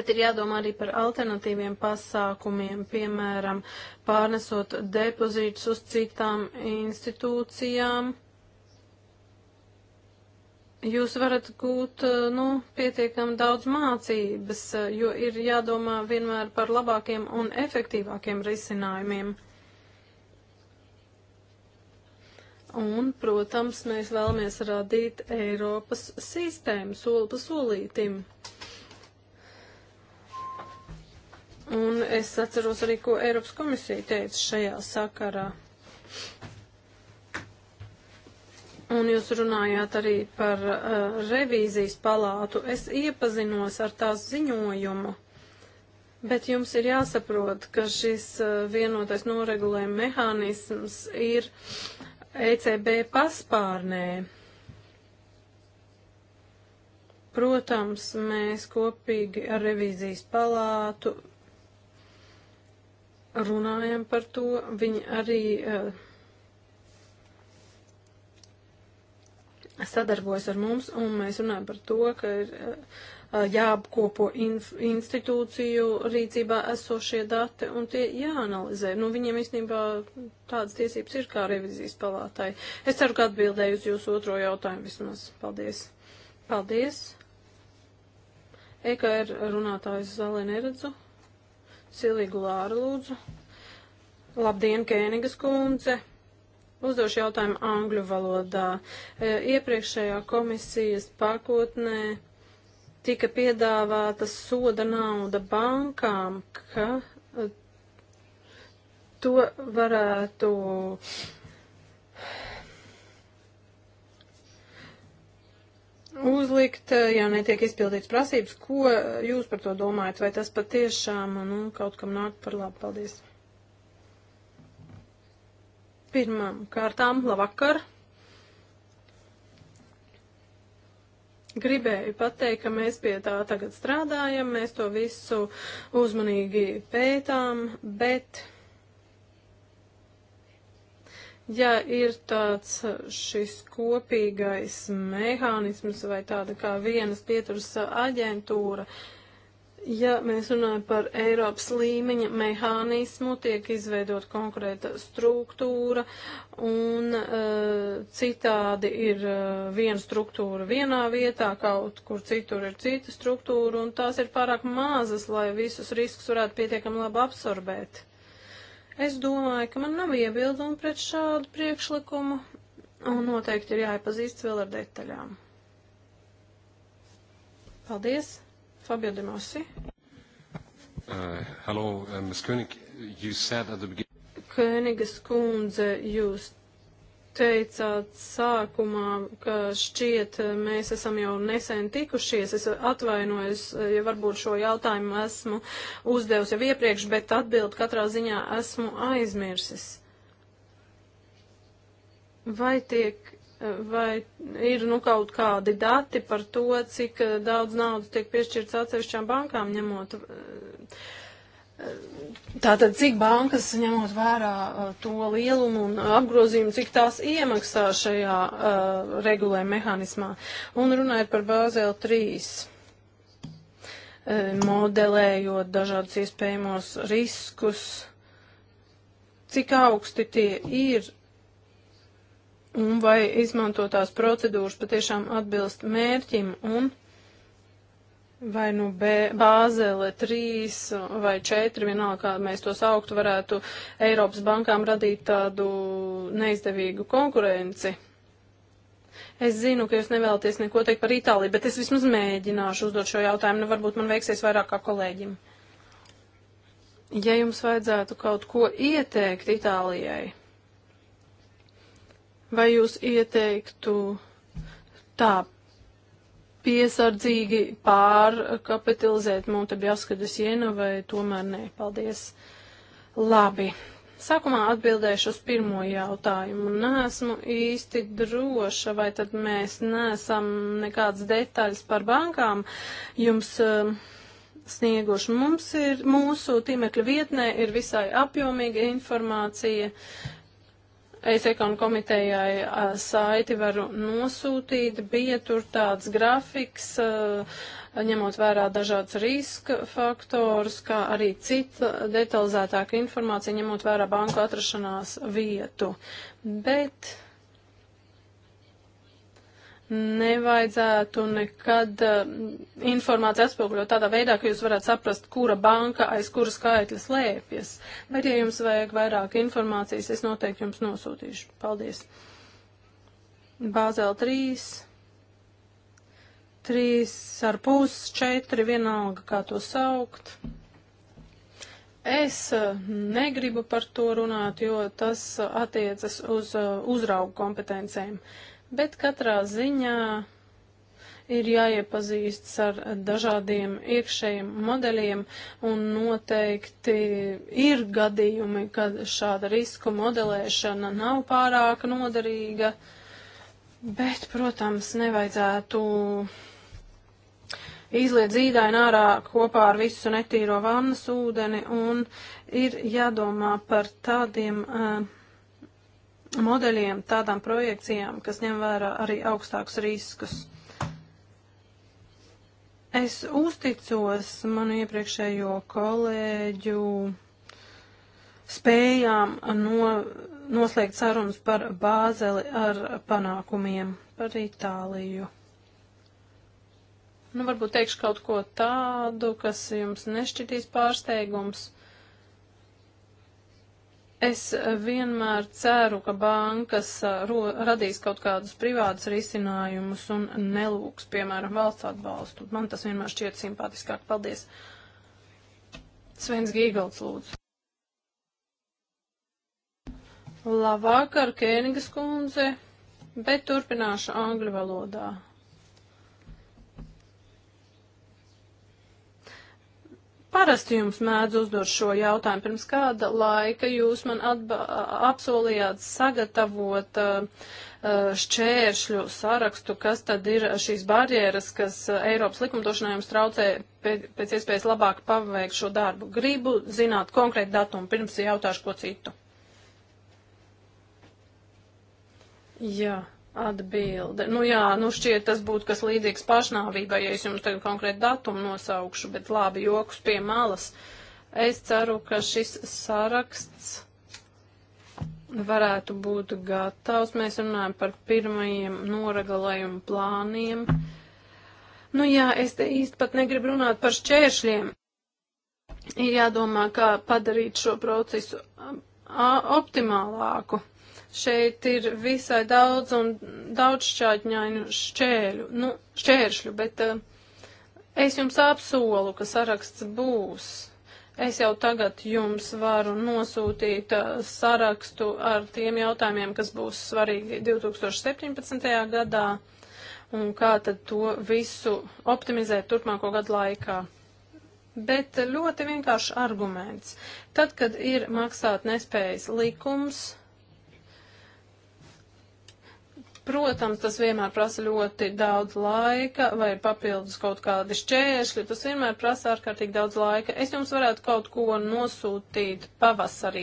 Bet ir jādomā arī par alternatīviem pasākumiem, piemēram, pārnesot depozītus uz citām institūcijām jūs varat gūt eh, nu, pietiekami daudz mācības, eh, jo ir jādomā vienmēr par labākiem un efektīvākiem risinājumiem. Un, protams, mēs vēlamies radīt Eiropas sistēmu soli pa solītim. Un es atceros arī, ko Eiropas komisija teica šajā sakarā. Un jūs runājāt arī par uh, revīzijas palātu. Es iepazinos ar tās ziņojumu, bet jums ir jāsaprot, ka šis uh, vienotais noregulējuma mehānisms ir ECB paspārnē. Protams, mēs kopīgi ar revīzijas palātu runājam par to. Viņi arī. Uh, sadarbojas ar mums, un mēs runājam par to, ka ir eh, eh, jāapkopo inf, institūciju rīcībā esošie dati, un tie jāanalizē. Nu, viņiem īstenībā tādas tiesības ir kā revizijas palātai. Es ceru, ka atbildēju uz jūsu otro jautājumu vismaz. Paldies. Paldies. EKR er runātājs zālē neredzu. Silīgu Lāru lūdzu. Labdien, Kēnigas kundze. Uzdošu jautājumu angļu valodā. E, iepriekšējā komisijas pakotnē tika piedāvāta soda nauda bankām, ka e, to varētu uzlikt, e, ja netiek izpildīts prasības. Ko jūs par to domājat? Vai tas patiešām nu, kaut kam nāk par labu? Paldies! Pirmām kārtām, labvakar! gribēju pateikt, ka mēs pie tā tagad strādājam, mēs to visu uzmanīgi pētām, bet ja ir tāds šis kopīgais mehānisms vai tāda kā vienas pieturas aģentūra, uh, Ja mēs runājam par Eiropas līmeņa mehānismu, tiek izveidot konkrēta struktūra un uh, citādi ir uh, viena struktūra vienā vietā, kaut kur citur ir cita struktūra un tās ir pārāk mazas, lai visus riskus varētu pietiekami labi absorbēt. Es domāju, ka man nav iebildumu pret šādu priekšlikumu un noteikti ir jāiepazīst vēl ar detaļām. Paldies! Fabio De Masi. Uh, hello, uh, Ms. Koenig. You said at the beginning. Koenigas kundze, jūs teicāt sākumā, ka šķiet uh, mēs esam jau nesen tikušies. Es atvainojos, uh, ja varbūt šo jautājumu esmu uzdevusi jau iepriekš, bet atbildi katrā ziņā esmu aizmirsis. Vai tiek Vai ir nu kaut kādi dati par to, cik eh, daudz naudas tiek piešķirts atsevišķām bankām ņemot? Eh, tātad, cik bankas ņemot vērā eh, to lielumu un apgrozījumu, cik tās iemaksā šajā uh, regulējuma mehānismā? Un runājot par Bāzēlu 3, uh, modelējot dažādus iespējamos riskus, cik augsti tie ir un vai izmantotās procedūras patiešām atbilst mērķim un vai nu B, Bāzele 3 vai 4, vienalga kā mēs to sauktu, varētu Eiropas bankām radīt tādu neizdevīgu konkurenci. Es zinu, ka jūs nevēlaties neko teikt par Itāliju, bet es vismaz mēģināšu uzdot šo jautājumu, nu varbūt man veiksies vairāk kā kolēģim. Ja jums vajadzētu kaut ko ieteikt Itālijai, Vai jūs ieteiktu tā piesardzīgi pārkapitalizēt Montebjaskas jenu vai tomēr nē? Paldies! Labi, Sākumā atbildēšu uz pirmo jautājumu. Nesmu īsti droša, vai tad mēs nesam nekādas detaļas par bankām jums uh, snieguši. Mums ir, mūsu tīmekļa vietnē ir visai apjomīga informācija, Es ekonu komitejai saiti varu nosūtīt. Bija tur tāds grafiks, ņemot vērā dažādas riska faktors, kā arī cita detalizētāka informācija, ņemot vērā banku atrašanās vietu. Bet nevajadzētu nekad eh, informāciju atspoguļot tādā veidā, ka jūs varētu saprast, kura banka aiz kura skaitļa slēpjas. Bet, ja jums vajag vairāk informācijas, es noteikti jums nosūtīšu. Paldies. Bāzēl 3, 3 ar pus, 4, vienalga, kā to saukt. Es eh, negribu par to runāt, jo tas eh, attiecas uz uzraugu kompetencēm. Uh, bet katrā ziņā ir jāiepazīstas ar dažādiem iekšējiem modeļiem, un noteikti ir gadījumi, kad šāda risku modelēšana nav pārāk noderīga, bet, protams, nevajadzētu izliet zīdaini ārā kopā ar visu netīro vannas ūdeni, un ir jādomā par tādiem. Uh, modeļiem, tādām projekcijām, kas ņem vērā arī augstākus riskus. Es uzticos manu iepriekšējo kolēģu spējām no, noslēgt sarunas par bāzeli ar panākumiem par Itāliju. Nu, varbūt teikšu kaut ko tādu, kas jums nešķitīs pārsteigums. Es vienmēr ceru, ka bankas radīs kaut kādus privātus risinājumus un nelūks, piemēram, valsts atbalstu. Man tas vienmēr šķiet simpātiskāk. Paldies! Svens Gīgalds lūdzu. Labvakar, Kēnigas kundze, bet turpināšu angļu valodā. Parasti jums mēdz uzdot šo jautājumu. Pirms kāda laika jūs man apsolījāt sagatavot uh, šķēršļu sarakstu, kas tad ir šīs barjeras, kas Eiropas likumdošanai jums traucē pēc, pēc iespējas labāk paveikt šo darbu. Gribu zināt konkrētu datumu, pirms jautāšu ko citu. Jā. Yeah atbilde. Nu jā, nu šķiet tas būtu kas līdzīgs pašnāvībai, ja es jums tagad konkrēti datumu nosaukšu, bet labi, jokus pie malas. Es ceru, ka šis saraksts varētu būt gatavs. Mēs runājam par pirmajiem noragalējumu plāniem. Nu jā, es te īsti pat negribu runāt par šķēršļiem. Ir jādomā, kā padarīt šo procesu um, optimālāku. Šeit ir visai daudz un daudz šķaļņainu šķēļu, nu, šķēršļu, bet uh, es jums apsolu, ka saraksts būs. Es jau tagad jums varu nosūtīt eh, sarakstu ar tiem jautājumiem, kas būs svarīgi 2017. gadā un kā tad to visu optimizēt turpmāko gadu laikā. Bet ļoti vienkārši arguments. Tad, kad ir maksāt nespējas likums, Protams, tas vienmēr prasa ļoti daudz laika, vai ir papildus kaut kādi šķēršļi, tas vienmēr prasa ārkārtīgi daudz laika. Es jums varētu kaut ko nosūtīt pavasarī,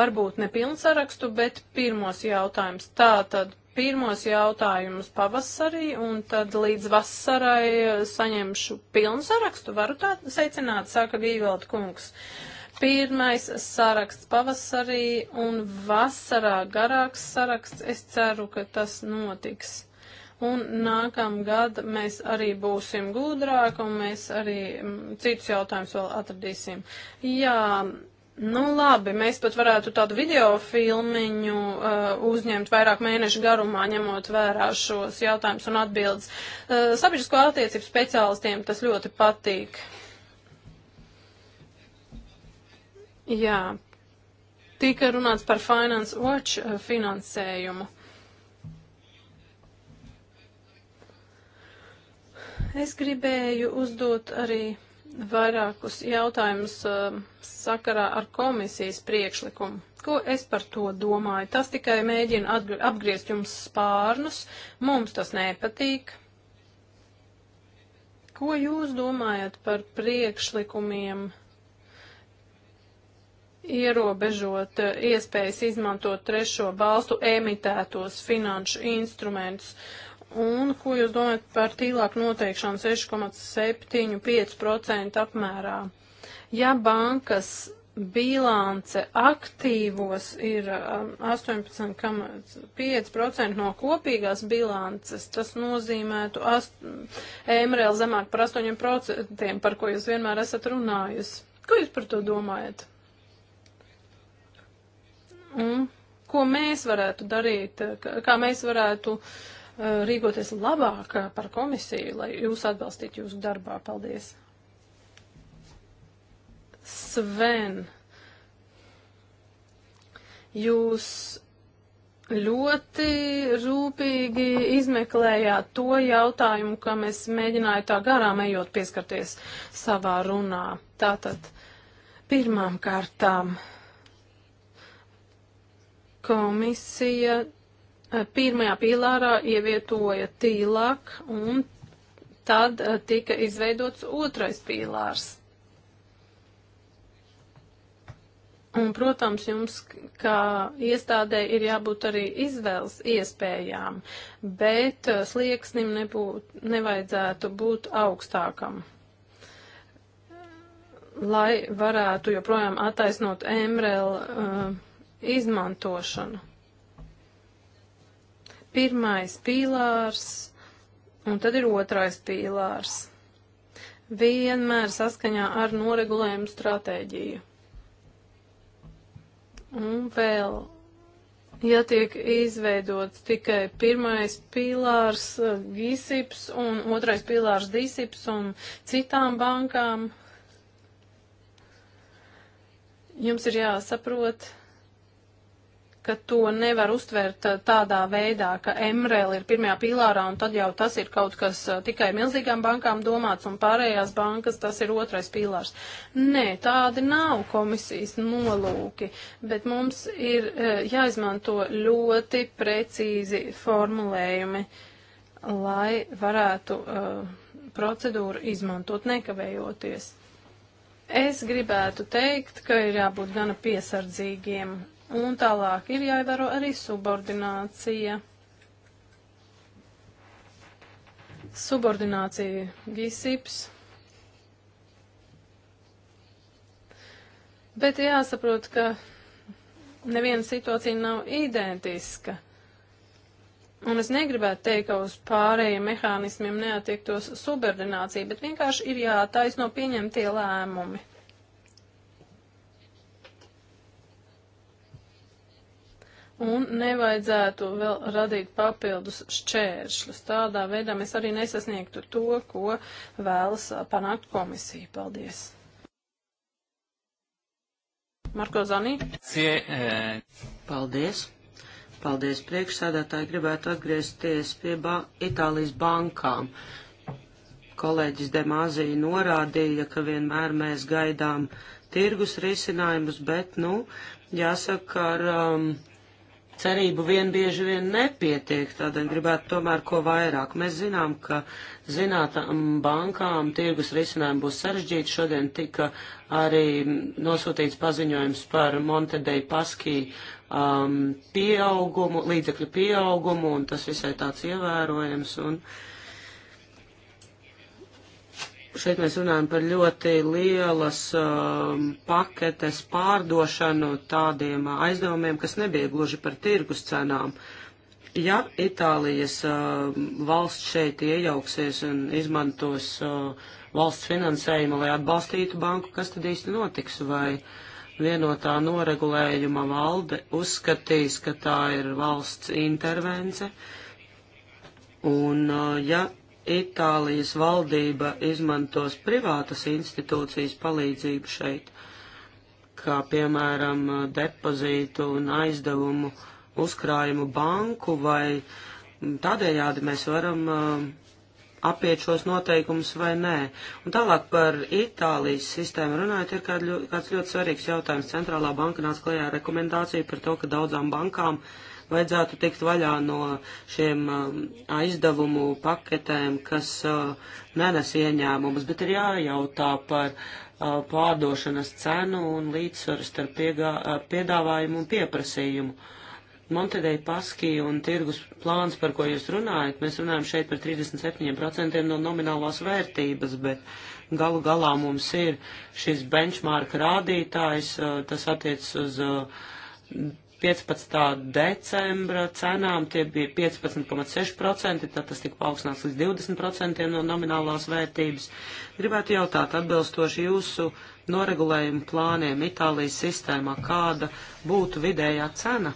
varbūt ne pilnsarakstu, bet pirmos jautājumus. Tātad pirmos jautājumus pavasarī, un tad līdz vasarai saņemšu pilnsarakstu, varu tā secināt, saka Gīvelda kungs. Uh, Pirmais saraksts pavasarī un vasarā garāks saraksts. Es ceru, ka tas notiks. Un nākamgad mēs arī būsim gudrāki un mēs arī mm, citus jautājumus vēl atradīsim. Jā, nu labi, mēs pat varētu tādu video filmiņu uh, uzņemt vairāk mēnešu garumā, ņemot vērā šos jautājumus un atbildes. Uh, sabiedrisko attiecību speciālistiem tas ļoti patīk. Jā, tika runāts par Finance Watch eh, finansējumu. Es gribēju uzdot arī vairākus jautājumus uh, sakarā ar komisijas priekšlikumu. Ko es par to domāju? Tas tikai mēģina apgriezt jums spārnus, mums tas nepatīk. Ko jūs domājat par priekšlikumiem? ierobežot eh, iespējas izmantot trešo valstu emitētos finanšu instrumentus. Un ko jūs domājat par tīlāku noteikšanu 6,75% apmērā? Ja bankas bilance aktīvos ir 18,5% um, no kopīgās bilances, tas nozīmētu MRL zemāk par 8%, par ko jūs vienmēr esat runājusi. Ko jūs par to domājat? Un ko mēs varētu darīt, kā mēs varētu uh, rīkoties labāk par komisiju, lai jūs atbalstītu jūsu darbā. Paldies! Sven, jūs ļoti rūpīgi izmeklējāt to jautājumu, kam es mēģināju tā garām ejot pieskarties savā runā. Tātad, pirmām kārtām. Uh, Komisija eh, pirmajā pīlārā ievietoja tīlāk un tad eh, tika izveidots otrais pīlārs. Un, protams, jums kā iestādē ir jābūt arī izvēles iespējām, bet eh, slieksnim nebūt, nevajadzētu būt augstākam, lai varētu joprojām attaisnot Emrela. Uh, izmantošanu. Pirmais pīlārs un tad ir otrais pīlārs. Vienmēr saskaņā ar noregulējumu stratēģiju. Un vēl, ja tiek izveidots tikai pirmais pīlārs eh, GISIPS un otrais pīlārs DISIPS un citām bankām, jums ir jāsaprot, ka to nevar uztvert uh, tādā veidā, ka MRL ir pirmajā pīlārā un tad jau tas ir kaut kas uh, tikai milzīgām bankām domāts un pārējās bankas tas ir otrais pīlārs. Nē, tādi nav komisijas nolūki, bet mums ir uh, jāizmanto ļoti precīzi formulējumi, lai varētu uh, procedūru izmantot nekavējoties. Es gribētu teikt, ka ir jābūt gana piesardzīgiem Un tālāk ir jāievēro arī subordinācija. Subordinācija GISIPS. Bet jāsaprot, ka neviena situācija nav identiska. Un es negribētu teikt, ka uz pārējiem mehānismiem neatiektos subordinācija, bet vienkārši ir jātaisno pieņemtie lēmumi. un nevajadzētu vēl radīt papildus šķēršļus. Tādā veidā mēs arī nesasniegtu to, ko vēlas panākt komisija. Paldies! Marko Zanī. E, paldies! Paldies priekšsēdētāji, gribētu atgriezties pie ba Itālijas bankām. Kolēģis Demāzija norādīja, ka vienmēr mēs gaidām tirgus risinājumus, bet, nu, jāsaka, ar um, cerību vien bieži vien nepietiek, tādēļ gribētu tomēr ko vairāk. Mēs zinām, ka zinātām bankām tirgus risinājumi būs sarežģīti. Šodien tika arī nosūtīts paziņojums par Montedei Paskī um, pieaugumu, līdzekļu pieaugumu, un tas visai tāds ievērojams. Un, uh, Šeit mēs runājam par ļoti lielas um, paketes pārdošanu tādiem uh, aizdevumiem, kas nebija gluži par tirgus cenām. Ja Itālijas uh, valsts šeit iejauksies un izmantos uh, valsts finansējumu, lai atbalstītu banku, kas tad īsti notiks? Vai vienotā noregulējuma valde uzskatīs, ka tā ir valsts intervence? Un, uh, ja Itālijas valdība izmantos privātas institūcijas palīdzību šeit, kā piemēram uh, depozītu un aizdevumu uzkrājumu banku, vai tādējādi mēs varam uh, apiet šos noteikumus vai nē. Un tālāk par Itālijas sistēmu runājot, ir kāds ļoti svarīgs jautājums. Centrālā banka nāca klajā rekomendāciju par to, ka daudzām bankām uh, vajadzētu tikt vaļā no šiem um, aizdevumu paketēm, kas uh, nenes ieņēmumus, bet ir jājautā par uh, pārdošanas cenu un līdzsvaru starp piegā, uh, piedāvājumu un pieprasījumu. Montedei Paski un tirgus plāns, par ko jūs runājat, mēs runājam šeit par 37% no nominālās vērtības, bet galu galā mums ir šis benchmark rādītājs, tas attiec uz 15. decembra cenām tie bija 15,6%, tad tas tika paaugstināts līdz 20% no nominālās vērtības. Gribētu jautāt, atbilstoši jūsu noregulējumu plāniem Itālijas sistēmā, kāda būtu vidējā cena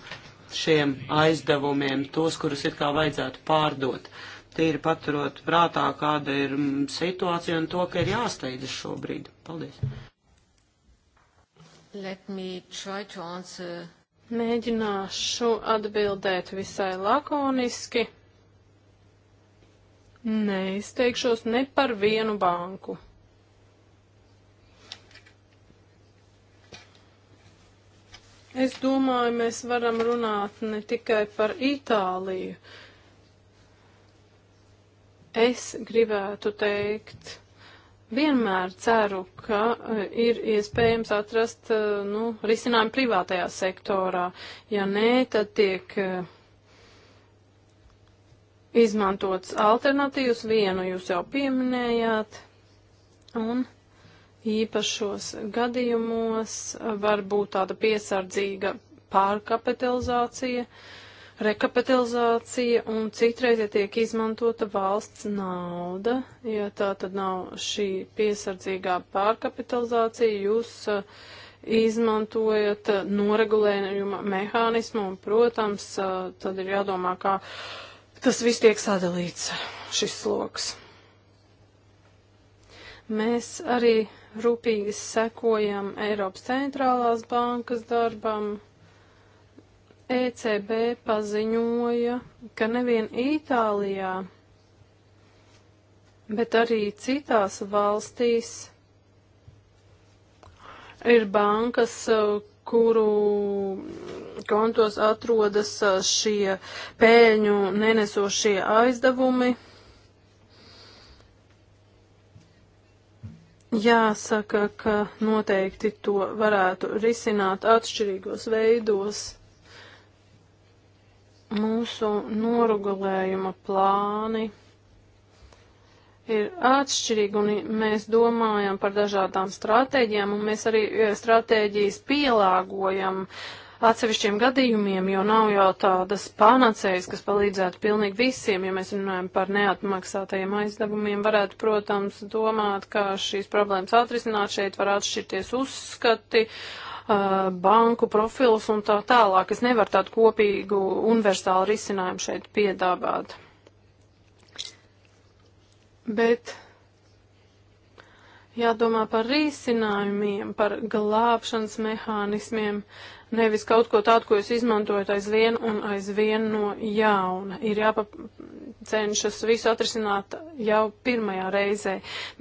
šiem aizdevumiem, tos, kurus it kā vajadzētu pārdot, tīri paturot prātā, kāda ir mm, situācija un to, ka ir jāsteidzas šobrīd. Paldies! Let me try to answer Mēģināšu atbildēt visai lakoniski. Neizteikšos ne par vienu banku. Es domāju, mēs varam runāt ne tikai par Itāliju. Es gribētu teikt, vienmēr ceru, ka e, ir iespējams atrast e, nu, risinājumu privātajā sektorā. Ja nē, tad tiek e, izmantots alternatīvas, vienu jūs jau pieminējāt, un īpašos gadījumos var būt tāda piesardzīga pārkapitalizācija. Uh, rekapitalizācija un citreiz, ja tiek izmantota valsts nauda, ja tā tad nav šī piesardzīgā pārkapitalizācija, jūs uh, izmantojat noregulējuma mehānismu un, protams, uh, tad ir jādomā, kā tas viss tiek sadalīts, šis sloks. Mēs arī rūpīgi sekojam Eiropas centrālās bankas darbam. ECB paziņoja, ka nevien Itālijā, bet arī citās valstīs ir bankas, kuru kontos atrodas šie pēļņu nenesošie aizdevumi. Jāsaka, ka noteikti to varētu risināt atšķirīgos veidos. Mūsu noregulējuma plāni ir atšķirīgi, un mēs domājam par dažādām stratēģijām, un mēs arī eh, stratēģijas pielāgojam atsevišķiem gadījumiem, jo nav jau tādas panacējas, kas palīdzētu pilnīgi visiem. Ja mēs runājam par neatmaksātajiem aizdevumiem, varētu, protams, domāt, ka šīs problēmas atrisināt šeit var atšķirties uzskati, banku profilus un tā tālāk. Es nevaru tādu kopīgu universālu risinājumu šeit piedāvāt. Bet Jādomā par risinājumiem, par glābšanas mehānismiem, nevis kaut ko tādu, ko jūs izmantojat aizvien un aizvien no jauna. Ir jāpacenšas visu atrisināt jau pirmajā reizē.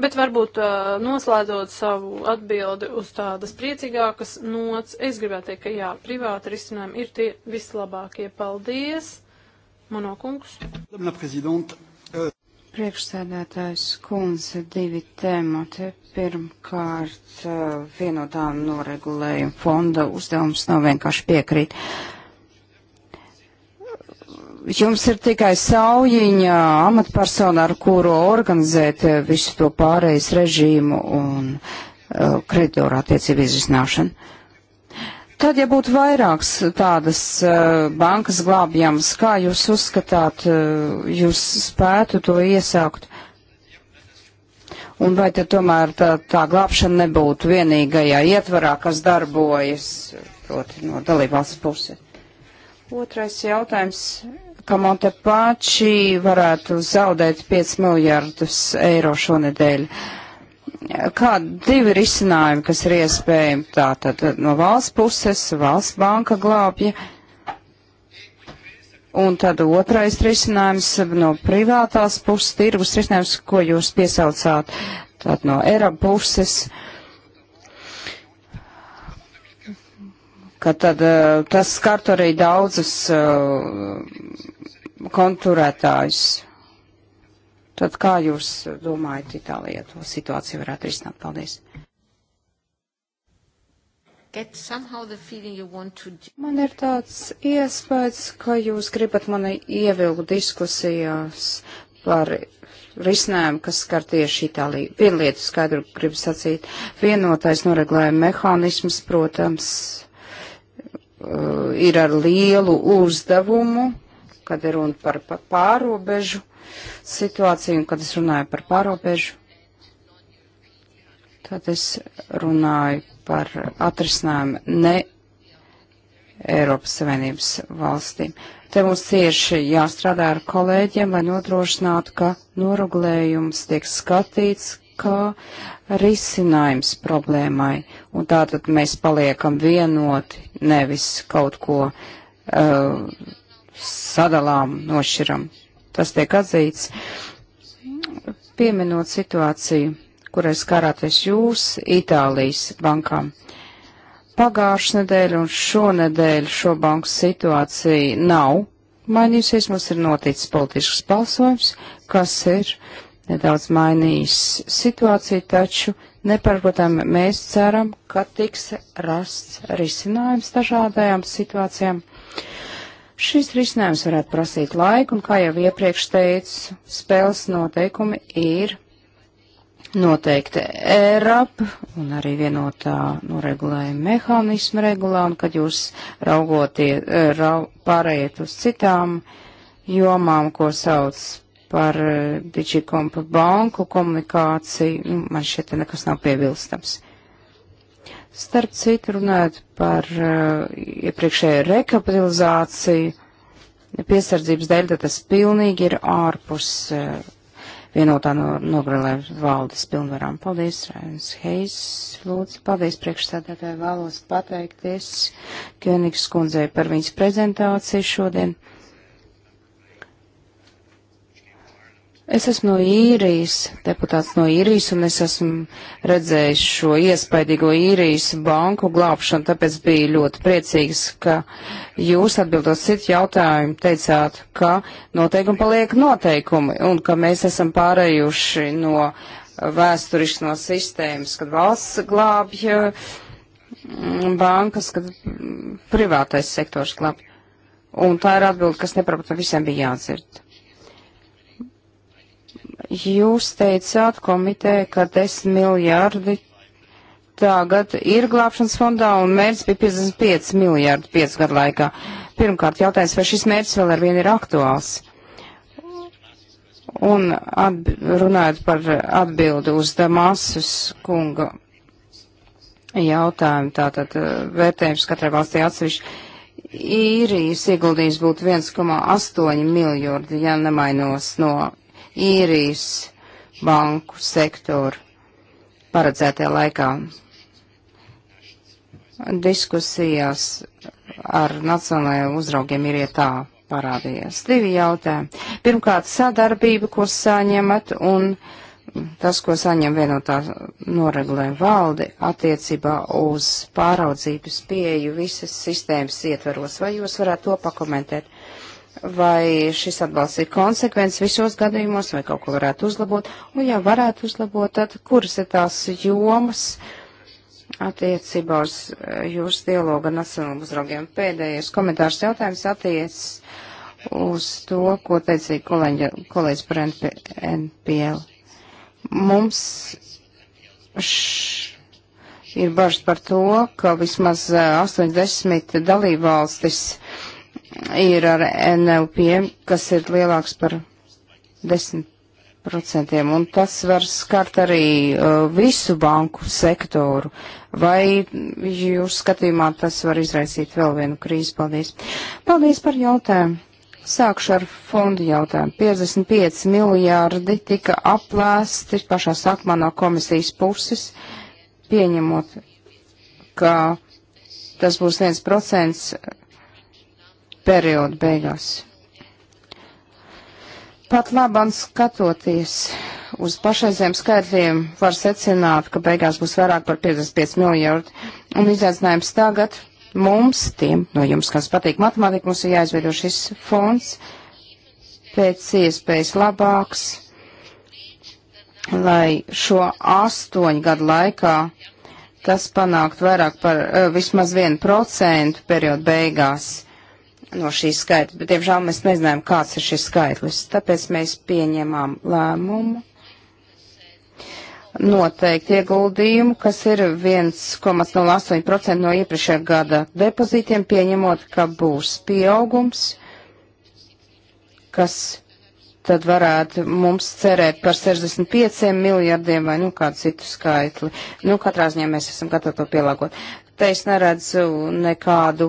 Bet varbūt uh, noslēdzot savu atbildi uz tādas priecīgākas nots, es gribētu teikt, ka jā, privāti risinājumi ir tie vislabākie. Paldies, Mano kungs. Labna, Priekšsēdētājs kundze divi temati. Pirmkārt, eh, vienotā noregulējuma fonda uzdevums nav vienkārši piekrīt. Jums ir tikai saujiņa amatpersona, ar kuru organizēt eh, visu to pārējais režīmu un uh, kreditoru attiecību izrisināšanu. Tad, ja būtu vairākas tādas uh, bankas glābjamas, kā jūs uzskatāt, uh, jūs spētu to iesākt? Un vai tad tomēr tā, tā glābšana nebūtu vienīgajā ietvarā, kas darbojas, proti, no dalībvalsts puses? Otrais jautājums, ka Montepači varētu zaudēt 5 miljārdus eiro šonedēļ. Uh, kādi divi risinājumi, kas ir iespējami tātad no valsts puses, valsts banka glābja, un tad otrais risinājums no privātās puses, tirgus risinājums, ko jūs piesaucāt, tātad no era puses, ka tad eh, tas skart arī daudzus eh, konturētājus. Tad kā jūs domājat, Itālija to situāciju varētu risināt? Paldies. To... Man ir tāds iespējas, ka jūs gribat mani ievilkt diskusijās par risinājumu, kas skar tieši Itāliju. Vienu lietu skaidru gribu sacīt. Vienotais noreglējuma mehānisms, protams, uh, ir ar lielu uzdevumu, kad ir runa par pārobežu. Par situāciju, un kad es runāju par pārobežu, tad es runāju par atrisinājumu ne Eiropas Savienības valstīm. Te mums cieši jāstrādā ar kolēģiem, lai nodrošinātu, ka noregulējums tiek skatīts kā risinājums problēmai, un tātad mēs paliekam vienoti, nevis kaut ko uh, sadalām, nošķiram tas tiek atzīts. Pieminot situāciju, kurai skarāties jūs Itālijas bankām. Pagājušā nedēļa un šonedēļ šo banku situācija nav mainījusies. Mums ir noticis politisks balsojums, kas ir nedaudz mainījis situāciju, taču neparprotam mēs ceram, ka tiks rasts risinājums dažādajām situācijām. Šis risinājums varētu prasīt laiku, un kā jau iepriekš teicu, spēles noteikumi ir noteikti ERAP un arī vienotā noregulējuma mehānisma regulā, un kad jūs raugotie, e, rau, pārējiet uz citām jomām, ko sauc par e, Digikompa banku komunikāciju, man šeit nekas nav piebilstams. Starp citu, runājot par uh, iepriekšēju rekapitalizāciju, piesardzības dēļ, tad tas pilnīgi ir ārpus uh, vienotā no, nogrelē valdes pilnvarām. Paldies, Rēns Heis, lūdzu, paldies priekšsēdētāji, vēlos pateikties Kienigs kundzei par viņas prezentāciju šodien. Es esmu no īrijas, deputāts no īrijas, un es esmu redzējis šo iespaidīgo īrijas banku glābšanu, tāpēc biju ļoti priecīgs, ka jūs atbildot citu jautājumu teicāt, ka noteikumi paliek noteikumi, un ka mēs esam pārējuši no vēsturiski no sistēmas, kad valsts glābja mm, bankas, kad privātais sektors glābja. Un tā ir atbilde, kas neprotams visiem bija jādzird. Jūs teicāt komitē, ka 10 miljārdi tagad ir glābšanas fondā un mērķis bija 55 miljārdi 5 gadu laikā. Pirmkārt, jautājums, vai šis mērķis vēl ar vienu ir aktuāls? Un atb runājot par atbildi uz Damasus kunga jautājumu, tātad eh, vērtējums katrai valstī atsevišķi, īrijas ieguldījums būtu 1,8 miljardi, ja nemainos no īrijas banku sektoru paredzētajā laikā. Diskusijās ar nacionālajiem uzraugiem ir ietā parādījies divi jautājumi. Pirmkārt, sadarbība, ko saņemat, un tas, ko saņem vienotā noregulē valdi attiecībā uz pāraudzības pieju visas sistēmas ietveros. Vai jūs varētu to pakomentēt? vai šis atbalsts ir konsekvents visos gadījumos, vai kaut ko varētu uzlabot, un ja varētu uzlabot, tad kuras ir tās jomas attiecībā uz eh, jūsu dialogu ar nacionālajiem uzraugiem? Pēdējais komentārs jautājums attiec uz to, ko teica kolēģis par NP, NPL. Mums š, ir bažas par to, ka vismaz 80 eh, dalībvalstis ir ar NLP, kas ir lielāks par 10%, un tas var skart arī uh, visu banku sektoru. Vai jūs skatījumā tas var izraisīt vēl vienu krīzi? Paldies. Paldies par jautājumu. Sākšu ar fondu jautājumu. 55 miljārdi tika aplēsti pašā sākumā no komisijas puses, pieņemot, ka tas būs 1% perioda beigās. Pat labam skatoties uz pašreizējiem skaitļiem, var secināt, ka beigās būs vairāk par 55 miljardi. Un izaicinājums tagad mums, tiem no jums, kas patīk matemātika, mums ir jāizveido šis fonds pēc iespējas labāks, lai šo astoņu gadu laikā tas panākt vairāk par uh, vismaz vienu procentu periodu beigās no šīs skaitļa, bet, diemžēl, mēs nezinājām, kāds ir šis skaitlis. Tāpēc mēs pieņēmām lēmumu noteikt ieguldījumu, kas ir 1,08% no iepriekšējā gada depozītiem, pieņemot, ka būs pieaugums, kas tad varētu mums cerēt par 65 miljardiem vai nu kādu citu skaitli. Nu, katrā ziņā mēs esam gatavi to pielāgot. Te es neredzu nekādu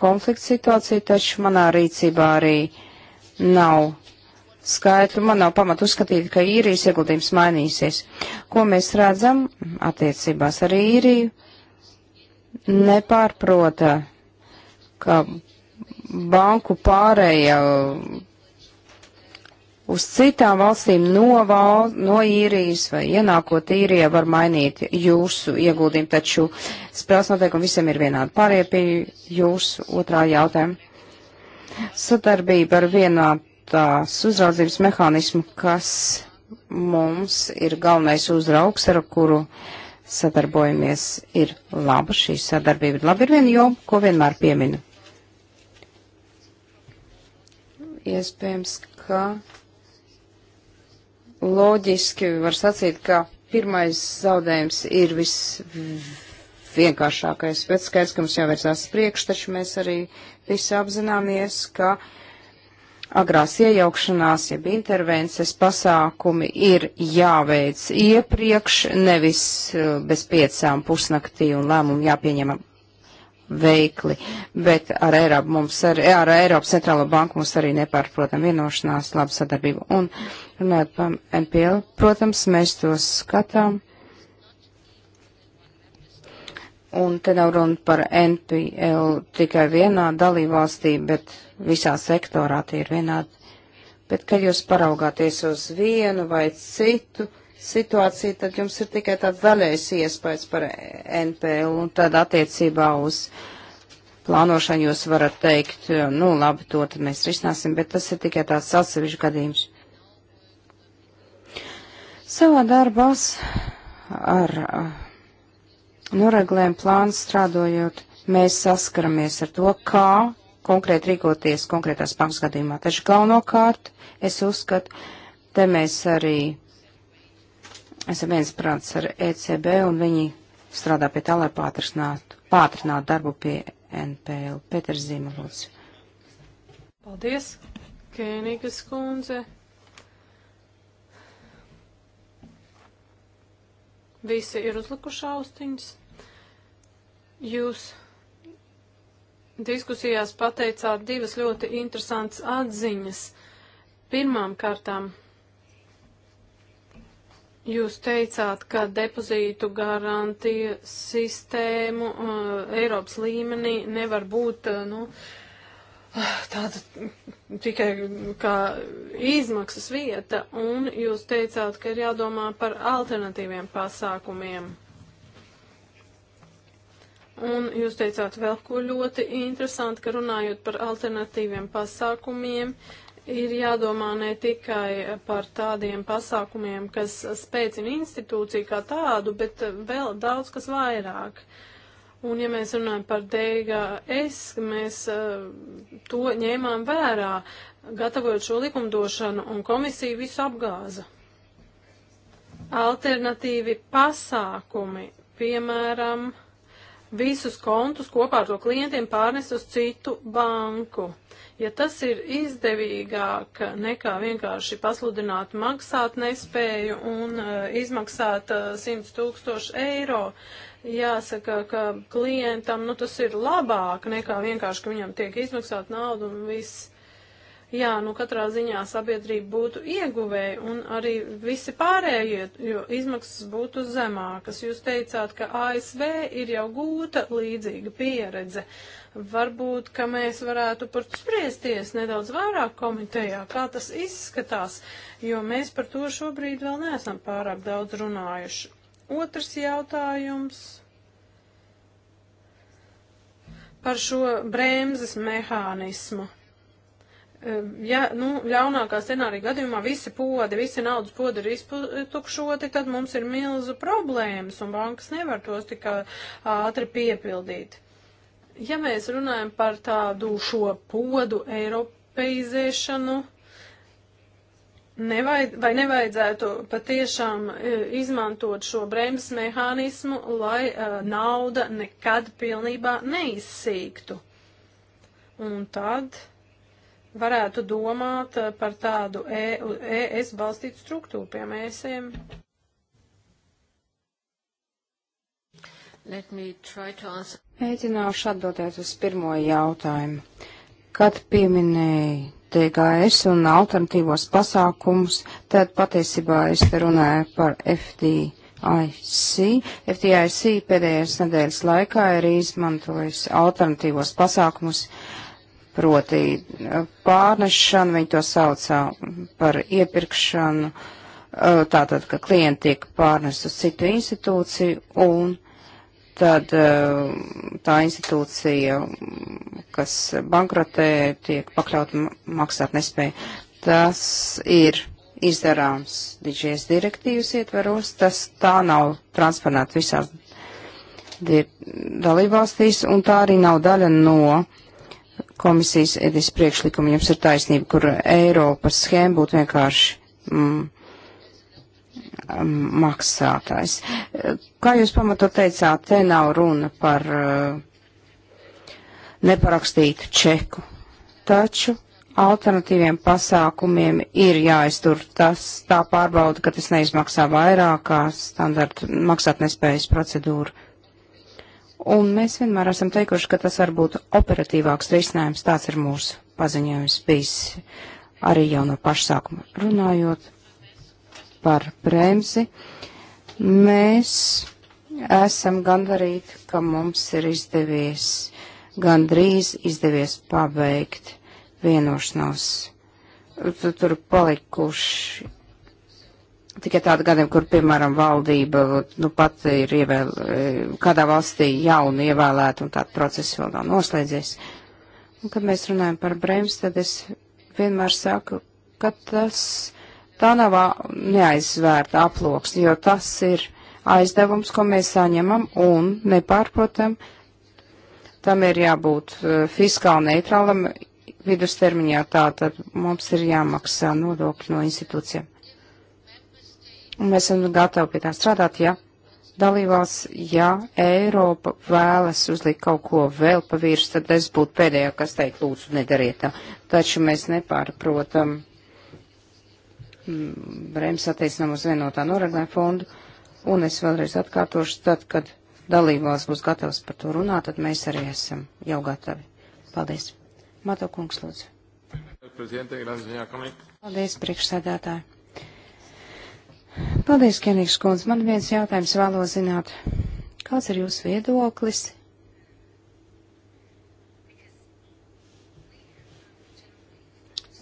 konfliktu situāciju, taču manā rīcībā arī nav skaitļu. Man nav pamatu uzskatīt, ka īrijas ieguldījums mainīsies. Ko mēs redzam attiecībās ar īriju? Nepārprota, ka banku pārēja uz citām valstīm no, val, no īrijas vai ienākot īrijā var mainīt jūsu ieguldījumu, taču spēles noteikumi visiem ir vienādi. Pārējie pie jūsu otrā jautājuma. Sadarbība ar vienādās uzraudzības mehānismu, kas mums ir galvenais uzraugs, ar kuru sadarbojamies, ir laba. Šī sadarbība ir laba. Ir viena joma, ko vienmēr pieminu. Iespējams, ka loģiski var sacīt, ka pirmais zaudējums ir visvienkāršākais, bet skaidrs, ka mums jāvērsās priekš, taču mēs arī visi apzināmies, ka agrās iejaukšanās, jeb intervences pasākumi ir jāveic iepriekš, nevis eh, bez piecām pusnaktī un lēmumu jāpieņem veikli, bet ar Eiropu mums arī, ar Eiropas centrālo banku mums arī nepārprotam vienošanās, laba sadarbība. Un runājot par MPL, protams, mēs tos skatām. Un te nav runa par NPL tikai vienā dalībvalstī, bet visā sektorā tie ir vienādi. Bet, kad jūs paraugāties uz vienu vai citu, situāciju, tad jums ir tikai tāds daļais iespējas par NPL, un tad attiecībā uz plānošanu jūs varat teikt, nu labi, to tad mēs risināsim, bet tas ir tikai tāds atsevišķi gadījums. Savā darbās ar uh, noreglēm plānu strādājot, mēs saskaramies ar to, kā konkrēti rīkoties konkrētās bankas gadījumā. Taču galvenokārt es uzskatu, te mēs arī esam viensprāts ar ECB un viņi strādā pie tā, lai pātrinātu, pātrinātu darbu pie NPL. Pēters Zīme, lūdzu. Paldies, Kēnikas kundze. Visi ir uzlikuši austiņas. Jūs diskusijās pateicāt divas ļoti interesantas atziņas. Pirmām kārtām Jūs teicāt, ka depozītu garantija sistēmu uh, Eiropas līmenī nevar būt uh, nu, uh, tāda tikai kā izmaksas vieta, un jūs teicāt, ka ir jādomā par alternatīviem pasākumiem. Un jūs teicāt vēl ko ļoti interesanti, ka runājot par alternatīviem pasākumiem, Ir jādomā ne tikai par tādiem pasākumiem, kas spēcina institūciju kā tādu, bet vēl daudz kas vairāk. Un ja mēs runājam par DGS, mēs eh, to ņēmām vērā, gatavojot šo likumdošanu, un komisija visu apgāza. Alternatīvi pasākumi, piemēram, uh, visus kontus kopā ar to klientiem pārnes uz citu banku. Ja tas ir izdevīgāk nekā vienkārši pasludināt maksāt nespēju un uh, izmaksāt uh, e, 100 tūkstoši eiro, jāsaka, ka klientam nu, tas ir labāk nekā vienkārši, ka viņam tiek izmaksāt naudu un viss jā, nu katrā ziņā sabiedrība būtu ieguvēja un arī visi pārējie, jo izmaksas būtu zemākas. Jūs teicāt, ka ASV ir jau gūta līdzīga pieredze. Varbūt, ka mēs varētu par to spriesties nedaudz vairāk komitejā, kā tas izskatās, jo mēs par to šobrīd vēl neesam pārāk daudz runājuši. Otrs jautājums par šo bremzes mehānismu ja nu, ļaunākā scenārija gadījumā visi podi, visi naudas podi ir iztukšoti, tad mums ir milzu problēmas un bankas nevar tos tik ātri piepildīt. Ja mēs runājam par tādu šo podu eiropeizēšanu, nevajad, vai nevajadzētu patiešām e, izmantot šo bremzes mehānismu, lai uh, nauda nekad pilnībā neizsīktu. Un tad varētu domāt eh, par tādu ES e balstītu struktūru, piemēram, ESM? Mēģināšu atbildēt uz pirmo jautājumu. Kad pieminēji TGS un alternatīvos pasākumus, tad patiesībā es te runāju par FD. IC. FDIC pēdējās nedēļas laikā ir izmantojis alternatīvos pasākumus uh, proti eh, pārnešanu, viņi to saucā par iepirkšanu, eh, tātad, ka klienti tiek pārnest uz citu institūciju un tad eh, tā institūcija, kas bankrotē, tiek pakļaut maksāt nespēju. Tas ir izdarāms dižies direktīvas ietveros, tas tā nav transponēta visās dalībvalstīs, un tā arī nav daļa no uh, komisijas edis priekšlikumu. Jums ir taisnība, kur Eiropas schēma būtu vienkārši mm, mm maksātājs. Kā jūs pamatot teicāt, te nav runa par uh, eh, neparakstītu čeku. Taču alternatīviem pasākumiem ir jāiztur tas, tā pārbauda, ka tas neizmaksā vairāk kā standarta maksātnespējas procedūra. Un mēs vienmēr esam teikuši, ka tas var būt operatīvāks risinājums. Tāds ir mūsu paziņojums bijis arī jau no pašsākuma runājot par bremzi. Mēs esam gandarīti, ka mums ir izdevies, gandrīz izdevies pabeigt vienošanos. Tur palikuši tikai tādi gadiem, kur, piemēram, valdība nu, pat ir ievēl, eh, kādā valstī jaunu ievēlēta un tāda procesa vēl nav noslēdzies. Un, kad mēs runājam par brēms, tad es vienmēr saku, ka tas tā nav neaizvērta aploks, jo tas ir aizdevums, ko mēs saņemam un nepārprotam. Tam ir jābūt eh, fiskāli neitrālam vidustermiņā, tā tad mums ir jāmaksā nodokļi no institūcijām. Un mēs esam gatavi pie tā strādāt, ja dalībās, ja Eiropa vēlas uzlikt kaut ko vēl pa virs, tad es būtu pēdējā, kas teikt, lūdzu, nedariet tā. Taču mēs nepārprotam mm, Brems attiecinām uz vienotā noraglē fondu, un es vēlreiz atkārtošu, tad, kad dalībās būs gatavs par to runāt, tad mēs arī esam jau gatavi. Paldies. Mato kungs, lūdzu. Paldies, priekšsēdētāji. Paldies, Kenīgs kundze. Man viens jautājums vēlos zināt. Kāds ir jūsu viedoklis?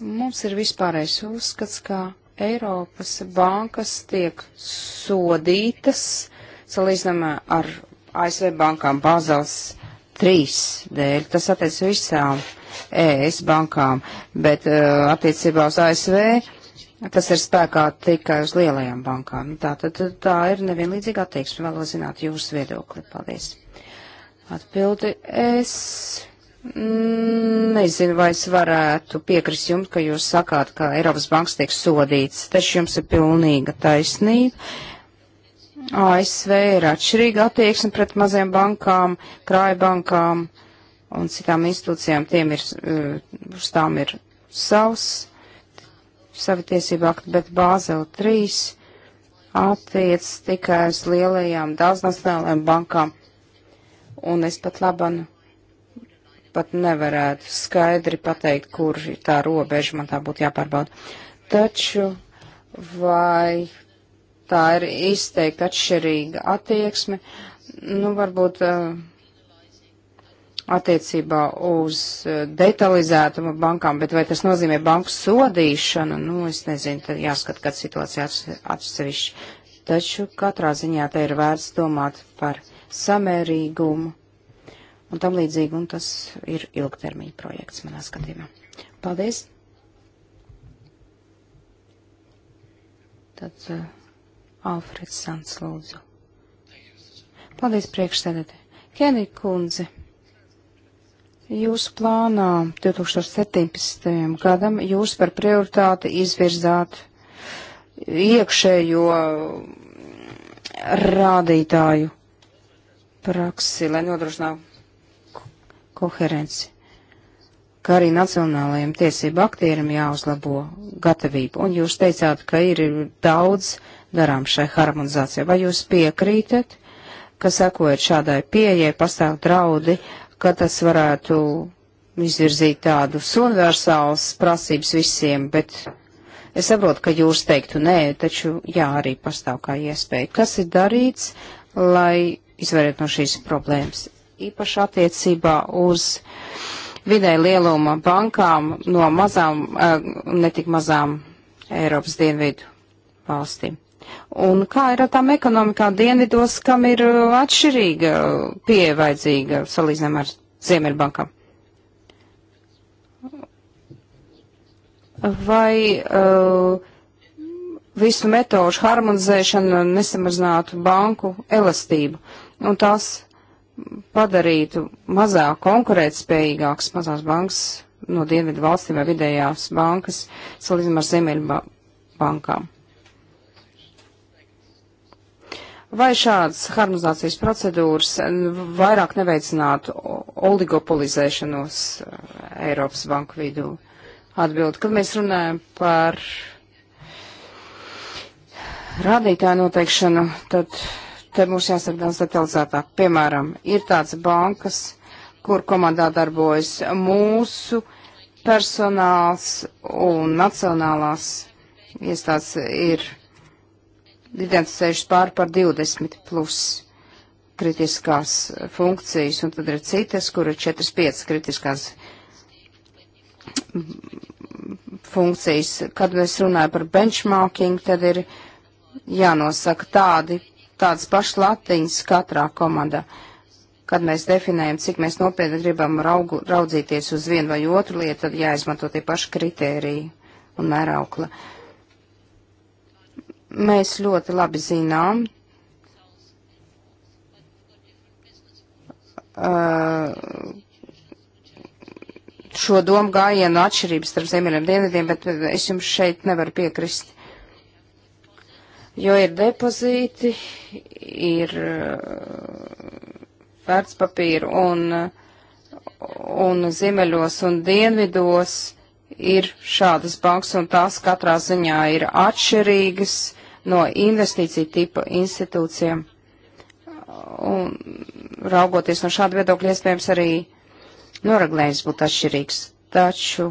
Mums ir vispārējais uzskats, ka Eiropas bankas tiek sodītas, salīdzinām ar ASV bankām Bāzels 3 dēļ. Tas attiec visām ES bankām, bet uh, attiecībā uz ASV Tas ir spēkā tikai uz lielajām bankām. Nu, tā, tad, tā ir nevienlīdzīga attieksme. Vēlos zināt jūsu viedokli. Paldies. Atbildi es. Nezinu, vai es varētu piekrist jums, ka jūs sakāt, ka Eiropas banks tiek sodīts, taču jums ir pilnīga taisnība. ASV ir atšķirīga attieksme pret maziem bankām, krājbankām un citām institūcijām, tiem ir, eh, uz tām ir savs savi tiesību akti, bet Bāzela 3 attiec tikai uz lielajām daudznacionālajām bankām. Un es pat laban pat nevarētu skaidri pateikt, kur ir tā robeža, man tā būtu jāpārbauda. Taču vai tā ir izteikti atšķirīga attieksme? Nu, varbūt uh, attiecībā uz eh, detalizētumu bankām, bet vai tas nozīmē banku sodīšanu, nu, es nezinu, tad jāskat, kad situācija atsevišķi. Taču katrā ziņā te ir vērts domāt par samērīgumu un tam līdzīgi, un tas ir ilgtermiņa projekts manā skatījumā. Paldies! Tad uh, Alfreds Sants lūdzu. Paldies priekšsēdētē. Kenī kundze. Jūsu plānā 2017. gadam jūs par prioritāti izvirzāt iekšējo rādītāju praksi, lai nodrošinātu koherenci, ka arī nacionālajiem tiesību aktieriem jāuzlabo gatavību. Un jūs teicāt, ka ir daudz darām šai harmonizācijai. Vai jūs piekrītat, ka sekojot šādai pieejai pastāv draudi ka tas varētu izvirzīt tādus universālus prasības visiem, bet es saprotu, ka jūs teiktu nē, taču jā, arī pastāv kā iespēja. Kas ir darīts, lai izvairītu no šīs problēmas? Īpaši attiecībā uz vidē lieluma bankām no mazām, eh, netik mazām Eiropas dienvidu valstīm. Un kā ir ar tām ekonomikām dienvidos, kam ir uh, atšķirīga uh, pieeja vajadzīga salīdzinām ar Ziemeļbankam? Vai uh, visu metožu harmonizēšana nesamazinātu banku elastību un tās padarītu mazāk konkurētspējīgākas mazās bankas no dienvidu valstīm vai vidējās bankas salīdzinām ar Ziemeļbankām? Ba bankām? Vai šādas harmonizācijas procedūras vairāk neveicinātu oligopolizēšanos eh, Eiropas banku vidū? Atbild, kad mēs runājam par rādītāju noteikšanu, tad te mums jāsaka daudz detalizētāk. Piemēram, ir tāds bankas, kur komandā darbojas mūsu personāls un nacionālās iestādes ir identificējuši pār par 20 plus kritiskās funkcijas, un tad ir citas, kur ir 4-5 kritiskās funkcijas. Kad mēs runājam par benchmarking, tad ir jānosaka tādi, tādas pašas latiņas katrā komandā. Kad mēs definējam, cik mēs nopietni gribam raugu, raudzīties uz vienu vai otru lietu, tad jāizmanto tie paši kritēriji un mēraukla. Uh, Mēs ļoti labi zinām, uh, šo domu gājienu atšķirības starp ziemeļiem un dienvidiem, bet es jums šeit nevaru piekrist. Jo ir depozīti, ir uh, vērtspapīri un, un ziemeļos un dienvidos ir šādas bankas un tās katrā ziņā ir atšķirīgas no investīciju tipa institūcijām. Un raugoties no šāda viedokļa, iespējams, arī noraglējums būtu atšķirīgs. Taču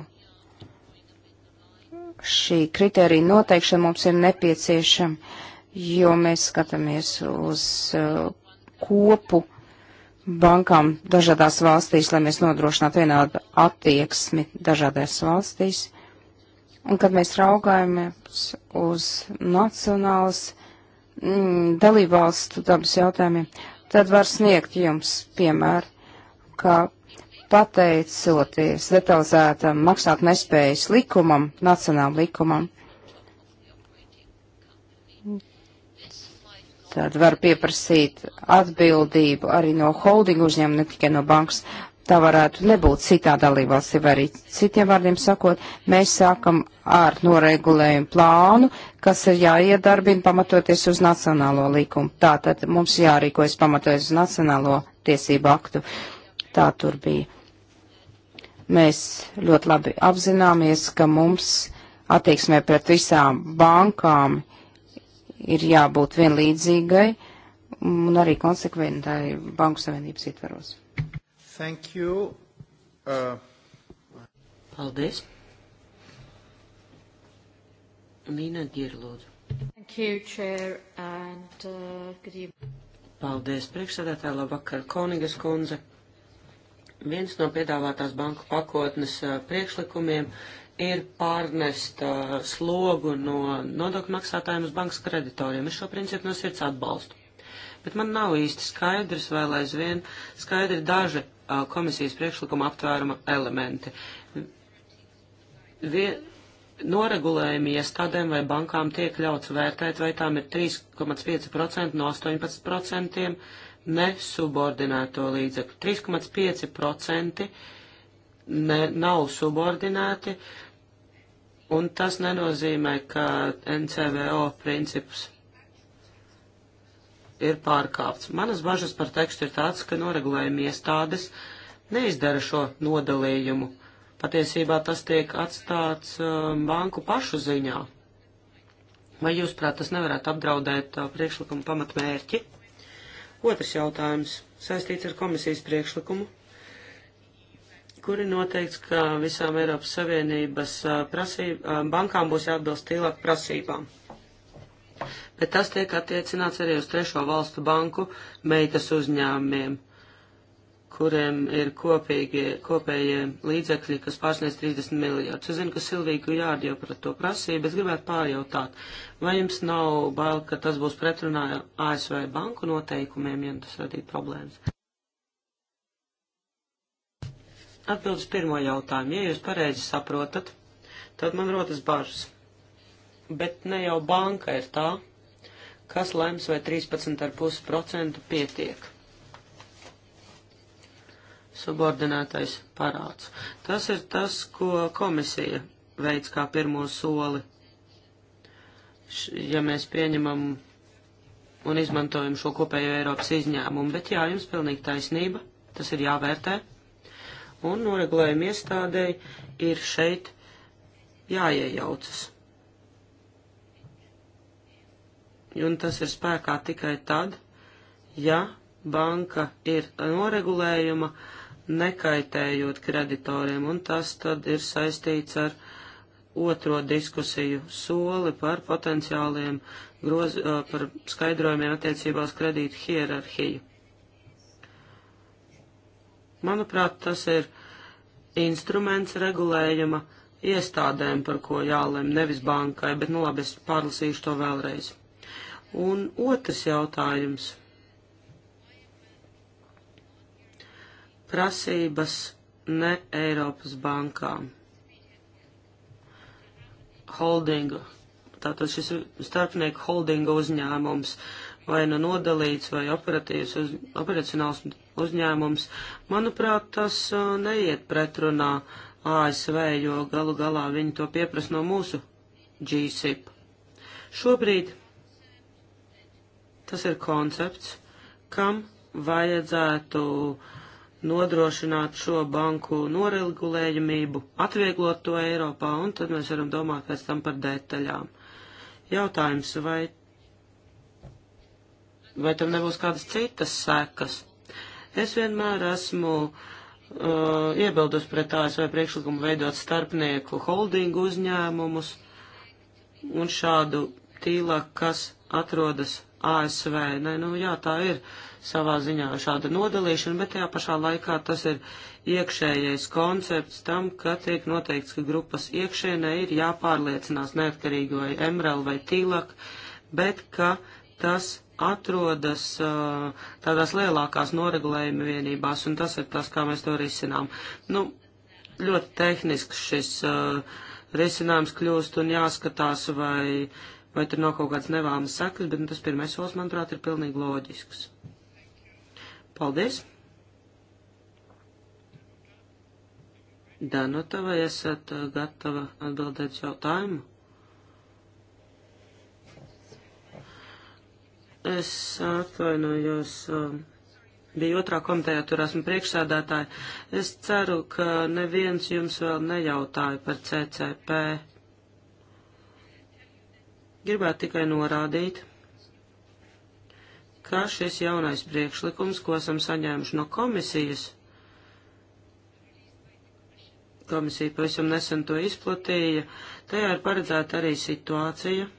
šī kritērija noteikšana mums ir nepieciešama, jo mēs skatāmies uz uh, kopu bankām dažādās valstīs, lai mēs nodrošinātu vienādu attieksmi dažādās valstīs. Un kad mēs raugājamies uz nacionālas mm, dalībvalstu dabas jautājumiem, tad var sniegt jums piemēru, ka pateicoties detalizētam maksāt nespējas likumam, nacionālam likumam, tad var pieprasīt atbildību arī no holdingu uzņēmuma, ne tikai no bankas tā varētu nebūt citā dalībvalstī, vai arī citiem vārdiem sakot, mēs sākam ar noregulējumu plānu, kas ir jāiedarbina pamatoties uz nacionālo likumu. Tātad mums jārīkojas pamatoties uz nacionālo tiesību aktu. Tā tur bija. Mēs ļoti labi apzināmies, ka mums attieksmē pret visām bankām ir jābūt vienlīdzīgai un arī konsekventai Banku Savienības ietvaros. Thank you. Uh... Paldies. Mīna Girlūdzu. Thank you, Chair, and uh, good evening. Paldies, priekšsēdētāja, labvakar, Konigas kundze. Viens no piedāvātās banku pakotnes uh, priekšlikumiem ir pārnest uh, slogu no nodokļu maksātājiem uz bankas kreditoriem. Es šo principu no sirds atbalstu. Bet man nav īsti skaidrs, vēl aizvien skaidri daži komisijas priekšlikuma aptvēruma elementi. Vie, noregulējumi iestādēm vai bankām tiek ļauts vērtēt, vai tām ir 3,5% no 18% nesubordinēto līdzekļu. 3,5% ne, nav subordinēti, un tas nenozīmē, ka NCVO princips ir pārkāpts. Manas bažas par tekstu ir tāds, ka noregulējumi iestādes neizdara šo nodalījumu. Patiesībā tas tiek atstāts um, banku pašu ziņā. Vai jūs, prāt, tas nevarētu apdraudēt uh, priekšlikumu pamatmērķi? Otrs jautājums saistīts ar komisijas priekšlikumu, kuri noteikts, ka visām Eiropas Savienības uh, prasība, uh, bankām būs jāatbilst tīlāk prasībām. Uh, bet tas tiek attiecināts arī uz trešo valstu banku meitas uzņēmumiem, kuriem ir kopīgie, kopējie līdzekļi, kas pārsniedz 30 miljardus. Es zinu, ka Silvija Gujārdi jau par to prasīja, bet gribētu pārjautāt, vai jums nav bail, ka tas būs pretrunā ASV banku noteikumiem, ja tas radītu problēmas? Atbildes pirmo jautājumu. Ja jūs pareizi saprotat, tad man rodas bažas bet ne jau banka ir tā, kas lems, vai 13,5% pietiek. Subordinētais parāds. Tas ir tas, ko komisija veids kā pirmo soli. Ja mēs pieņemam un izmantojam šo kopējo Eiropas izņēmumu, bet jā, jums pilnīgi taisnība, tas ir jāvērtē. Un noregulējuma iestādēji ir šeit jāiejaucas. un tas ir spēkā tikai tad, ja banka ir noregulējuma, nekaitējot kreditoriem, un tas tad ir saistīts ar otro diskusiju soli par potenciāliem groz, par skaidrojumiem attiecībā uz kredītu hierarhiju. Manuprāt, tas ir instruments regulējuma iestādēm, par ko jālem nevis bankai, bet nu labi, es pārlasīšu to vēlreiz. Un otrs jautājums. Prasības ne Eiropas bankām. Holdinga. Tātad šis starpnieku holdinga uzņēmums vai nu nodalīts vai operatīvs uz, operacionāls uzņēmums, manuprāt, tas uh, neiet pretrunā ASV, jo galu galā viņi to pieprasa no mūsu GSIP. Šobrīd Tas ir koncepts, kam vajadzētu nodrošināt šo banku noregulējamību, atvieglot to Eiropā, un tad mēs varam domāt pēc tam par detaļām. Jautājums, vai, vai tam nebūs kādas citas sekas? Es vienmēr esmu uh, iebildus pret ASV priekšlikumu veidot starpnieku holdingu uzņēmumus un šādu tīlāk, kas atrodas ASV. Nē, nu jā, tā ir savā ziņā šāda nodalīšana, bet tajā pašā laikā tas ir iekšējais koncepts tam, ka tiek noteikts, ka grupas iekšēnē ir jāpārliecinās neatkarīgi vai MRL vai TILAK, bet ka tas atrodas uh, tādās lielākās noregulējuma vienībās, un tas ir tas, kā mēs to risinām. Nu, ļoti tehnisks šis uh, risinājums kļūst un jāskatās, vai uh, vai tur nav kaut kāds nevēlams saknes, bet nu, tas pirmais solis, manuprāt, ir pilnīgi loģisks. Paldies! Danuta, vai esat uh, gatava atbildēt jautājumu? Es atvainojos, um, bija otrā komitejā, tur esmu priekšsādātāji. Es ceru, ka neviens jums vēl nejautāja par CCP. Gribētu tikai norādīt, ka šis jaunais priekšlikums, ko esam saņēmuši no komisijas, komisija pavisam nesen to izplatīja, tajā ir paredzēta arī situācija,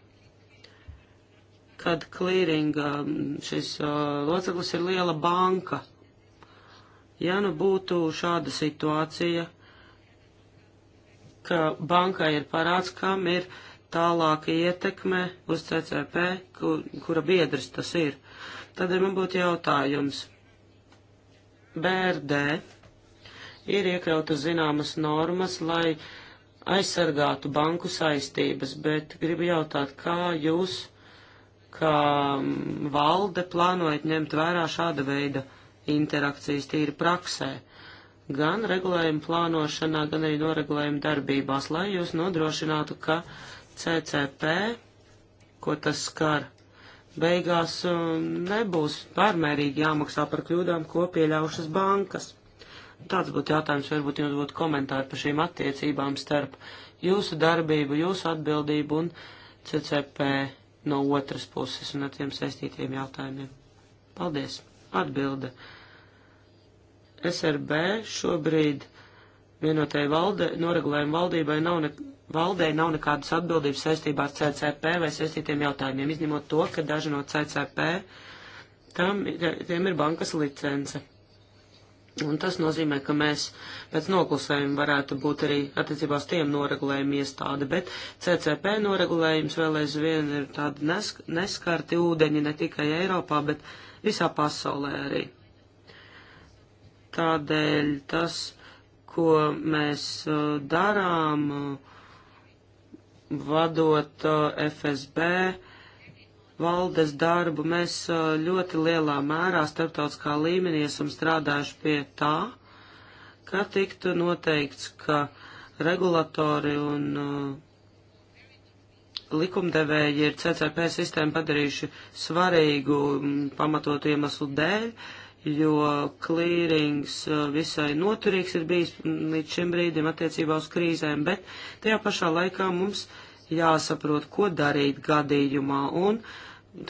kad klīringa šis uh, loceklis ir liela banka. Ja nu būtu šāda situācija, ka bankai ir parāds, kam ir uh, tālāka ietekme uz CCP, kur, kura biedrs tas ir. Tad man būtu jautājums. BRD ir iekļautas zināmas normas, lai aizsargātu banku saistības, bet gribu jautāt, kā jūs, kā mm, valde, plānojat ņemt vērā šāda veida interakcijas tīri praksē? gan regulējuma plānošanā, gan arī noregulējuma darbībās, lai jūs nodrošinātu, ka CCP, ko tas skar, beigās um, nebūs pārmērīgi jāmaksā par kļūdām, ko pieļaušas bankas. Tāds būtu jautājums, varbūt jums būtu komentāri par šīm attiecībām starp jūsu darbību, jūsu atbildību un CCP no otras puses un ar tiem saistītiem jautājumiem. Paldies! Atbilde. SRB šobrīd vienotai valde, noregulējuma valdībai nav nekāda valdē nav nekādas atbildības saistībā ar CCP vai saistītiem jautājumiem, izņemot to, ka daži no CCP tam, tiem ir bankas licence. Un tas nozīmē, ka mēs pēc noklusējuma varētu būt arī attiecībās tiem noregulējumi iestāde, bet CCP noregulējums vēl aizvien ir tāda nesk neskarti ūdeņi ne tikai Eiropā, bet visā pasaulē arī. Tādēļ tas, ko mēs uh, darām, uh, vadot uh, FSB valdes darbu, mēs uh, ļoti lielā mērā starptautiskā līmenī esam strādājuši pie tā, ka tiktu noteikts, ka regulatori un uh, likumdevēji ir CCP sistēmu padarījuši svarīgu mm, pamatotu iemeslu dēļ, uh, jo klīrings uh, visai noturīgs ir bijis līdz šim brīdim attiecībā uz krīzēm, bet tajā pašā laikā mums jāsaprot, ko darīt gadījumā. Un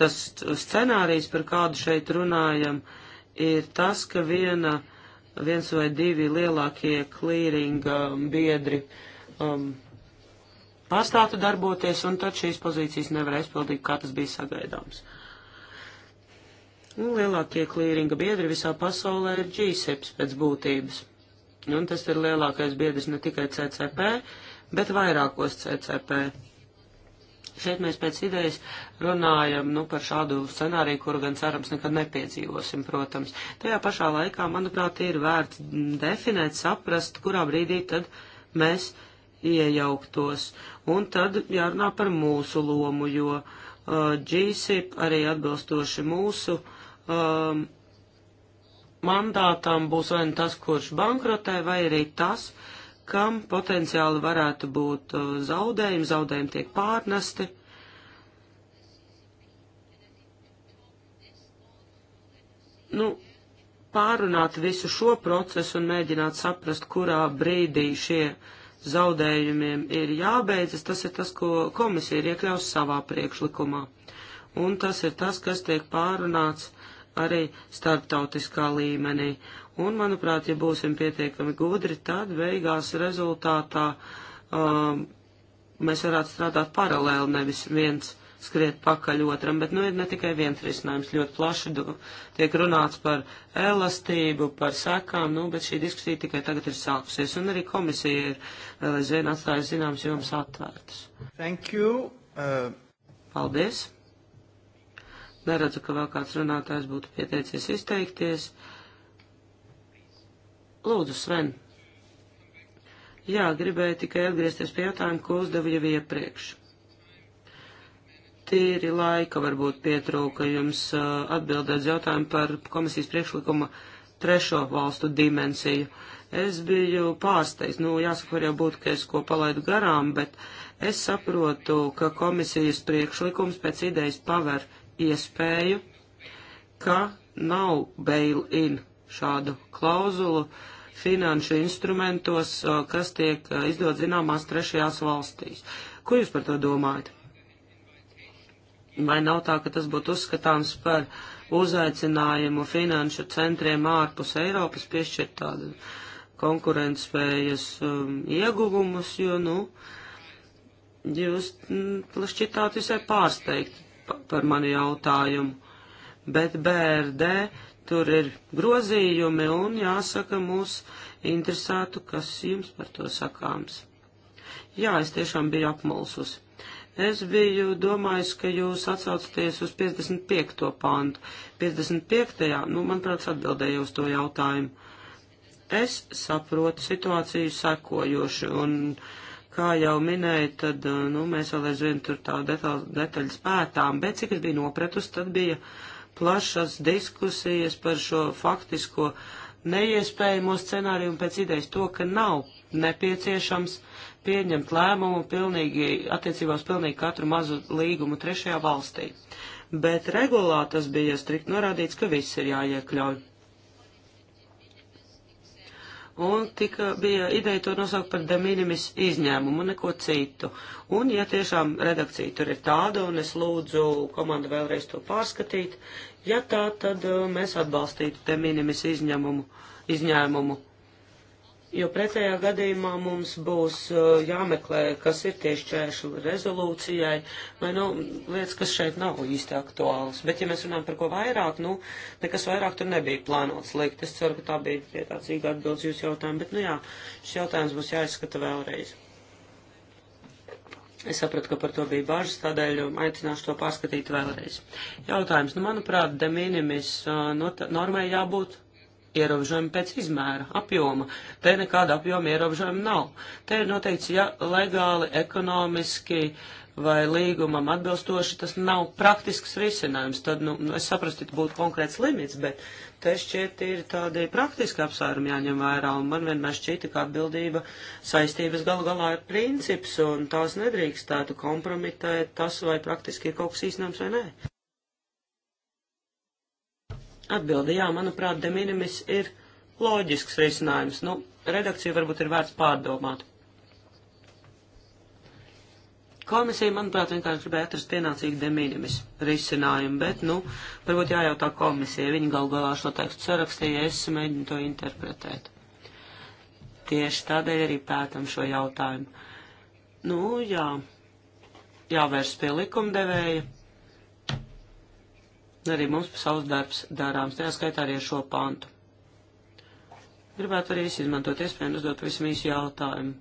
tas scenārijs, par kādu šeit runājam, ir tas, ka viena, viens vai divi lielākie klīringa um, biedri um, pārstātu darboties, un tad šīs pozīcijas nevar aizpildīt, kā tas bija sagaidāms. Uh, Nu, lielākie klīringa biedri visā pasaulē ir G-SIPS pēc būtības. Un tas ir lielākais biedrs ne tikai CCP, bet vairākos CCP. Šeit mēs pēc idejas runājam nu, par šādu scenāriju, kuru gan cerams nekad nepiedzīvosim, protams. Tajā pašā laikā, manuprāt, ir vērts definēt, saprast, kurā brīdī tad mēs iejauktos. Un tad jārunā par mūsu lomu, jo uh, GSIP arī atbilstoši mūsu uh, um, mandātām būs vai nu tas, kurš bankrotē, vai arī tas, kam potenciāli varētu būt uh, zaudējumi, zaudējumi tiek pārnesti. Nu, pārunāt visu šo procesu un mēģināt saprast, kurā brīdī šie zaudējumiem ir jābeidzas, tas ir tas, ko komisija ir iekļaus savā priekšlikumā. Un tas ir tas, kas tiek pārunāts arī starptautiskā līmenī. Un, manuprāt, ja būsim pietiekami gudri, tad beigās rezultātā um, mēs varētu strādāt paralēli, nevis viens skriet pakaļ otram, bet nu ir ne tikai viens risinājums, ļoti plaši tiek runāts par elastību, par sekām, nu, bet šī diskusija tikai tagad ir sākusies, un arī komisija ir vēl aizvien atstājusi zināmas jomas atvērtas. Thank you. Uh... Paldies. Neredzu, ka vēl kāds runātājs būtu pieteicies izteikties. Lūdzu, Sven. Jā, gribēju tikai atgriezties pie jautājuma, ko uzdevu jau iepriekš. Tīri laika varbūt pietrūka jums uh, atbildēt jautājumu par komisijas priekšlikuma trešo valstu dimensiju. Es biju pārsteigts, nu, jāsaka, var jau būt, ka es ko palaidu garām, bet es saprotu, ka komisijas priekšlikums pēc idejas paver uh, iespēju, ka nav bail-in šādu klauzulu finanšu instrumentos, uh, kas tiek uh, izdot zināmās trešajās valstīs. Ko jūs par to domājat? Vai nav tā, ka tas būtu uzskatāms par uzaicinājumu finanšu centriem ārpus Eiropas piešķirt tādu konkurentspējas um, ieguvumus, jo, nu, jūs mm, šķitāt visai pārsteigti par mani jautājumu, bet BRD tur ir grozījumi un jāsaka mūs interesētu, kas jums par to sakāms. Jā, es tiešām biju apmulsus. Es biju domājis, ka jūs atsaucaties uz 55. pāntu. 55. nu, manuprāt, atbildēju uz to jautājumu. Es saprotu situāciju sekojoši, un Kā jau minēju, tad, uh, nu, mēs vēl aizvien tur tā detaļ, detaļas pētām, bet cik es biju nopratus, tad bija plašas diskusijas par šo faktisko neiespējamo scenāriju un pēc idejas to, ka nav nepieciešams pieņemt lēmumu pilnīgi, attiecībā uz pilnīgi katru mazu līgumu trešajā valstī. Bet regulā tas bija strikt norādīts, ka viss ir jāiekļauj un tika, bija ideja to nosaukt par de minimis izņēmumu, neko citu. Un, ja tiešām redakcija tur ir tāda, un es lūdzu komandu vēlreiz to pārskatīt, ja tā, tad uh, mēs atbalstītu de minimis izņēmumu. izņēmumu jo pretējā gadījumā mums būs uh, jāmeklē, kas ir tieši čēršļi rezolūcijai, vai nu, lietas, kas šeit nav īsti aktuālas. Bet, ja mēs runājam par ko vairāk, nu, nekas vairāk tur nebija plānots likt. Es ceru, ka tā bija pietācīga atbildes jūsu jautājumu, bet, nu jā, šis jautājums būs jāizskata vēlreiz. Es sapratu, ka par to bija bažas, tādēļ aicināšu to pārskatīt vēlreiz. Jautājums, nu, manuprāt, de minimis uh, normai jābūt ierobežojumi pēc izmēra, apjoma. Te nekāda apjoma ierobežojuma nav. Te ir noteikts, ja legāli, ekonomiski vai līgumam atbilstoši tas nav praktisks risinājums, tad, nu, nu es saprastu, būtu konkrēts limits, bet te šķiet ir tādi praktiski apsvērumi jāņem vērā, un man vienmēr šķita, ka atbildība saistības galu galā ir princips, un tās nedrīkstētu kompromitēt tas, vai praktiski ir kaut kas īstenams vai nē. Atbilde, jā, manuprāt, de minimis ir loģisks risinājums. Nu, redakcija varbūt ir vērts pārdomāt. Komisija, manuprāt, vienkārši gribēja atrast pienācīgu de minimis risinājumu, bet, nu, varbūt jājautā komisija. Viņa gal galā šo tekstu sarakstīja, es mēģinu to interpretēt. Tieši tādēļ arī pētam šo jautājumu. Nu, jā, jāvērs pie likumdevēja Arī mums savs darbs darāms, tajā skaitā arī ar šo pantu. Gribētu arī izmantot iespēju un uzdot visam īsu jautājumu.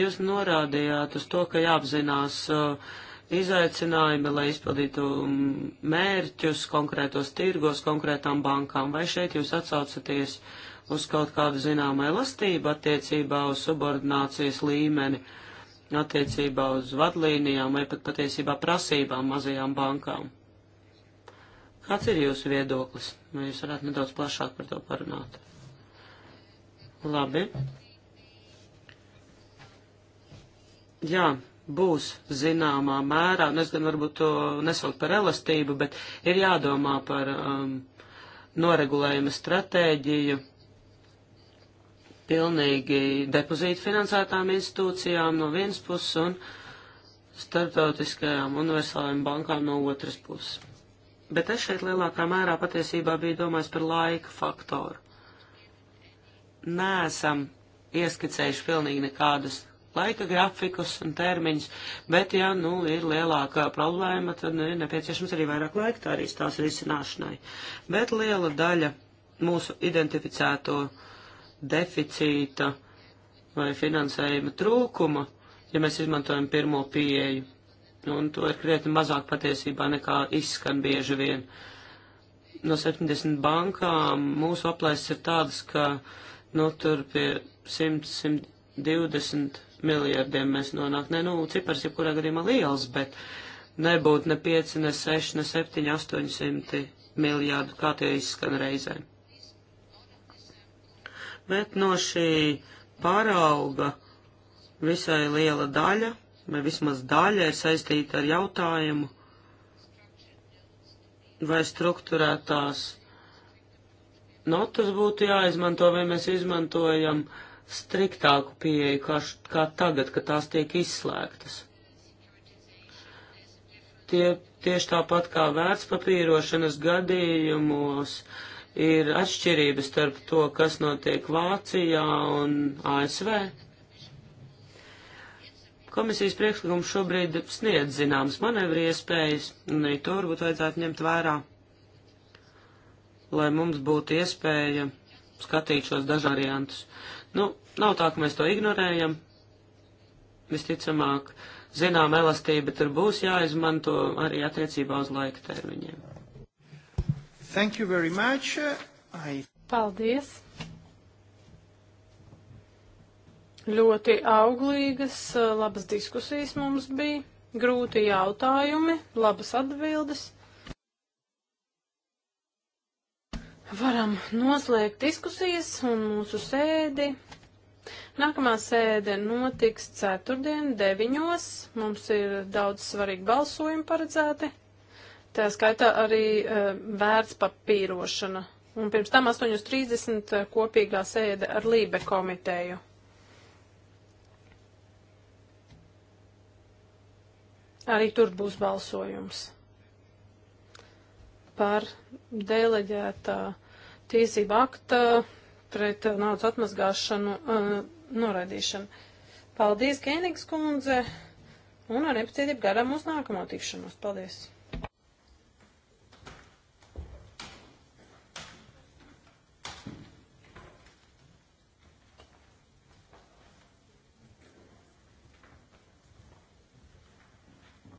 Jūs norādījāt uz to, ka jāapzinās uh, izaicinājumi, lai izpildītu um, mērķus konkrētos tirgos, konkrētām bankām, vai šeit jūs atsaucaties uz kaut kādu zināmu elastību attiecībā uz subordinācijas līmeni? Uh, attiecībā uz vadlīnijām vai pat patiesībā prasībām mazajām bankām. Kāds ir jūsu viedoklis? Vai jūs varētu nedaudz plašāk par to parunāt? Labi. Jā, būs zināmā mērā, un nu, es gan varbūt to nesaukt par elastību, bet ir jādomā par um, noregulējuma stratēģiju, pilnīgi depozītu finansētām institūcijām no vienas puses un starptautiskajām universālajām bankām no otras puses. Bet es šeit lielākā mērā patiesībā biju domājis par laika faktoru. Nēsam ieskicējuši pilnīgi nekādus laika grafikus un termiņus, bet, ja, nu, ir lielākā problēma, tad nu, ir nepieciešams arī vairāk laika tā arī tās risināšanai. Bet liela daļa mūsu identificēto uh, deficīta vai finansējuma trūkuma, ja mēs izmantojam pirmo pieeju. Un to ir krietni mazāk patiesībā nekā izskan bieži vien. No 70 bankām mūsu aplēses ir tādas, ka nu, tur pie 100, 120 miljardiem mēs nonāk. Ne, nu, cipars jebkurā gadījumā liels, bet nebūtu ne 5, ne 6, ne 7, 800 miljārdu, kā tie izskan reizēm bet no šī parauga visai liela daļa, vai vismaz daļa, ir saistīta ar jautājumu, vai struktūrētās notas būtu jāizmanto, vai mēs izmantojam striktāku pieeju kā, kā tagad, kad tās tiek izslēgtas. Tie, tieši tāpat kā vērtspapīrošanas gadījumos, uh, ir atšķirības starp to, kas notiek Vācijā un ASV. Komisijas priekšlikums šobrīd sniedz zināmas manevri iespējas, un arī to varbūt vajadzētu ņemt vērā, lai mums būtu iespēja skatīt šos dažvariantus. Nu, nav tā, ka mēs to ignorējam. Visticamāk, zinām, elastība tur būs jāizmanto arī attiecībā uz laika termiņiem. Thank you very much. I... Paldies. Ļoti auglīgas, eh, labas diskusijas mums bija, grūti jautājumi, labas atbildes. Varam noslēgt diskusijas un mūsu sēdi. Nākamā sēde notiks ceturtdien, deviņos. Mums ir daudz svarīgi balsojumi paredzēti. Tā skaitā arī uh, vērtspapīrošana. Un pirms tam 8.30 e, kopīgā sēde ar Lībe komiteju. Arī tur būs balsojums par deleģētā tiesība akta pret naudas atmazgāšanu uh, noraidīšanu. Paldies, Kēnigs kundze, un ar nepacietību gaidām mūsu nākamo tikšanos. Paldies!